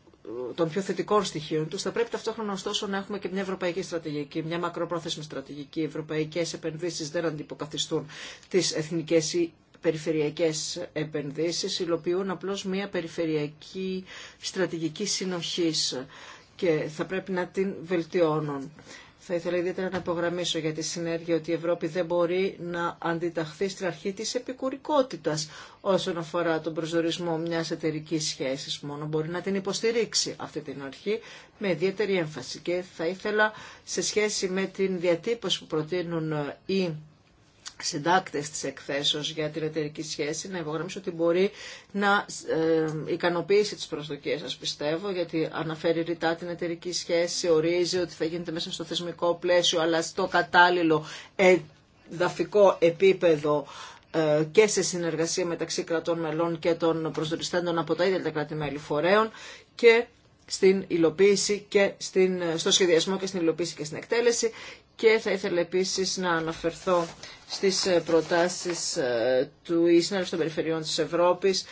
Speaker 2: των πιο θετικών στοιχείων τους, θα πρέπει ταυτόχρονα ωστόσο να έχουμε και μια ευρωπαϊκή στρατηγική, μια μακροπρόθεσμη στρατηγική. Οι ευρωπαϊκές επενδύσεις δεν αντιποκαθιστούν τις εθνικές ή περιφερειακές επενδύσεις, υλοποιούν απλώς μια περιφερειακή στρατηγική συνοχής και θα πρέπει να την βελτιώνουν. Θα ήθελα ιδιαίτερα να υπογραμμίσω για τη συνέργεια ότι η Ευρώπη δεν μπορεί να αντιταχθεί στην αρχή της επικουρικότητας όσον αφορά τον προσδορισμό μιας εταιρική σχέσης. Μόνο μπορεί να την υποστηρίξει αυτή την αρχή με ιδιαίτερη έμφαση. Και θα ήθελα σε σχέση με την διατύπωση που προτείνουν οι συντάκτες της εκθέσεως για την εταιρική σχέση να υπογραμμίσω ότι μπορεί να ε, ικανοποιήσει τις προσδοκίες σας πιστεύω γιατί αναφέρει ρητά την εταιρική σχέση, ορίζει ότι θα γίνεται μέσα στο θεσμικό πλαίσιο αλλά στο κατάλληλο εδαφικό επίπεδο ε, και σε συνεργασία μεταξύ κρατών μελών και των προσδοριστέντων από τα ίδια τα κράτη-μέλη φορέων και στην υλοποίηση και στην, ε, στο σχεδιασμό και στην υλοποίηση και στην εκτέλεση και θα ήθελα επίσης να αναφερθώ στις ε, προτάσεις ε, του Ισραήλ των Περιφερειών της Ευρώπης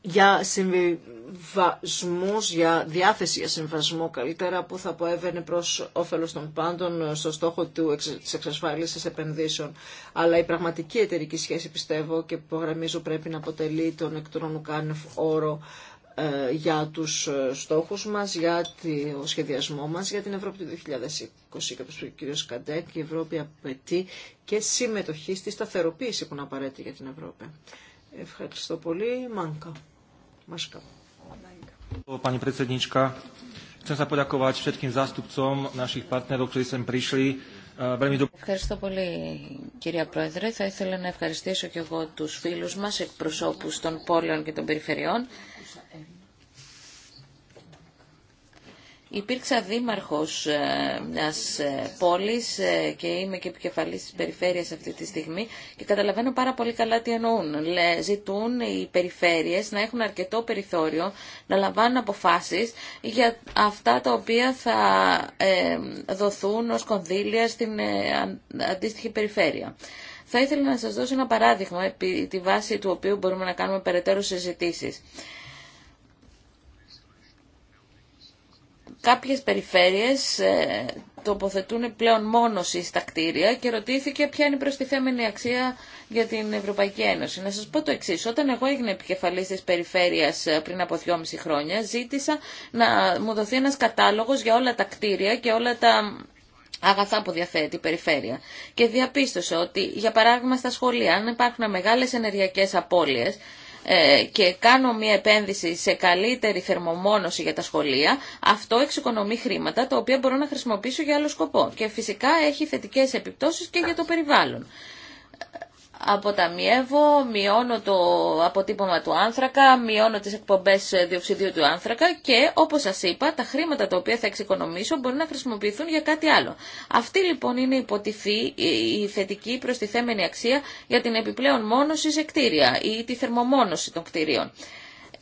Speaker 2: για συμβιβασμούς, για διάθεση για συμβασμό καλύτερα που θα αποέβαινε προς όφελος των πάντων ε, στο στόχο του, της εξασφάλισης επενδύσεων. Αλλά η πραγματική εταιρική σχέση πιστεύω και υπογραμμίζω πρέπει να αποτελεί τον εκτρόνου κάνευ όρο ε, για τους ε, στόχους μας, για το σχεδιασμό μας, για την Ευρώπη του 2020. Και ο κ. Καντέκ, η Ευρώπη απαιτεί και συμμετοχή στη σταθεροποίηση που είναι απαραίτητη για την Ευρώπη. Ευχαριστώ πολύ. Μάνκα. Μάσκα. E,
Speaker 3: Ευχαριστώ πολύ κυρία Πρόεδρε. Θα ήθελα να ευχαριστήσω και εγώ τους φίλους μας, εκπροσώπους των πόλεων και των περιφερειών. Υπήρξα δήμαρχος ε, μιας ε, πόλης ε, και είμαι και επικεφαλής της περιφέρειας αυτή τη στιγμή και καταλαβαίνω πάρα πολύ καλά τι εννοούν. Ζητούν οι περιφέρειες να έχουν αρκετό περιθώριο να λαμβάνουν αποφάσεις για αυτά τα οποία θα δοθούν ως κονδύλια στην αντίστοιχη περιφέρεια. Θα ήθελα να σας δώσω ένα παράδειγμα επί τη βάση του οποίου μπορούμε να κάνουμε περαιτέρω συζητήσεις. κάποιες περιφέρειες ε, τοποθετούν πλέον μόνο στα κτίρια και ρωτήθηκε ποια είναι η προστιθέμενη αξία για την Ευρωπαϊκή Ένωση. Να σας πω το εξής. Όταν εγώ έγινε επικεφαλής της περιφέρειας ε, πριν από 2,5 χρόνια, ζήτησα να μου δοθεί ένας κατάλογος για όλα τα κτίρια και όλα τα αγαθά που διαθέτει η περιφέρεια. Και διαπίστωσα ότι, για παράδειγμα, στα σχολεία, αν υπάρχουν μεγάλες ενεργειακές απώλειες, ε, και κάνω μια επένδυση σε καλύτερη θερμομόνωση για τα σχολεία, αυτό εξοικονομεί χρήματα τα οποία μπορώ να χρησιμοποιήσω για άλλο σκοπό. Και φυσικά έχει θετικές επιπτώσεις και για το περιβάλλον αποταμιεύω, μειώνω το αποτύπωμα του άνθρακα, μειώνω τις εκπομπές διοξιδίου του άνθρακα και όπως σας είπα τα χρήματα τα οποία θα εξοικονομήσω μπορεί να χρησιμοποιηθούν για κάτι άλλο. Αυτή λοιπόν είναι η υποτιθή η θετική προστιθέμενη αξία για την επιπλέον μόνωση σε κτίρια ή τη θερμομόνωση των κτίριων.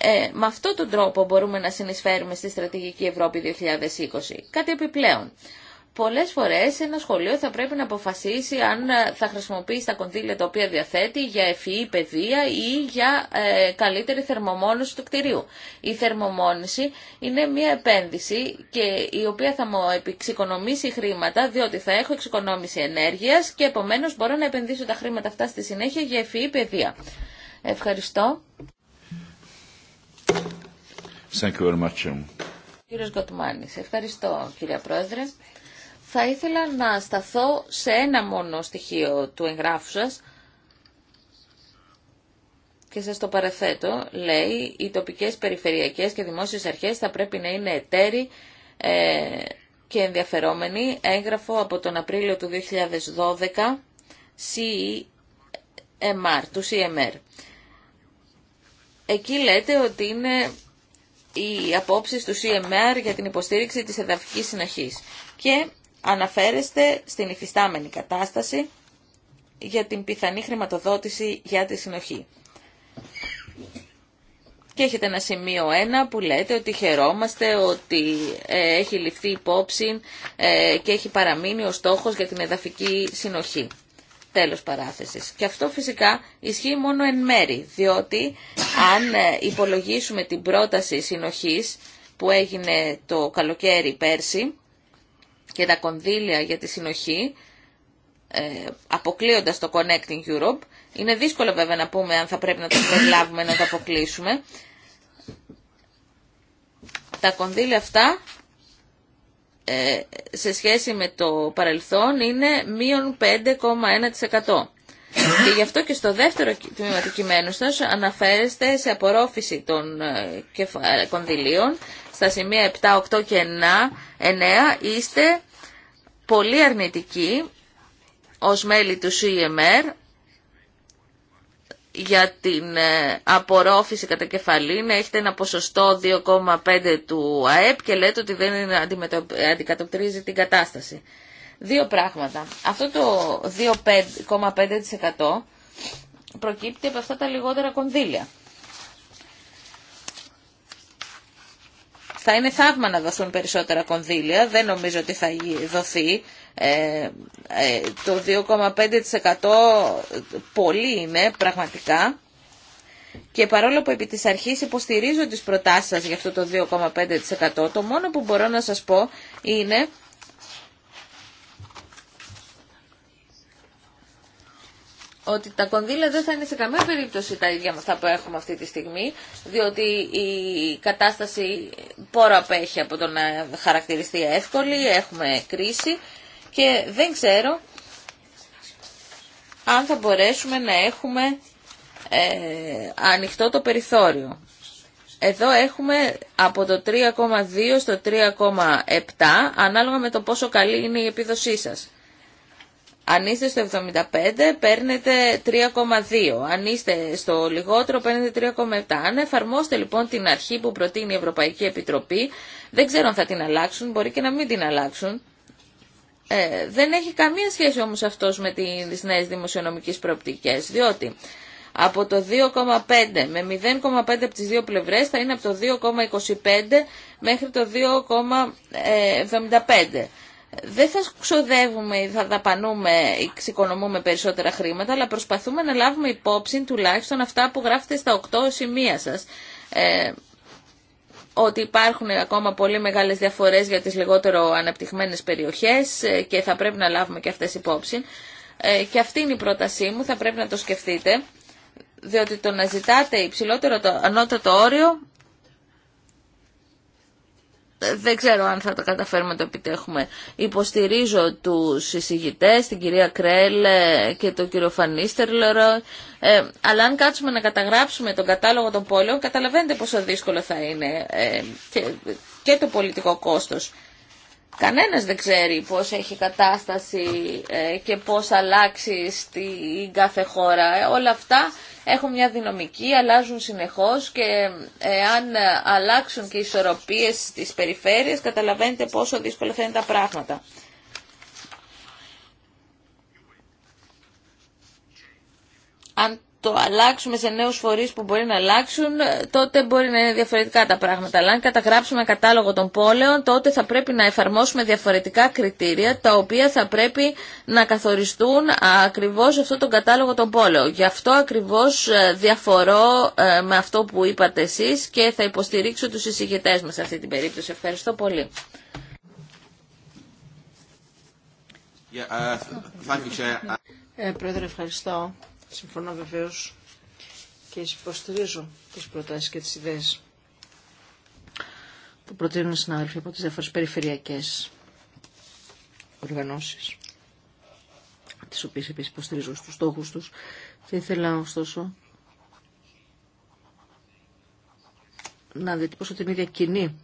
Speaker 3: Ε, με αυτόν τον τρόπο μπορούμε να συνεισφέρουμε στη στρατηγική Ευρώπη 2020. Κάτι επιπλέον. Πολλές φορές ένα σχολείο θα πρέπει να αποφασίσει αν ε, θα χρησιμοποιήσει τα κονδύλια τα οποία διαθέτει για ευφυή παιδεία ή για ε, καλύτερη θερμομόνωση του κτηρίου. Η θερμομόνωση είναι μια επένδυση και η οποία θα μου εξοικονομήσει χρήματα διότι θα έχω εξοικονόμηση ενέργειας και επομένως μπορώ να επενδύσω τα χρήματα αυτά στη συνέχεια για ευφυή παιδεία. Ευχαριστώ. Thank you ευχαριστώ κύριε Πρόεδρε θα ήθελα να σταθώ σε ένα μόνο στοιχείο του εγγράφου σας και σας το παραθέτω λέει οι τοπικές περιφερειακές και δημόσιες αρχές θα πρέπει να είναι εταίροι ε, και ενδιαφερόμενοι. Έγγραφο από τον Απρίλιο του 2012 CMR, e του CMR. Εκεί λέτε ότι είναι οι απόψεις του CMR για την υποστήριξη της εδαφικής συνοχής. Και αναφέρεστε στην υφιστάμενη κατάσταση για την πιθανή χρηματοδότηση για τη συνοχή. Και έχετε ένα σημείο 1 που λέτε ότι χαιρόμαστε ότι ε, έχει ληφθεί υπόψη ε, και έχει παραμείνει ο στόχος για την εδαφική συνοχή. Τέλος παράθεσης. Και αυτό φυσικά ισχύει μόνο εν μέρη, διότι αν ε, υπολογίσουμε την πρόταση συνοχής που έγινε το καλοκαίρι πέρσι, και τα κονδύλια για τη συνοχή, ε, αποκλείοντας το Connecting Europe. Είναι δύσκολο βέβαια να πούμε αν θα πρέπει να το ή να το αποκλείσουμε. Τα κονδύλια αυτά ε, σε σχέση με το παρελθόν είναι μείον 5,1%. Και γι' αυτό και στο δεύτερο τμήμα του κειμένου σας αναφέρεστε σε απορρόφηση των ε, κονδυλίων στα σημεία 7, 8 και 9, είστε πολύ αρνητικοί ως μέλη του CMR για την ε, απορρόφηση κατά να Έχετε ένα ποσοστό 2,5 του ΑΕΠ και λέτε ότι δεν αντικατοπτρίζει την κατάσταση. Δύο πράγματα. Αυτό το 2,5% προκύπτει από αυτά τα λιγότερα κονδύλια. Θα είναι θαύμα να δοθούν περισσότερα κονδύλια, δεν νομίζω ότι θα δοθεί. Ε, ε, το 2,5% πολύ είναι πραγματικά. Και παρόλο που επί της αρχής υποστηρίζω τις προτάσεις σας για αυτό το 2,5%, το μόνο που μπορώ να σας πω είναι ότι τα κονδύλια δεν θα είναι σε καμία περίπτωση τα ίδια με αυτά που έχουμε αυτή τη στιγμή, διότι η κατάσταση πόρο απέχει από το να χαρακτηριστεί εύκολη, έχουμε κρίση και δεν ξέρω αν θα μπορέσουμε να έχουμε ε, ανοιχτό το περιθώριο. Εδώ έχουμε από το 3,2 στο 3,7 ανάλογα με το πόσο καλή είναι η επίδοσή σας. Αν είστε στο 75 παίρνετε 3,2. Αν είστε στο λιγότερο παίρνετε 3,7. Αν εφαρμόσετε λοιπόν την αρχή που προτείνει η Ευρωπαϊκή Επιτροπή, δεν ξέρω αν θα την αλλάξουν, μπορεί και να μην την αλλάξουν. Ε, δεν έχει καμία σχέση όμως αυτός με τις νέες δημοσιονομικές προοπτικές, διότι από το 2,5 με 0,5 από τις δύο πλευρές θα είναι από το 2,25 μέχρι το 2,75 δεν θα ξοδεύουμε ή θα δαπανούμε ή ξεκονομούμε περισσότερα χρήματα, αλλά προσπαθούμε να λάβουμε υπόψη τουλάχιστον αυτά που γράφετε στα 8 σημεία σας. Ε, ότι υπάρχουν ακόμα πολύ μεγάλες διαφορές για τις λιγότερο αναπτυγμένες περιοχές ε, και θα πρέπει να λάβουμε και αυτές υπόψη. Ε, και αυτή είναι η πρότασή μου, θα πρέπει να το σκεφτείτε, διότι το να ζητάτε υψηλότερο το ανώτατο όριο δεν ξέρω αν θα τα καταφέρουμε να το επιτέχουμε. Υποστηρίζω τους εισηγητές, την κυρία Κρέλ ε, και τον κύριο Φανίστερ ε, αλλά αν κάτσουμε να καταγράψουμε τον κατάλογο των πόλεων, καταλαβαίνετε πόσο δύσκολο θα είναι ε, και, το πολιτικό κόστος. Κανένας δεν ξέρει πώς έχει κατάσταση ε, και πώς αλλάξει στην κάθε χώρα. Όλα αυτά έχουν μια δυναμική, αλλάζουν συνεχώς και ε, αν ε, αλλάξουν και οι ισορροπίες στις περιφέρειες καταλαβαίνετε πόσο δύσκολα θα τα πράγματα το αλλάξουμε σε νέους φορείς που μπορεί να αλλάξουν, ε, τότε μπορεί να είναι διαφορετικά τα πράγματα. Αλλά αν καταγράψουμε κατάλογο των πόλεων, τότε θα πρέπει να εφαρμόσουμε διαφορετικά κριτήρια, τα οποία θα πρέπει να καθοριστούν ακριβώς αυτό τον κατάλογο των πόλεων. Γι' αυτό ακριβώς ε, διαφορώ ε, με αυτό που είπατε εσείς και θα υποστηρίξω τους εισηγητές μας σε αυτή την περίπτωση. Ευχαριστώ πολύ.
Speaker 2: Yeah, uh, thank you, ευχαριστώ. Συμφωνώ βεβαίω και υποστηρίζω τι προτάσει και τι ιδέε που προτείνουν οι συνάδελφοι από τις διαφορέ περιφερειακέ, οργανώσεις τις οποίες επίσης υποστηρίζω στους στόχους τους. Θα ήθελα ωστόσο να διατυπώσω την ίδια κοινή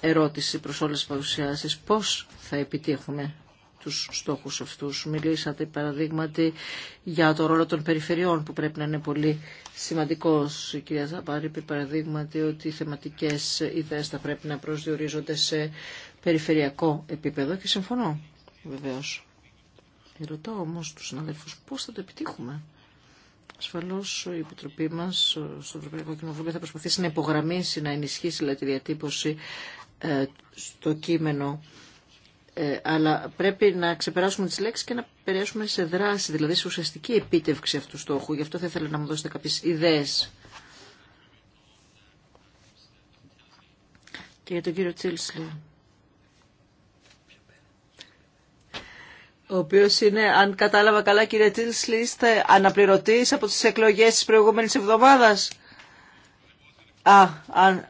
Speaker 2: ερώτηση προς όλες τις παρουσιάσεις. Πώς θα επιτύχουμε τους στόχους αυτούς. Μιλήσατε παραδείγματι για το ρόλο των περιφερειών που πρέπει να είναι πολύ σημαντικός. Η κυρία Ζαμπάρη είπε παραδείγματι ότι οι θεματικές ιδέες θα πρέπει να προσδιορίζονται σε περιφερειακό επίπεδο και συμφωνώ βεβαίως. Ρωτάω όμως τους συναδέλφους πώς θα το επιτύχουμε. Ασφαλώ η Επιτροπή μα στο Ευρωπαϊκό Κοινοβούλιο θα προσπαθήσει να υπογραμμίσει, να ενισχύσει δηλαδή, τη διατύπωση ε, στο κείμενο ε, αλλά πρέπει να ξεπεράσουμε τις λέξεις και να περάσουμε σε δράση, δηλαδή σε ουσιαστική επίτευξη αυτού του στόχου. Γι' αυτό θα ήθελα να μου δώσετε κάποιες ιδέες. Και για τον κύριο Τσίλσλι. ο οποίο είναι, αν κατάλαβα καλά, κύριε Τίλσλι, είστε αναπληρωτή από τι εκλογέ τη προηγούμενη εβδομάδα. Α, αν,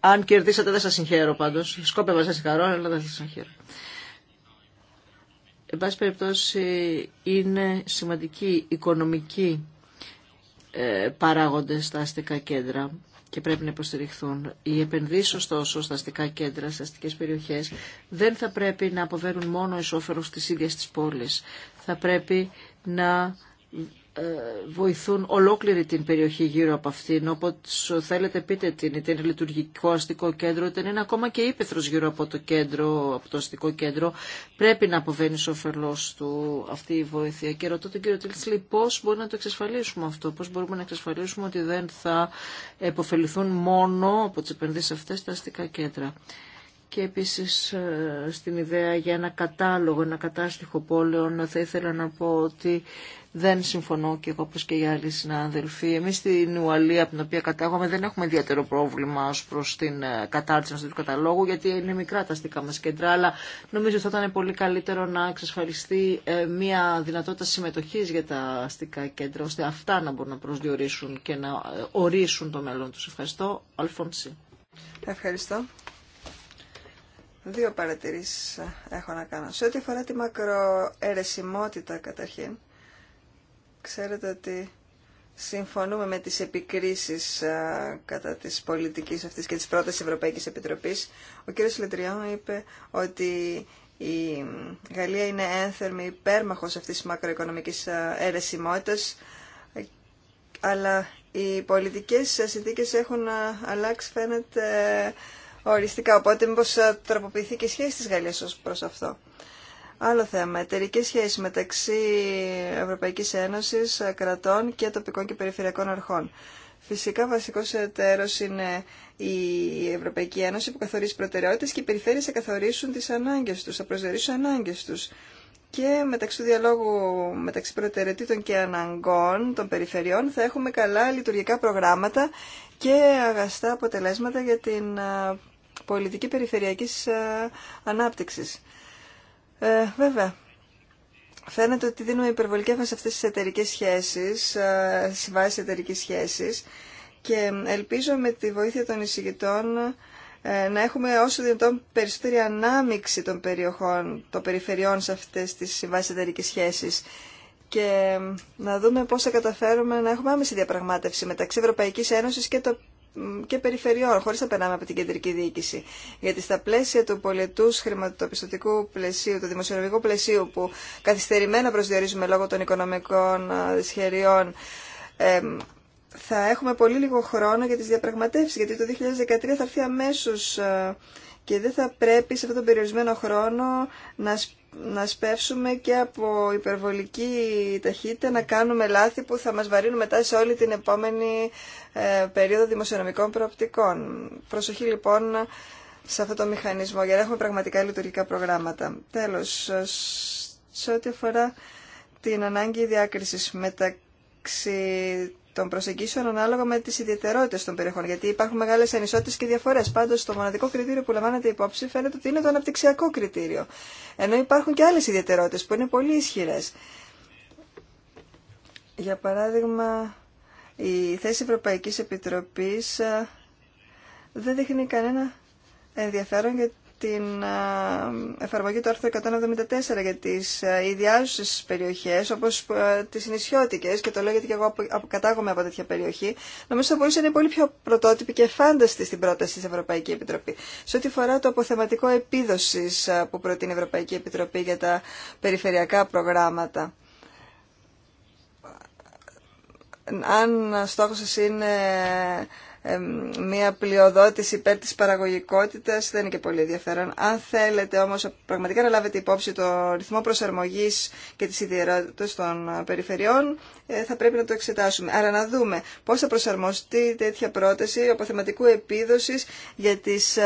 Speaker 2: αν κερδίσατε, δεν σα συγχαίρω πάντω. Σκόπευα σα συγχαρώ, αλλά δεν σα συγχαίρω. Εν πάση περιπτώσει είναι σημαντική οικονομική ε, παράγοντες στα αστικά κέντρα και πρέπει να υποστηριχθούν. Οι επενδύσει, ωστόσο, στα αστικά κέντρα, στι αστικές περιοχές δεν θα πρέπει να αποβαίνουν μόνο όφερος στις ίδια της πόλης. Θα πρέπει να ε, βοηθούν ολόκληρη την περιοχή γύρω από αυτήν. όπω θέλετε πείτε την, είτε είναι λειτουργικό αστικό κέντρο, είτε είναι ακόμα και ύπεθρος γύρω από το κέντρο, από το αστικό κέντρο, πρέπει να αποβαίνει όφελος του αυτή η βοήθεια. Και ρωτώ τον κύριο Τίλτσλι πώ μπορεί να το εξασφαλίσουμε αυτό, πώ μπορούμε να εξασφαλίσουμε ότι δεν θα επωφεληθούν μόνο από τι επενδύσει αυτέ τα αστικά κέντρα και επίσης ε, στην ιδέα για ένα κατάλογο, ένα κατάστοιχο πόλεων θα ήθελα να πω ότι δεν συμφωνώ και εγώ όπως και οι άλλοι συνάδελφοι. Εμείς στην Ουαλία από την οποία κατάγομαι δεν έχουμε ιδιαίτερο πρόβλημα ως προς την ε, κατάρτιση του καταλόγου γιατί είναι μικρά τα αστικά μας κέντρα αλλά νομίζω θα ήταν πολύ καλύτερο να εξασφαλιστεί ε, μια δυνατότητα συμμετοχής για τα αστικά κέντρα ώστε αυτά να μπορούν να προσδιορίσουν και να ορίσουν το μέλλον τους. Ευχαριστώ. Αλφονσί. Ευχαριστώ.
Speaker 1: Δύο παρατηρήσεις έχω να κάνω. Σε ό,τι αφορά τη μακροαιρεσιμότητα καταρχήν, ξέρετε ότι συμφωνούμε με τις επικρίσεις κατά της πολιτικής αυτής και της πρώτης Ευρωπαϊκής Επιτροπής. Ο κύριος Λετριάνο είπε ότι η Γαλλία είναι ένθερμη υπέρμαχος αυτής της μακροοικονομικής αιρεσιμότητας, αλλά οι πολιτικές συνθήκε έχουν αλλάξει φαίνεται οριστικά. Οπότε μήπως ε, τροποποιηθεί και η σχέση της Γαλλίας ω προς αυτό. Άλλο θέμα, Εταιρικέ σχέση μεταξύ Ευρωπαϊκής Ένωσης, ε, κρατών και τοπικών και περιφερειακών αρχών. Φυσικά βασικός εταίρο είναι η Ευρωπαϊκή Ένωση που καθορίζει προτεραιότητες και οι περιφέρειες θα καθορίσουν τις ανάγκε του, θα προσδιορίσουν ανάγκε του και μεταξύ του διαλόγου μεταξύ προτεραιτήτων και αναγκών των περιφερειών θα έχουμε καλά λειτουργικά προγράμματα και αγαστά αποτελέσματα για την πολιτική περιφερειακής ανάπτυξης. Ε, βέβαια, φαίνεται ότι δίνουμε υπερβολική έμφαση σε αυτές τις εταιρικές σχέσεις, συμβάσεις σχέσεις και ελπίζω με τη βοήθεια των εισηγητών ε, να έχουμε όσο δυνατόν περισσότερη ανάμειξη των περιοχών, των περιφερειών σε αυτές τις συμβάσεις εταιρικής σχέσης και να δούμε πώς θα καταφέρουμε να έχουμε άμεση διαπραγμάτευση μεταξύ Ευρωπαϊκής Ένωσης και, και περιφερειών, χωρί να περνάμε από την κεντρική διοίκηση. Γιατί στα πλαίσια του πολιτού χρηματοπιστωτικού πλαισίου, του δημοσιονομικού πλαισίου που καθυστερημένα προσδιορίζουμε λόγω των οικονομικών ε, δυσχεριών, ε, θα έχουμε πολύ λίγο χρόνο για τις διαπραγματεύσεις, γιατί το 2013 θα έρθει αμέσω ε, και δεν θα πρέπει σε αυτόν τον περιορισμένο χρόνο να, να σπεύσουμε και από υπερβολική ταχύτητα να κάνουμε λάθη που θα μας βαρύνουν μετά σε όλη την επόμενη ε, περίοδο δημοσιονομικών προοπτικών. Προσοχή λοιπόν σε αυτό το μηχανισμό για να έχουμε πραγματικά λειτουργικά προγράμματα. Τέλος, σε ό,τι αφορά την ανάγκη διάκρισης μεταξύ των προσεγγίσεων ανάλογα με τι ιδιαιτερότητε των περιοχών. Γιατί υπάρχουν μεγάλε ανισότητε και διαφορέ. Πάντω, το μοναδικό κριτήριο που λαμβάνεται υπόψη φαίνεται ότι είναι το αναπτυξιακό κριτήριο. Ενώ υπάρχουν και άλλε ιδιαιτερότητε που είναι πολύ ισχυρέ. Για παράδειγμα, η θέση Ευρωπαϊκή Επιτροπή ε, δεν δείχνει κανένα ενδιαφέρον για την ε, εφαρμογή του άρθρου 174 για τις ε, ιδιάζουσες περιοχές, όπως ε, τις νησιώτικες, και το λέω γιατί και εγώ κατάγομαι από τέτοια περιοχή, νομίζω θα μπορούσε να είναι πολύ πιο πρωτότυπη και φάνταστη στην πρόταση της Ευρωπαϊκή Επιτροπή. Σε ό,τι φορά το αποθεματικό επίδοσης που προτείνει η Ευρωπαϊκή Επιτροπή για τα περιφερειακά προγράμματα. Αν στόχος σας είναι μια πλειοδότηση υπέρ της παραγωγικότητας δεν είναι και πολύ ενδιαφέρον. Αν θέλετε όμως πραγματικά να λάβετε υπόψη το ρυθμό προσαρμογής και τι ιδιαιτερότητες των ε, περιφερειών ε, θα πρέπει να το εξετάσουμε. Άρα να δούμε πώς θα προσαρμοστεί τέτοια πρόταση αποθεματικού επίδοσης για τις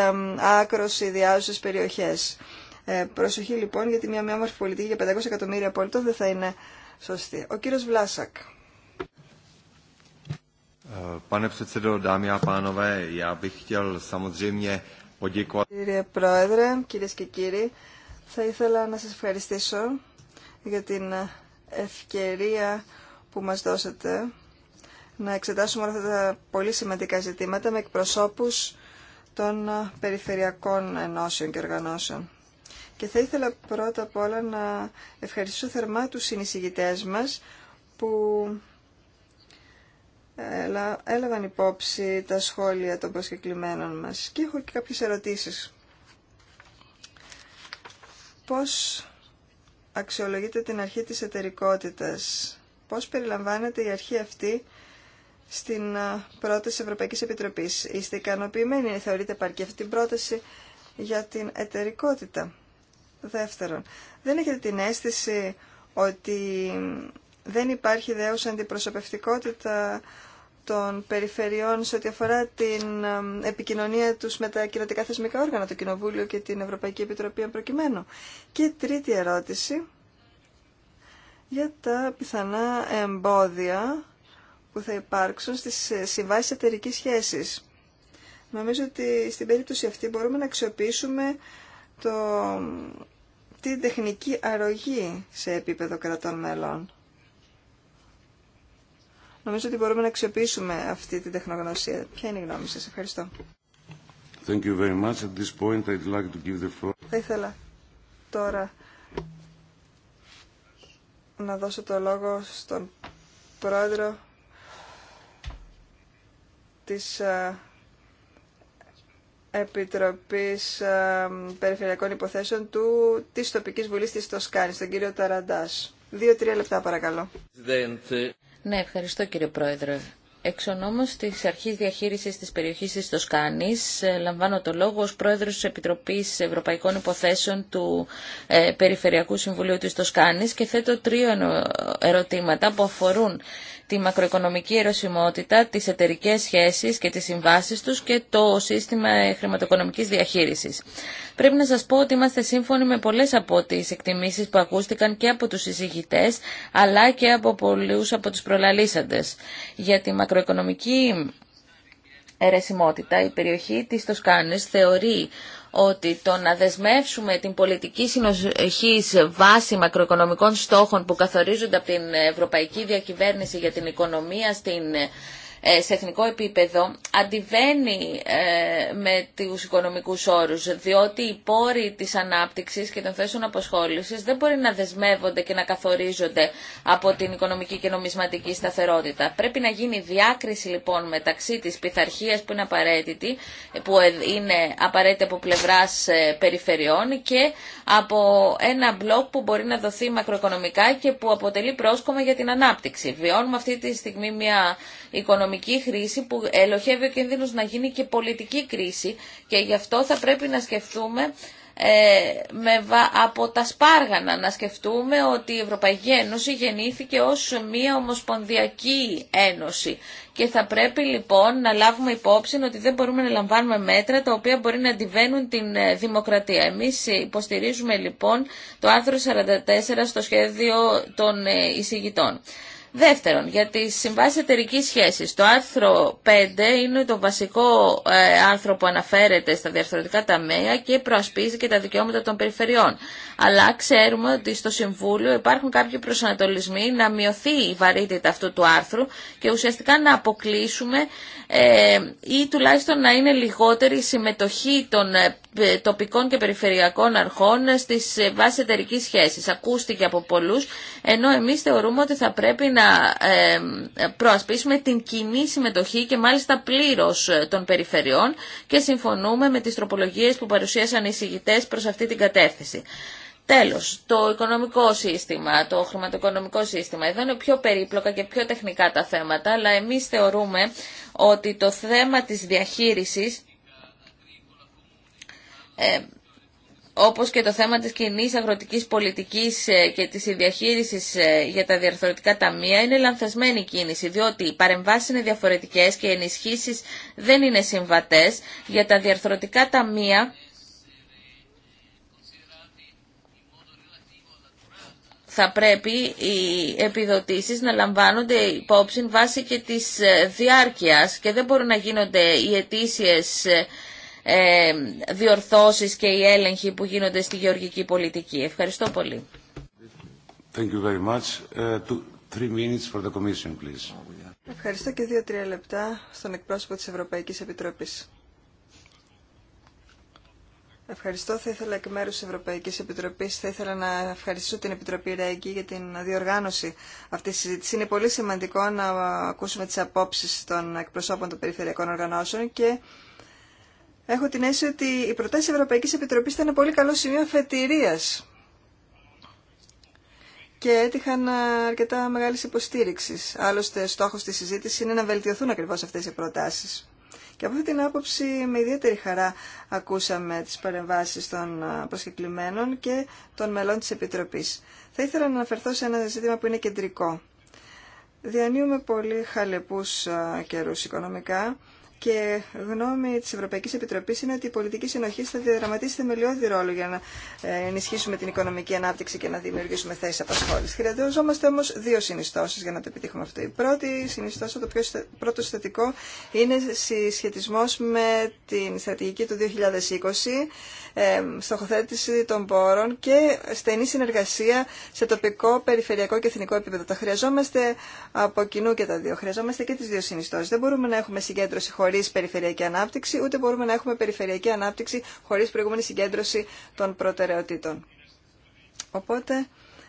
Speaker 1: άκρος ιδιάζουσες περιοχές. Ε, προσοχή λοιπόν γιατί μια μια όμορφη πολιτική για 500 εκατομμύρια απόλυτο δεν θα είναι σωστή. Ο κύριος Βλάσακ. Κύριε Πρόεδρε, κυρίε και κύριοι, θα ήθελα να σας ευχαριστήσω για την ευκαιρία που μας δώσατε να εξετάσουμε όλα αυτά τα πολύ σημαντικά ζητήματα με εκπροσώπους των περιφερειακών ενώσεων και οργανώσεων. Και θα ήθελα πρώτα απ' όλα να ευχαριστήσω θερμά τους συνεισηγητές μας που έλαβαν υπόψη τα σχόλια των προσκεκλημένων μας και έχω και κάποιες ερωτήσεις. Πώς αξιολογείται την αρχή της εταιρικότητας, πώς περιλαμβάνεται η αρχή αυτή στην πρόταση Ευρωπαϊκής Επιτροπής. Είστε ικανοποιημένοι, θεωρείτε επαρκή αυτή την πρόταση για την εταιρικότητα. Δεύτερον, δεν έχετε την αίσθηση ότι δεν υπάρχει δέους αντιπροσωπευτικότητα των περιφερειών σε ό,τι αφορά την επικοινωνία τους με τα κοινοτικά θεσμικά όργανα, το Κοινοβούλιο και την Ευρωπαϊκή Επιτροπή απροκειμένου. προκειμένου. Και τρίτη ερώτηση για τα πιθανά εμπόδια που θα υπάρξουν στις ε, συμβάσεις εταιρική σχέσης. Νομίζω ότι στην περίπτωση αυτή μπορούμε να αξιοποιήσουμε το, την τεχνική αρρωγή σε επίπεδο κρατών μελών. Νομίζω ότι μπορούμε να αξιοποιήσουμε αυτή την τεχνογνωσία. Ποια είναι η γνώμη σας. Ευχαριστώ. Thank you very much. At this point, I'd like to give the floor. Θα ήθελα τώρα να δώσω το λόγο στον πρόεδρο της ε, Επιτροπής ε, Περιφερειακών
Speaker 3: Υποθέσεων του της Τοπικής Βουλής της Τοσκάνης, τον κύριο
Speaker 1: Ταραντάς. Δύο-τρία λεπτά παρακαλώ.
Speaker 3: Ναι, ευχαριστώ κύριε Πρόεδρε. Εξ ονόμως της Αρχής Διαχείρισης της περιοχής της Τοσκάνης, ε, λαμβάνω το λόγο ως Πρόεδρος της Επιτροπής Ευρωπαϊκών Υποθέσεων του ε, Περιφερειακού Συμβουλίου της Τοσκάνης και θέτω τρία ερωτήματα που αφορούν τη μακροοικονομική ερωσιμότητα, τις εταιρικέ σχέσεις και τις συμβάσει τους και το σύστημα χρηματοοικονομικής διαχείρισης. Πρέπει να σας πω ότι είμαστε σύμφωνοι με πολλέ από τι εκτιμήσεις που ακούστηκαν και από τους συζητητέ, αλλά και από πολλούς από τους προλαλήσαντες. Για τη μακροοικονομική ερεσιμότητα, η περιοχή της Τοσκάνης θεωρεί ότι το να δεσμεύσουμε την πολιτική συνοχή βάση μακροοικονομικών στόχων που καθορίζονται από την Ευρωπαϊκή Διακυβέρνηση για την Οικονομία στην ε, σε εθνικό επίπεδο αντιβαίνει ε, με τους οικονομικούς όρους, διότι οι πόροι της ανάπτυξης και των θέσεων αποσχόλησης δεν μπορεί να δεσμεύονται και να καθορίζονται από την οικονομική και νομισματική σταθερότητα. Πρέπει να γίνει διάκριση λοιπόν μεταξύ της πειθαρχίας που είναι απαραίτητη, που ε, είναι απαραίτητη από πλευράς περιφερειών και από ένα μπλοκ που μπορεί να δοθεί μακροοικονομικά και που αποτελεί πρόσκομα για την ανάπτυξη. Βιώνουμε αυτή τη στιγμή μια οικονομική οικονομική χρήση που ελοχεύει ο κίνδυνος να γίνει και πολιτική κρίση και γι' αυτό θα πρέπει να σκεφτούμε ε, με, από τα σπάργανα να σκεφτούμε ότι η Ευρωπαϊκή Ένωση γεννήθηκε ως μία ομοσπονδιακή ένωση και θα πρέπει λοιπόν να λάβουμε υπόψη ότι δεν μπορούμε να λαμβάνουμε μέτρα τα οποία μπορεί να αντιβαίνουν την ε, δημοκρατία. Εμείς υποστηρίζουμε λοιπόν το άρθρο 44 στο σχέδιο των ε, εισηγητών. Δεύτερον, για τι συμβάσει εταιρική σχέση. Το άρθρο 5 είναι το βασικό ε, άρθρο που αναφέρεται στα διαρθρωτικά ταμεία και προασπίζει και τα δικαιώματα των περιφερειών. Αλλά ξέρουμε ότι στο Συμβούλιο υπάρχουν κάποιοι προσανατολισμοί να μειωθεί η βαρύτητα αυτού του άρθρου και ουσιαστικά να αποκλείσουμε ε, ή τουλάχιστον να είναι λιγότερη η συμμετοχή των ε, τοπικών και περιφερειακών αρχών στις ε, βάσεις εταιρική σχέσης. Ακούστηκε από πολλούς, ενώ εμείς θεωρούμε ότι θα πρέπει να προασπίσουμε την κοινή μάλιστα πλήρως των περιφερειών και συμφωνούμε με τις τροπολογίες που παρουσίασαν οι συγητές προς αυτή την κατεύθυνση. Τέλος, το οικονομικό σύστημα, το χρηματοοικονομικό σύστημα. Εδώ είναι πιο περίπλοκα και πιο τεχνικά τα θέματα, αλλά εμείς θεωρούμε ότι το θέμα της διαχείρισης, ε, όπως και το θέμα της κοινή αγροτικής πολιτικής ε, και της διαχείρισης ε, για τα διαρθρωτικά ταμεία είναι λανθασμένη κίνηση, διότι οι παρεμβάσεις είναι διαφορετικές και οι ενισχύσεις δεν είναι συμβατές. Για τα διαρθρωτικά ταμεία θα πρέπει οι επιδοτήσεις να λαμβάνονται υπόψη βάσει και της ε, διάρκειας και δεν μπορούν να γίνονται οι αιτήσιες ε, διορθώσεις και οι έλεγχοι που γίνονται στη γεωργική πολιτική. Ευχαριστώ πολύ.
Speaker 1: Thank you very much. Ε, minutes for the commission, please.
Speaker 3: Ευχαριστώ και δύο-τρία λεπτά στον εκπρόσωπο της
Speaker 1: Ευρωπαϊκής Επιτροπής. Ευχαριστώ. Θα ήθελα εκ μέρου της Ευρωπαϊκής Επιτροπής, να ευχαριστήσω την Επιτροπή ΡΕΚΙ για την διοργάνωση αυτή τη συζήτηση. Είναι πολύ σημαντικό να ακούσουμε τις απόψεις των εκπροσώπων των περιφερειακών οργανώσεων και έχω την αίσθηση ότι η προτάσει Ευρωπαϊκής Επιτροπής ήταν πολύ καλό σημείο αφετηρίας και έτυχαν αρκετά μεγάλη υποστήριξη. Άλλωστε, στόχο τη συζήτηση είναι να βελτιωθούν ακριβώ αυτέ οι προτάσει. Και από αυτή την άποψη με ιδιαίτερη χαρά ακούσαμε τις παρεμβάσεις των προσκεκλημένων και των μελών της Επιτροπής. Θα ήθελα να αναφερθώ σε ένα ζήτημα που είναι κεντρικό. Διανύουμε πολύ χαλεπούς καιρούς οικονομικά και γνώμη τη Ευρωπαϊκή Επιτροπή είναι ότι η πολιτική συνοχή θα διαδραματίσει θεμελιώδη ρόλο για να ε, ενισχύσουμε την οικονομική ανάπτυξη και να δημιουργήσουμε θέσει απασχόληση. Χρειαζόμαστε όμω δύο συνιστώσει για να το επιτύχουμε αυτό. Η πρώτη συνιστώσα, το πιο πρώτο συστατικό, είναι συσχετισμό με την στρατηγική του 2020 ε, στοχοθέτηση των πόρων και στενή συνεργασία σε τοπικό, περιφερειακό και εθνικό επίπεδο. Τα χρειαζόμαστε από κοινού και τα δύο. Χρειαζόμαστε και τι δύο συνιστώσει. Δεν μπορούμε να έχουμε συγκέντρωση χωρί περιφερειακή ανάπτυξη, ούτε μπορούμε να έχουμε περιφερειακή ανάπτυξη χωρί προηγούμενη συγκέντρωση των προτεραιοτήτων. Οπότε.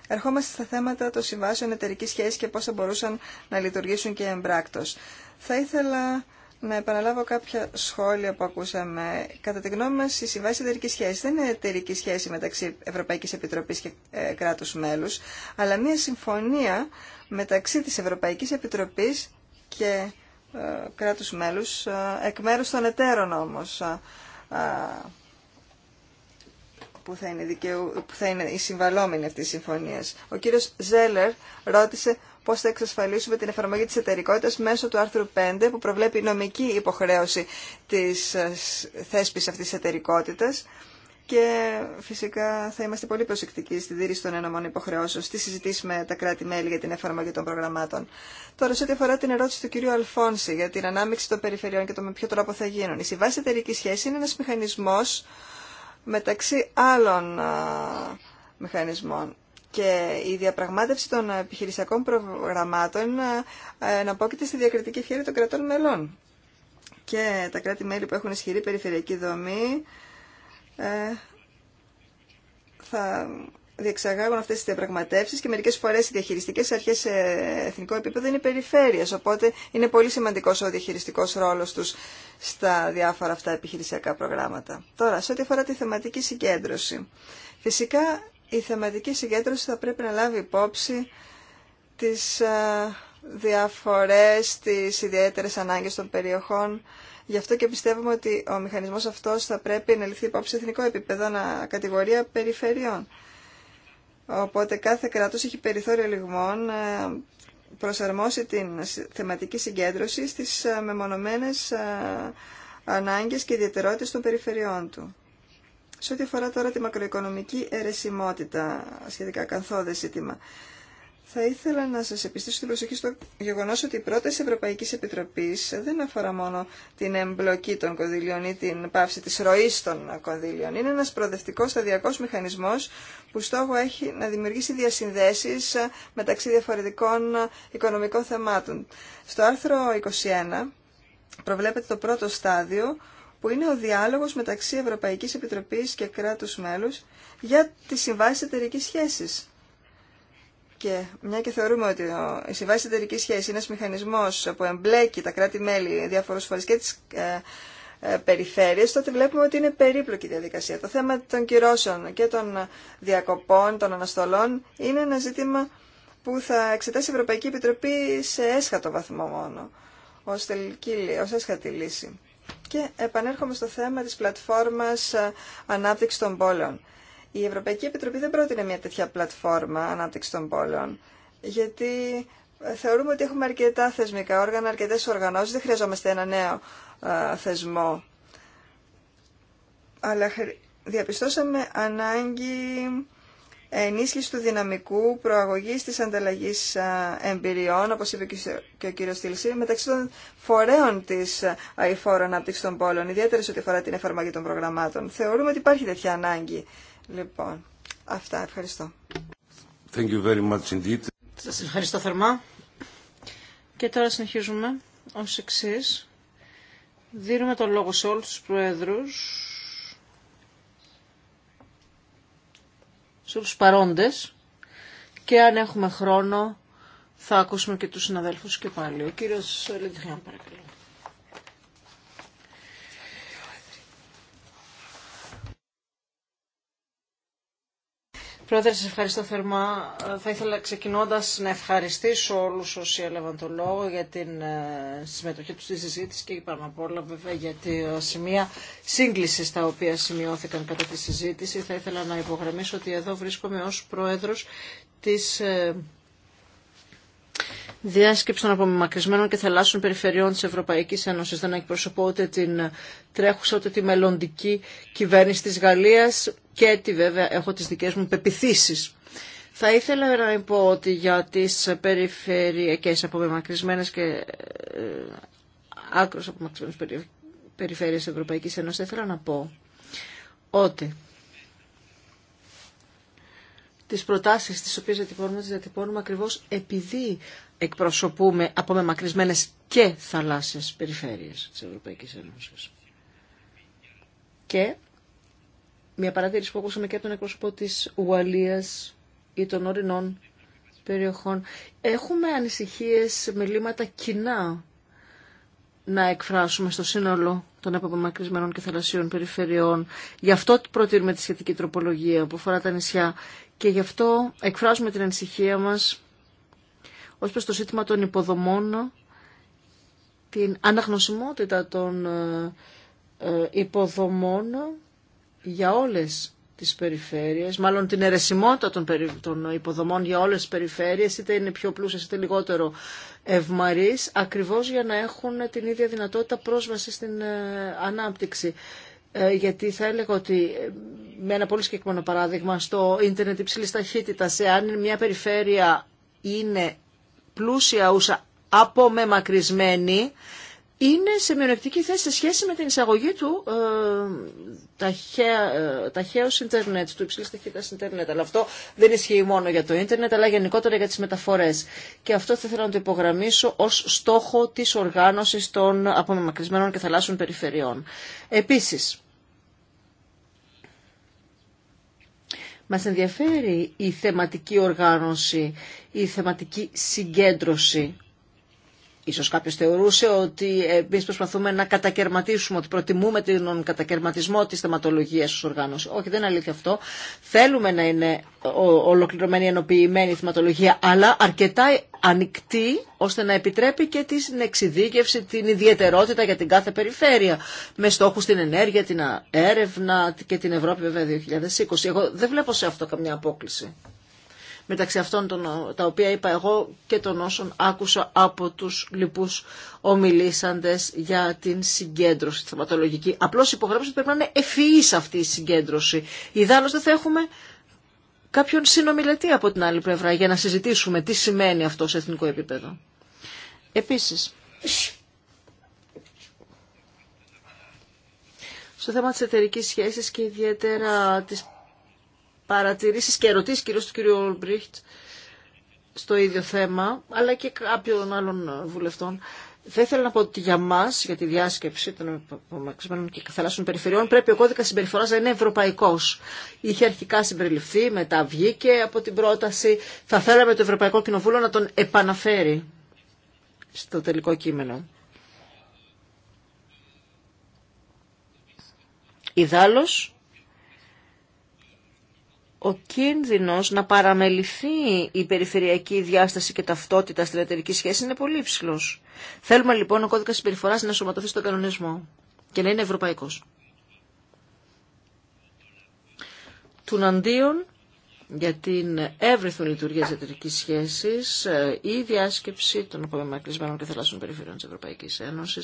Speaker 1: Ερχόμαστε στα θέματα των συμβάσεων εταιρική σχέση και πώς θα μπορούσαν να λειτουργήσουν και εμπράκτος. Θα ήθελα να επαναλάβω κάποια σχόλια που ακούσαμε. Κατά τη γνώμη μα, η συμβάση εταιρική σχέση δεν είναι εταιρική σχέση μεταξύ Ευρωπαϊκής Επιτροπής και ε, κράτου μέλου, αλλά μια συμφωνία μεταξύ της Ευρωπαϊκής Επιτροπής και ε, κράτους μέλους, ε, εκ μέρου των εταίρων όμως που θα είναι, δικαιού, που θα είναι οι συμβαλόμενοι αυτής της συμφωνίας. Ο κύριος Ζέλερ ρώτησε πώς θα εξασφαλίσουμε την εφαρμογή της εταιρικότητας μέσω του άρθρου 5 που προβλέπει νομική υποχρέωση της ε, θέσπης αυτής της εταιρικότητας. Και φυσικά θα είμαστε πολύ προσεκτικοί στη δίρυση των ενωμών υποχρεώσεων, στη συζητήση με τα κράτη-μέλη για την εφαρμογή των προγραμμάτων. Τώρα, σε ό,τι αφορά την ερώτηση του κυρίου Αλφόνση για την ανάμειξη των περιφερειών και το με ποιο τρόπο θα γίνουν. Η συμβάση εταιρική σχέση είναι ένα μηχανισμό μεταξύ άλλων μηχανισμών. Και η διαπραγμάτευση των επιχειρησιακών προγραμμάτων εναπόκειται στη διακριτική ευχαίρεια των κρατών μελών. Και τα κράτη-μέλη που έχουν ισχυρή περιφερειακή δομή ε, θα διεξαγάγουν αυτές τις διαπραγματεύσεις και μερικές φορές οι διαχειριστικές αρχές σε εθνικό επίπεδο είναι περιφέρειες, οπότε είναι πολύ σημαντικός ο διαχειριστικός ρόλος τους στα διάφορα αυτά επιχειρησιακά προγράμματα. Τώρα, σε ό,τι αφορά τη θεματική συγκέντρωση. Φυσικά, η θεματική συγκέντρωση θα πρέπει να λάβει υπόψη τις ε, διαφορές, τις ιδιαίτερες ανάγκες των περιοχών, Γι' αυτό και πιστεύουμε ότι ο μηχανισμός αυτός θα πρέπει να ληφθεί υπόψη σε εθνικό επίπεδο, κατηγορία περιφερειών. Οπότε κάθε κράτος έχει περιθώριο λιγμών ε, προσαρμόσει την θεματική συγκέντρωση στις ε, μεμονωμένες ε, ανάγκες και ιδιαιτερότητες των περιφερειών του. Σε ό,τι αφορά τώρα τη μακροοικονομική αιρεσιμότητα, σχετικά καθόδε ζήτημα, θα ήθελα να σας επιστήσω την προσοχή στο γεγονός ότι η πρόταση Ευρωπαϊκής Επιτροπής δεν αφορά μόνο την εμπλοκή των κονδυλίων ή την πάυση της ροής των κονδυλίων. Είναι ένας προοδευτικός σταδιακός μηχανισμός που στόχο έχει να δημιουργήσει διασυνδέσεις μεταξύ διαφορετικών οικονομικών θεμάτων. Στο άρθρο 21 προβλέπεται το πρώτο στάδιο που είναι ο διάλογος μεταξύ Ευρωπαϊκής Επιτροπής και κράτους μέλους για τις συμβάσει εταιρική σχέση. Και μια και θεωρούμε ότι η συμβάση εταιρική σχέση είναι ένα μηχανισμό που εμπλέκει τα κράτη-μέλη διαφορε φορέ και τι ε, ε, περιφέρειε, τότε βλέπουμε ότι είναι περίπλοκη διαδικασία. Το θέμα των κυρώσεων και των διακοπών, των αναστολών είναι ένα ζήτημα που θα εξετάσει η Ευρωπαϊκή Επιτροπή σε έσχατο βαθμό μόνο, ω έσχατη λύση. Και επανέρχομαι στο θέμα τη πλατφόρμα ε, ανάπτυξη των πόλεων. Η Ευρωπαϊκή Επιτροπή δεν πρότεινε μια τέτοια πλατφόρμα ανάπτυξη των πόλεων, γιατί ε, θεωρούμε ότι έχουμε αρκετά θεσμικά όργανα, αρκετές οργανώσεις, δεν χρειαζόμαστε ένα νέο ε, θεσμό. Αλλά διαπιστώσαμε ανάγκη ενίσχυση του δυναμικού προαγωγής της ανταλλαγής ε, εμπειριών, όπως είπε και ο κύριος Τίλση, μεταξύ των φορέων της αηφόρων ανάπτυξη των πόλεων ιδιαίτερα σε ό,τι αφορά την εφαρμογή των προγραμμάτων. Θεωρούμε ότι υπάρχει τέτοια ανάγκη
Speaker 2: Λοιπόν, αυτά. Ευχαριστώ.
Speaker 1: Thank you very much indeed.
Speaker 2: Σας ευχαριστώ θερμά. Και τώρα συνεχίζουμε ως εξή. Δίνουμε τον λόγο σε όλους τους προέδρους, σε όλους τους παρόντες και αν έχουμε χρόνο θα ακούσουμε και τους συναδέλφους και πάλι. Ο κύριος Λεντιχιάν παρακαλώ. Πρόεδρε, σα ευχαριστώ θερμά. Ε, θα ήθελα ξεκινώντα να ευχαριστήσω όλους όσοι έλαβαν το λόγο για την ε, συμμετοχή τους στη συζήτηση και πάνω απ' όλα βέβαια για τη ε, σημεία σύγκληση τα οποία σημειώθηκαν κατά τη συζήτηση. Θα ήθελα να υπογραμμίσω ότι εδώ βρίσκομαι ως Πρόεδρος της διάσκεψη των απομακρυσμένων και θαλάσσιων περιφερειών της Ευρωπαϊκής Ένωσης. Δεν εκπροσωπώ ούτε την τρέχουσα ούτε τη μελλοντική κυβέρνηση της Γαλλίας και τη βέβαια έχω τις δικές μου πεπιθήσεις. Θα ήθελα να πω ότι για τις περιφερειακές απομακρυσμένες και ε, άκρως απομακρυσμένες περιφέρειες Ευρωπαϊκής Ένωσης θα ήθελα να πω ότι τις προτάσεις τις οποίες διατυπώνουμε, τις διατυπώνουμε ακριβώς επειδή εκπροσωπούμε από απομεμακρυσμένες και θαλάσσιες περιφέρειες της Ευρωπαϊκής Ένωσης. Και μια παρατήρηση που ακούσαμε και από τον εκπρόσωπο της Ουαλίας ή των ορεινών περιοχών. Έχουμε ανησυχίες με λύματα κοινά να εκφράσουμε στο σύνολο των απομακρυσμένων και θαλασσίων περιφερειών. Γι' αυτό προτείνουμε τη σχετική τροπολογία που αφορά τα νησιά και γι' αυτό εκφράζουμε την ανησυχία μας ως προς το σύστημα των υποδομών, την αναγνωσιμότητα των ε, ε, υποδομών για όλες τις περιφέρειες, μάλλον την αιρεσιμότητα των, υποδομών για όλες τις περιφέρειες, είτε είναι πιο πλούσιες είτε λιγότερο ευμαρείς, ακριβώς για να έχουν την ίδια δυνατότητα πρόσβαση στην ε, ανάπτυξη. γιατί θα έλεγα ότι με ένα πολύ συγκεκριμένο παράδειγμα στο ίντερνετ υψηλής ταχύτητας, εάν μια περιφέρεια είναι πλούσια ούσα απομεμακρυσμένη είναι σε μειονεκτική θέση σε σχέση με την εισαγωγή του ε, ταχαίου ε, ίντερνετ, του υψηλής ταχύτητας ίντερνετ. Αλλά αυτό δεν ισχύει μόνο για το ίντερνετ, αλλά γενικότερα για τις μεταφορές. Και αυτό θα ήθελα να το υπογραμμίσω ως στόχο της οργάνωσης των απομακρυσμένων και θαλάσσιων περιφερειών. Επίσης, Μας ενδιαφέρει η θεματική οργάνωση, η θεματική συγκέντρωση Ίσως κάποιο θεωρούσε ότι εμεί προσπαθούμε να κατακαιρματίσουμε, ότι προτιμούμε τον κατακαιρματισμό τη θεματολογία ως οργάνωση. Όχι, δεν είναι αλήθεια αυτό. Θέλουμε να είναι ολοκληρωμένη, ενοποιημένη η θεματολογία, αλλά αρκετά ανοιχτή, ώστε να επιτρέπει και την εξειδίκευση, την ιδιαιτερότητα για την κάθε περιφέρεια, με στόχου την ενέργεια, την έρευνα και την Ευρώπη βέβαια 2020. Εγώ δεν βλέπω σε αυτό καμιά απόκληση μεταξύ αυτών των, τα οποία είπα εγώ και των όσων άκουσα από τους λοιπούς ομιλήσαντες για την συγκέντρωση θεματολογική. Απλώς υπογράψω ότι πρέπει να είναι ευφυής αυτή η συγκέντρωση. Ιδάλλως δεν θα έχουμε κάποιον συνομιλητή από την άλλη πλευρά για να συζητήσουμε τι σημαίνει αυτό σε εθνικό επίπεδο. Επίσης, στο θέμα της εταιρική σχέσης και ιδιαίτερα της Παρατηρήσει και ερωτήσει κυρίω του κ. Ολμπρίχτ στο ίδιο θέμα, αλλά και κάποιων άλλων βουλευτών. Θα ήθελα να πω ότι για μα, για τη διάσκεψη των απομακρυσμένων και θαλάσσιων περιφερειών, πρέπει ο κώδικα συμπεριφορά να είναι ευρωπαϊκό. Είχε αρχικά συμπεριληφθεί, μετά βγήκε από την πρόταση. Θα θέλαμε το Ευρωπαϊκό Κοινοβούλιο να τον επαναφέρει στο τελικό κείμενο. Ιδάλω, ο κίνδυνος να παραμεληθεί η περιφερειακή διάσταση και ταυτότητα στην εταιρική σχέση είναι πολύ υψηλό. Θέλουμε λοιπόν ο κώδικας συμπεριφοράς να σωματωθεί στον κανονισμό και να είναι ευρωπαϊκός. Τουναντίον για την εύρυθμη λειτουργία τη εταιρική σχέσης ε, η διάσκεψη των απομακρυσμένων και θελάσσιων περιφερειών τη Ευρωπαϊκή Ένωση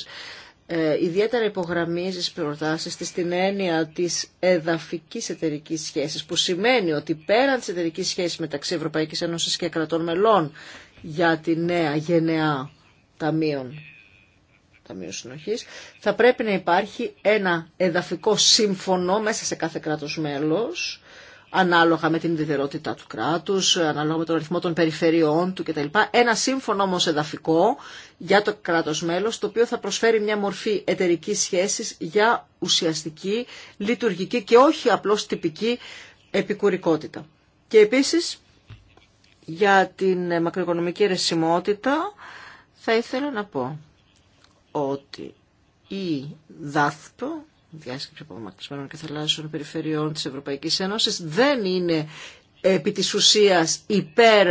Speaker 2: ε, ιδιαίτερα υπογραμμίζει προτάσεις της την έννοια της εδαφικής εταιρική σχέσης, που σημαίνει ότι πέραν της εταιρική σχέσης μεταξύ Ευρωπαϊκής Ένωσης και κρατών μελών για τη νέα γενεά ταμείων, ταμείων συνοχής, θα πρέπει να υπάρχει ένα εδαφικό σύμφωνο μέσα σε κάθε κράτος μέλος, ανάλογα με την ιδιαιτερότητά του κράτους, ανάλογα με τον αριθμό των περιφερειών του κτλ. Ένα σύμφωνο όμως εδαφικό για το κράτος μέλος, το οποίο θα προσφέρει μια μορφή εταιρικής σχέσης για ουσιαστική, λειτουργική και όχι απλώς τυπική επικουρικότητα. Και επίσης για την μακροοικονομική ρεσιμότητα θα ήθελα να πω ότι η ΔΑΘΠΟ διάσκεψη απομακρυσμένων και θαλάσσιων περιφερειών της Ευρωπαϊκής Ένωσης δεν είναι επί της ουσίας υπέρ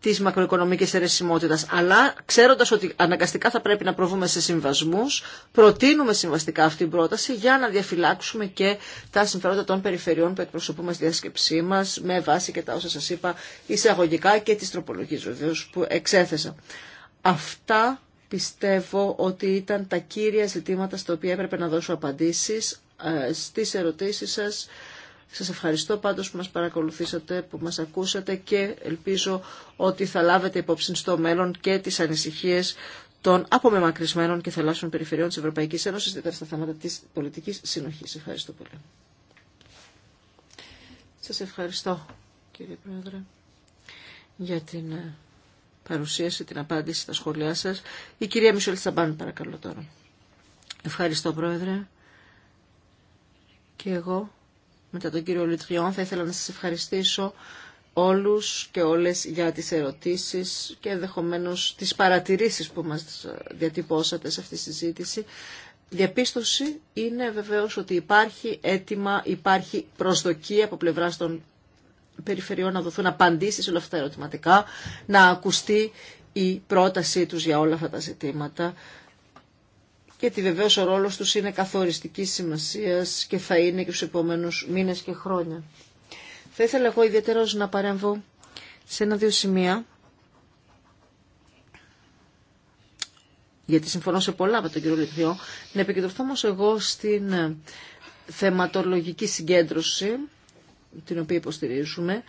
Speaker 2: της μακροοικονομικής αιρεσιμότητας, αλλά ξέροντας ότι αναγκαστικά θα πρέπει να προβούμε σε συμβασμούς, προτείνουμε συμβαστικά αυτή την πρόταση για να διαφυλάξουμε και τα συμφέροντα των περιφερειών που εκπροσωπούμε στη διάσκεψή μας, με βάση και τα όσα σας είπα εισαγωγικά και τις τροπολογίες βεβαίως που εξέθεσα. Αυτά πιστεύω ότι ήταν τα κύρια ζητήματα στα οποία έπρεπε να δώσω απαντήσεις ε, στις ερωτήσεις σας. Σας ευχαριστώ πάντως που μας παρακολουθήσατε, που μας ακούσατε και ελπίζω ότι θα λάβετε υπόψη στο μέλλον και τις ανησυχίες των απομεμακρυσμένων και θαλάσσιων περιφερειών της Ευρωπαϊκής Ένωσης, στις στα θέματα της πολιτικής συνοχής. Ευχαριστώ πολύ. Σας ευχαριστώ κύριε Πρόεδρε για την ε, παρουσίαση, την απάντηση στα σχόλιά σας. Η κυρία Μισελ Σαμπάν παρακαλώ τώρα. Ευχαριστώ Πρόεδρε. Και εγώ μετά τον κύριο Λιτριόν θα ήθελα να σας ευχαριστήσω όλους και όλες για τις ερωτήσεις και ενδεχομένω τις παρατηρήσεις που μας διατυπώσατε σε αυτή τη συζήτηση. Διαπίστωση είναι βεβαίως ότι υπάρχει αίτημα, υπάρχει προσδοκία από πλευράς των περιφερειών να δοθούν απαντήσεις όλα αυτά ερωτηματικά, να ακουστεί η πρότασή τους για όλα αυτά τα ζητήματα. Γιατί βεβαίω ο ρόλος τους είναι καθόριστικη σημασία και θα είναι και στους επόμενου μήνε και χρόνια. Θα ήθελα εγώ ιδιαίτερα να παρέμβω σε ένα-δύο σημεία. Γιατί συμφωνώ σε πολλά με τον κύριο Λιθιό. Να επικεντρωθώ όμω εγώ στην θεματολογική συγκέντρωση την οποία υποστηρίζουμε,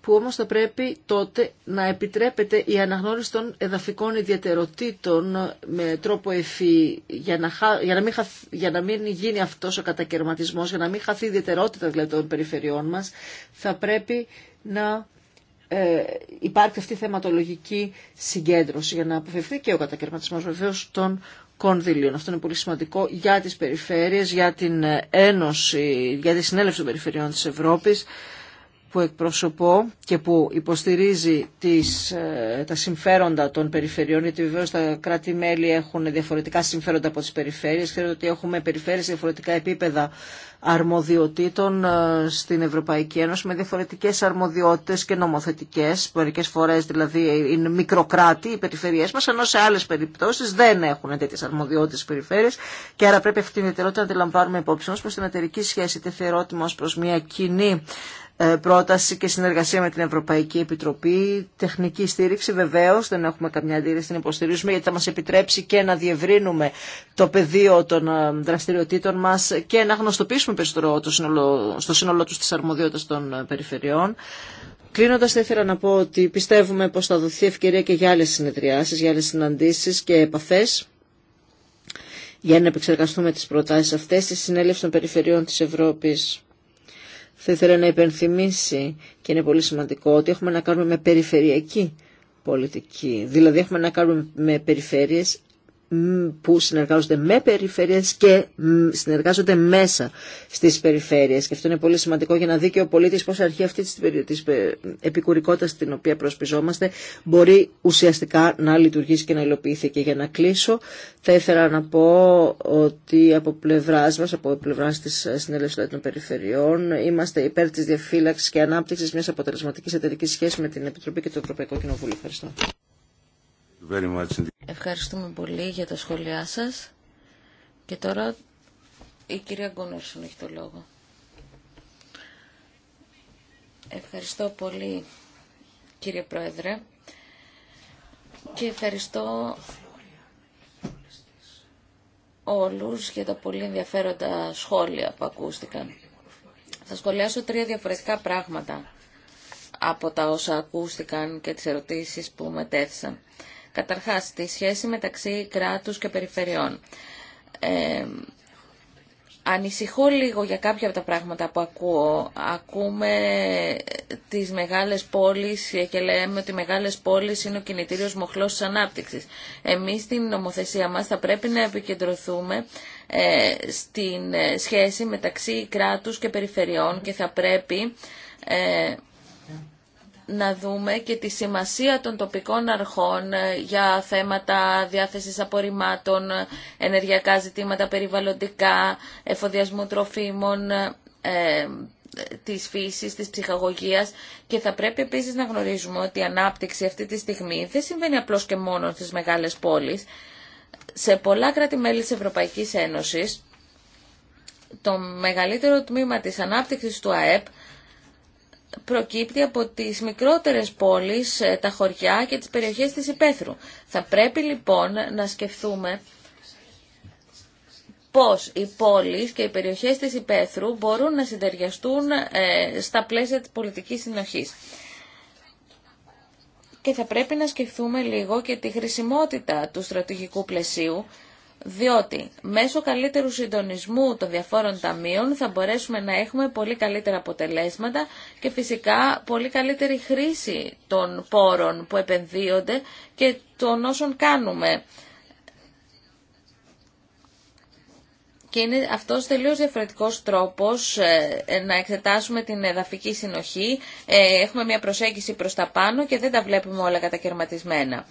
Speaker 2: που όμως θα πρέπει τότε να επιτρέπεται η αναγνώριση των εδαφικών ιδιαιτεροτήτων ε, με τρόπο ευφύ για να, για μην, για να μην γίνει αυτός ο κατακαιρματισμός, για να μην χαθεί η ιδιαιτερότητα δηλαδή, των περιφερειών μας, θα πρέπει να ε, υπάρχει αυτή η θεματολογική συγκέντρωση για να αποφευθεί και ο κατακαιρματισμός βεβαίως των κονδυλίων. Αυτό είναι πολύ σημαντικό για τις περιφέρειες, για την Ένωση, για τη Συνέλευση των Περιφερειών της Ευρώπης που εκπροσωπώ και που υποστηρίζει τις, ε, τα συμφέροντα των περιφερειών, γιατί βεβαίω τα κράτη-μέλη έχουν διαφορετικά συμφέροντα από τις περιφέρειες. Ξέρετε ότι έχουμε περιφέρειες σε διαφορετικά επίπεδα αρμοδιοτήτων ε, στην Ευρωπαϊκή Ένωση με διαφορετικές αρμοδιότητες και νομοθετικές. Μερικές φορές δηλαδή είναι μικροκράτη οι περιφερειές μας, ενώ σε άλλες περιπτώσεις δεν έχουν τέτοιες αρμοδιότητες περιφέρειες και άρα πρέπει αυτήν την ιδιαιτερότητα να τη λαμβάνουμε υπόψη μας προς την εταιρική σχέση. ερώτημα προς μια κοινή ε, πρόταση και συνεργασία με την Ευρωπαϊκή Επιτροπή. Τεχνική στήριξη βεβαίως, δεν έχουμε καμιά αντίρρηση, την υποστηρίζουμε γιατί θα μας επιτρέψει και να διευρύνουμε το πεδίο των ε, δραστηριοτήτων μας και να γνωστοποιήσουμε περισσότερο το σύνολο, στο σύνολό τους τις αρμοδιότητες των ε, περιφερειών. Κλείνοντα, θα ήθελα να πω ότι πιστεύουμε πω θα δοθεί ευκαιρία και για άλλε συνεδριάσει, για άλλε συναντήσει και επαφέ για να επεξεργαστούμε τις προτάσεις αυτές στη συνέλευση των περιφερειών της Ευρώπης θα ήθελα να υπενθυμίσει και είναι πολύ σημαντικό ότι έχουμε να κάνουμε με περιφερειακή πολιτική. Δηλαδή έχουμε να κάνουμε με περιφέρειες που συνεργάζονται με περιφέρειες και συνεργάζονται μέσα στις περιφέρειες. Και αυτό είναι πολύ σημαντικό για να δει και ο πολίτης πώς αρχή αυτή της ε, επικουρικότητας την οποία προσπιζόμαστε μπορεί ουσιαστικά να λειτουργήσει και να υλοποιηθεί. Και για να κλείσω θα ήθελα να πω ότι από πλευρά μα, από πλευρά τη ε, Συνέλευσης των Περιφερειών είμαστε υπέρ τη διαφύλαξη και ανάπτυξη μια αποτελεσματική εταιρική σχέση με την Επιτροπή και το Ευρωπαϊκό Κοινοβούλιο. Ευχαριστώ.
Speaker 3: Ευχαριστούμε πολύ για τα σχόλιά σας. Και τώρα η κυρία Γκόνορσον έχει το λόγο. Ευχαριστώ πολύ κύριε Πρόεδρε και ευχαριστώ όλους για τα πολύ ενδιαφέροντα σχόλια που ακούστηκαν. Θα σχολιάσω τρία διαφορετικά πράγματα από τα όσα ακούστηκαν και τις ερωτήσεις που μετέθησαν. Καταρχάς, τη σχέση μεταξύ κράτους και περιφερειών. Ε, ανησυχώ λίγο για κάποια από τα πράγματα που ακούω. Ακούμε τις μεγάλες πόλεις και λέμε ότι οι μεγάλες πόλεις είναι ο κινητήριος μοχλός της ανάπτυξης. Εμείς στην νομοθεσία μας θα πρέπει να επικεντρωθούμε ε, στην ε, σχέση μεταξύ κράτους και περιφερειών και θα πρέπει... Ε, να δούμε και τη σημασία των τοπικών αρχών ε, για θέματα διάθεσης απορριμμάτων, ε, ενεργειακά ζητήματα περιβαλλοντικά, εφοδιασμού τροφίμων, ε, ε, της φύσης, της ψυχαγωγίας και θα πρέπει επίσης να γνωρίζουμε ότι η ανάπτυξη αυτή τη στιγμή δεν συμβαίνει απλώς και μόνο στις μεγάλες πόλεις. Σε πολλά κράτη-μέλη της Ευρωπαϊκής Ένωσης το μεγαλύτερο τμήμα της ανάπτυξης του ΑΕΠ προκύπτει από τις μικρότερες πόλεις, ε, τα χωριά και τις περιοχές της υπαίθρου. Θα πρέπει λοιπόν να σκεφτούμε πώς οι πόλεις και οι περιοχές της υπαίθρου μπορούν να συντεριαστούν ε, στα πλαίσια της πολιτικής συνοχής. Και θα πρέπει να σκεφτούμε λίγο και τη χρησιμότητα του στρατηγικού πλαισίου διότι μέσω καλύτερου συντονισμού των διαφόρων ταμείων θα μπορέσουμε να έχουμε πολύ καλύτερα αποτελέσματα και φυσικά πολύ καλύτερη χρήση των πόρων που επενδύονται και των όσων κάνουμε. Και είναι αυτός τελείως διαφορετικός τρόπος ε, να εξετάσουμε την εδαφική συνοχή. Ε, έχουμε μια προσέγγιση προς τα πάνω και δεν τα βλέπουμε όλα κατακαιρματισμένα.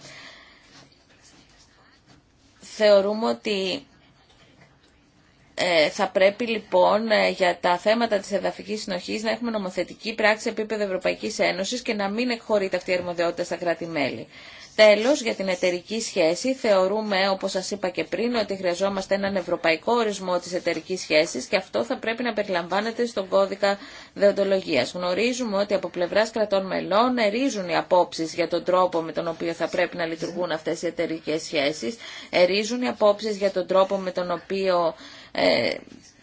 Speaker 3: Θεωρούμε ότι ε, θα πρέπει λοιπόν ε, για τα θέματα της εδαφικής συνοχής να έχουμε νομοθετική πράξη επίπεδο Ευρωπαϊκής Ένωσης και να μην εκχωρείται αυτή η αρμοδιότητα στα κράτη-μέλη. Τέλος, για την εταιρική σχέση, θεωρούμε, όπως σας είπα και πριν, ότι χρειαζόμαστε έναν ευρωπαϊκό ορισμό της εταιρική σχέσης και αυτό θα πρέπει να περιλαμβάνεται στον κώδικα δεοντολογίας. Γνωρίζουμε ότι από πλευράς κρατών μελών ερίζουν οι απόψεις για τον τρόπο με τον οποίο θα πρέπει να λειτουργούν αυτές οι εταιρικέ σχέσεις, ερίζουν οι απόψεις για τον τρόπο με τον οποίο ε,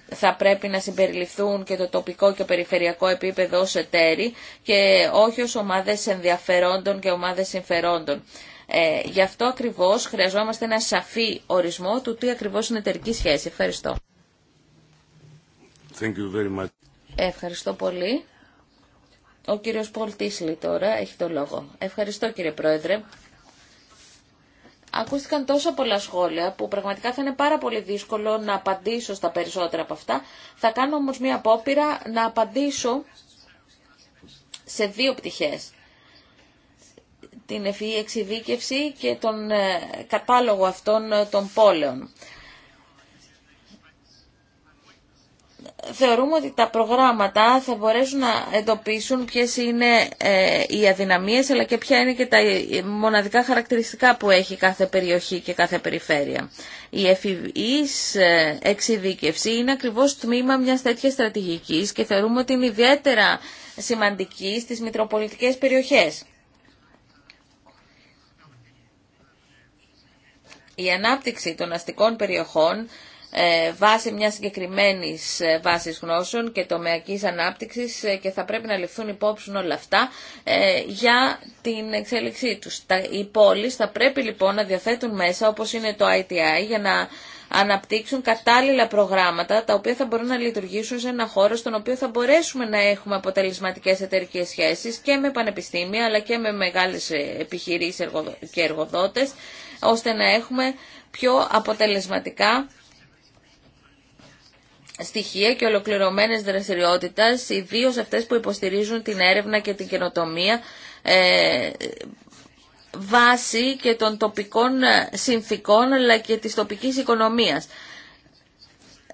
Speaker 3: θα πρέπει να συμπεριληφθούν και το τοπικό και το περιφερειακό επίπεδο ως εταίροι και όχι ως ομάδες ενδιαφερόντων και ομάδες συμφερόντων. Ε, γι' αυτό ακριβώς χρειαζόμαστε ένα σαφή ορισμό του τι ακριβώς είναι εταιρική σχέση. Ευχαριστώ. Ευχαριστώ πολύ. Ο κύριος Πολ Τίσλι τώρα έχει το λόγο. Ευχαριστώ κύριε Πρόεδρε ακούστηκαν τόσα πολλά σχόλια που πραγματικά θα είναι πάρα πολύ δύσκολο να απαντήσω στα περισσότερα από αυτά. Θα κάνω όμως μία απόπειρα να απαντήσω σε δύο πτυχές. Την ευφυή εξειδίκευση και τον ε, κατάλογο αυτών ε, των πόλεων. θεωρούμε ότι τα προγράμματα θα μπορέσουν να εντοπίσουν ποιες είναι ε, οι αδυναμίες αλλά και ποια είναι και τα μοναδικά χαρακτηριστικά που έχει κάθε περιοχή και κάθε περιφέρεια. Η εφηβής ε, εξειδίκευση είναι ακριβώς τμήμα μιας τέτοιας στρατηγικής και θεωρούμε ότι είναι ιδιαίτερα σημαντική στις μητροπολιτικές περιοχές. Η ανάπτυξη των αστικών περιοχών βάσει μια συγκεκριμένη βάση ε, γνώσεων και τομεακή ανάπτυξη ε, και θα πρέπει να ληφθούν υπόψη όλα αυτά ε, για την εξέλιξή του. Οι πόλει θα πρέπει λοιπόν να διαθέτουν μέσα όπω είναι το ITI για να αναπτύξουν κατάλληλα προγράμματα τα οποία θα μπορούν να λειτουργήσουν σε ένα χώρο στον οποίο θα μπορέσουμε να έχουμε αποτελεσματικές εταιρικέ σχέσεις και με πανεπιστήμια αλλά και με μεγάλες επιχειρήσεις και εργοδότες ώστε να έχουμε πιο αποτελεσματικά στοιχεία και ολοκληρωμένες δραστηριότητες, ιδίω αυτές που υποστηρίζουν την έρευνα και την καινοτομία, ε, βάση και των τοπικών ε, συνθήκων αλλά και της τοπικής οικονομίας.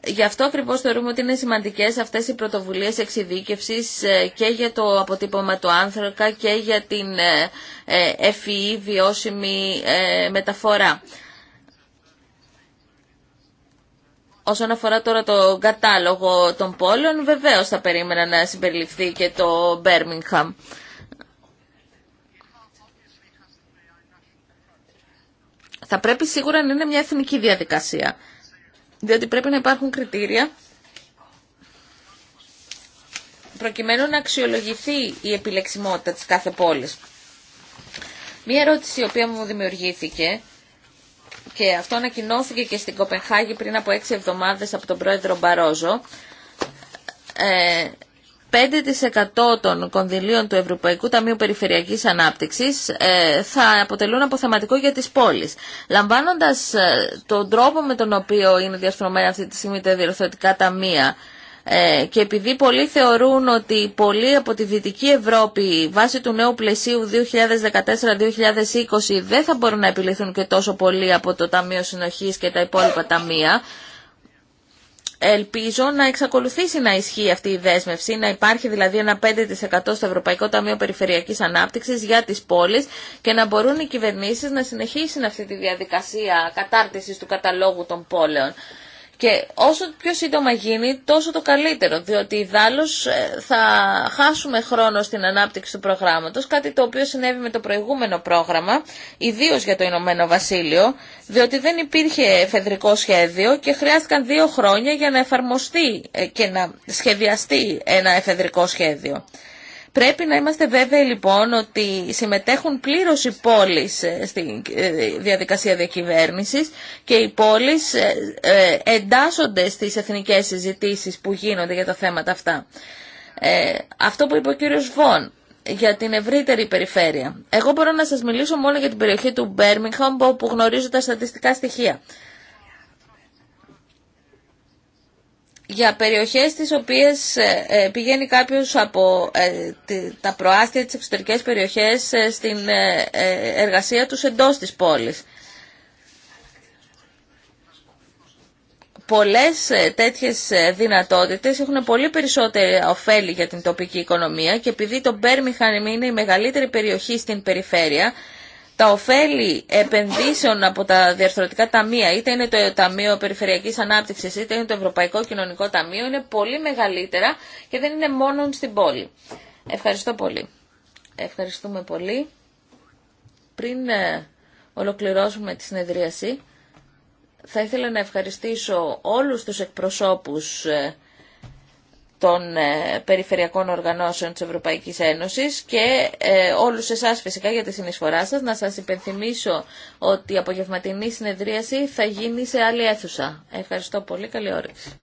Speaker 3: Γι' αυτό ακριβώ θεωρούμε ότι είναι σημαντικέ αυτέ οι πρωτοβουλίε εξειδίκευση ε, και για το αποτύπωμα του άνθρακα και για την ευφυή ε, e e, βιώσιμη μεταφορά. Όσον αφορά τώρα το κατάλογο των πόλεων, βεβαίως θα περίμενα να συμπεριληφθεί και το Μπέρμιγχαμ. Θα πρέπει σίγουρα να είναι μια εθνική διαδικασία, διότι πρέπει να υπάρχουν κριτήρια προκειμένου να αξιολογηθεί η επιλεξιμότητα της κάθε πόλης. Μία ερώτηση η οποία μου δημιουργήθηκε και αυτό ανακοινώθηκε και στην Κοπενχάγη πριν από έξι εβδομάδες από τον πρόεδρο Μπαρόζο, 5% ε, των κονδυλίων του Ευρωπαϊκού Ταμείου Περιφερειακής Ανάπτυξης ε, θα αποτελούν αποθεματικό για τις πόλεις. Λαμβάνοντας ε, τον τρόπο με τον οποίο είναι διαστρωμένα αυτή τη στιγμή τα διορθωτικά ταμεία ε, και επειδή πολλοί θεωρούν ότι πολλοί από τη Δυτική Ευρώπη βάσει του νέου πλαισίου 2014-2020 δεν θα μπορούν να επιληθούν και τόσο πολύ από το Ταμείο Συνοχής και τα υπόλοιπα ταμεία, Ελπίζω να εξακολουθήσει να ισχύει αυτή η δέσμευση, να υπάρχει δηλαδή ένα 5% στο Ευρωπαϊκό Ταμείο Περιφερειακής Ανάπτυξης για τις πόλεις και να μπορούν οι κυβερνήσεις να συνεχίσουν αυτή τη διαδικασία κατάρτισης του καταλόγου των πόλεων. Και όσο πιο σύντομα γίνει, τόσο το καλύτερο, διότι ιδάλω ε, θα χάσουμε χρόνο στην ανάπτυξη του προγράμματος, κάτι το οποίο συνέβη με το προηγούμενο πρόγραμμα, ιδίω για το Ηνωμένο Βασίλειο, διότι δεν υπήρχε εφεδρικό σχέδιο και χρειάστηκαν δύο χρόνια για να εφαρμοστεί ε, και να σχεδιαστεί ένα εφεδρικό σχέδιο. Πρέπει να είμαστε βέβαιοι λοιπόν ότι συμμετέχουν πλήρως οι πόλεις ε, στη ε, διαδικασία διακυβέρνησης και οι πόλεις ε, εντάσσονται στις εθνικές συζητήσεις που γίνονται για τα θέματα αυτά. Αυτό που είπε ο κύριος Βον για την ευρύτερη περιφέρεια. Εγώ μπορώ να σας μιλήσω μόνο για την περιοχή του Μπέρμιγχαμ όπου γνωρίζω τα στατιστικά στοιχεία. για περιοχές τις οποίες ε, ε, πηγαίνει κάποιος από ε, τα προάστια της εξωτερικές περιοχές στην εργασία τους εντός της πόλης. Πολλές τέτοιες δυνατότητες έχουν πολύ περισσότερη ωφέλη για την τοπική οικονομία και επειδή το Μπέρμιχαν είναι η μεγαλύτερη περιοχή στην περιφέρεια, τα ωφέλη επενδύσεων από τα διαρθρωτικά ταμεία, είτε είναι το Ταμείο Περιφερειακής Ανάπτυξης, είτε είναι το Ευρωπαϊκό Κοινωνικό Ταμείο, είναι πολύ μεγαλύτερα και δεν είναι μόνο στην πόλη. Ευχαριστώ πολύ. Ευχαριστούμε πολύ. Πριν ε, ολοκληρώσουμε τη συνεδρίαση, θα ήθελα να ευχαριστήσω όλους τους εκπροσώπους ε, των ε, περιφερειακών οργανώσεων της Ευρωπαϊκής Ένωσης και ε, όλους εσάς φυσικά για τη συνεισφορά σας. Να σας υπενθυμίσω ότι η απογευματινή συνεδρίαση θα γίνει σε άλλη αίθουσα. Ευχαριστώ πολύ. Καλή όρεξη.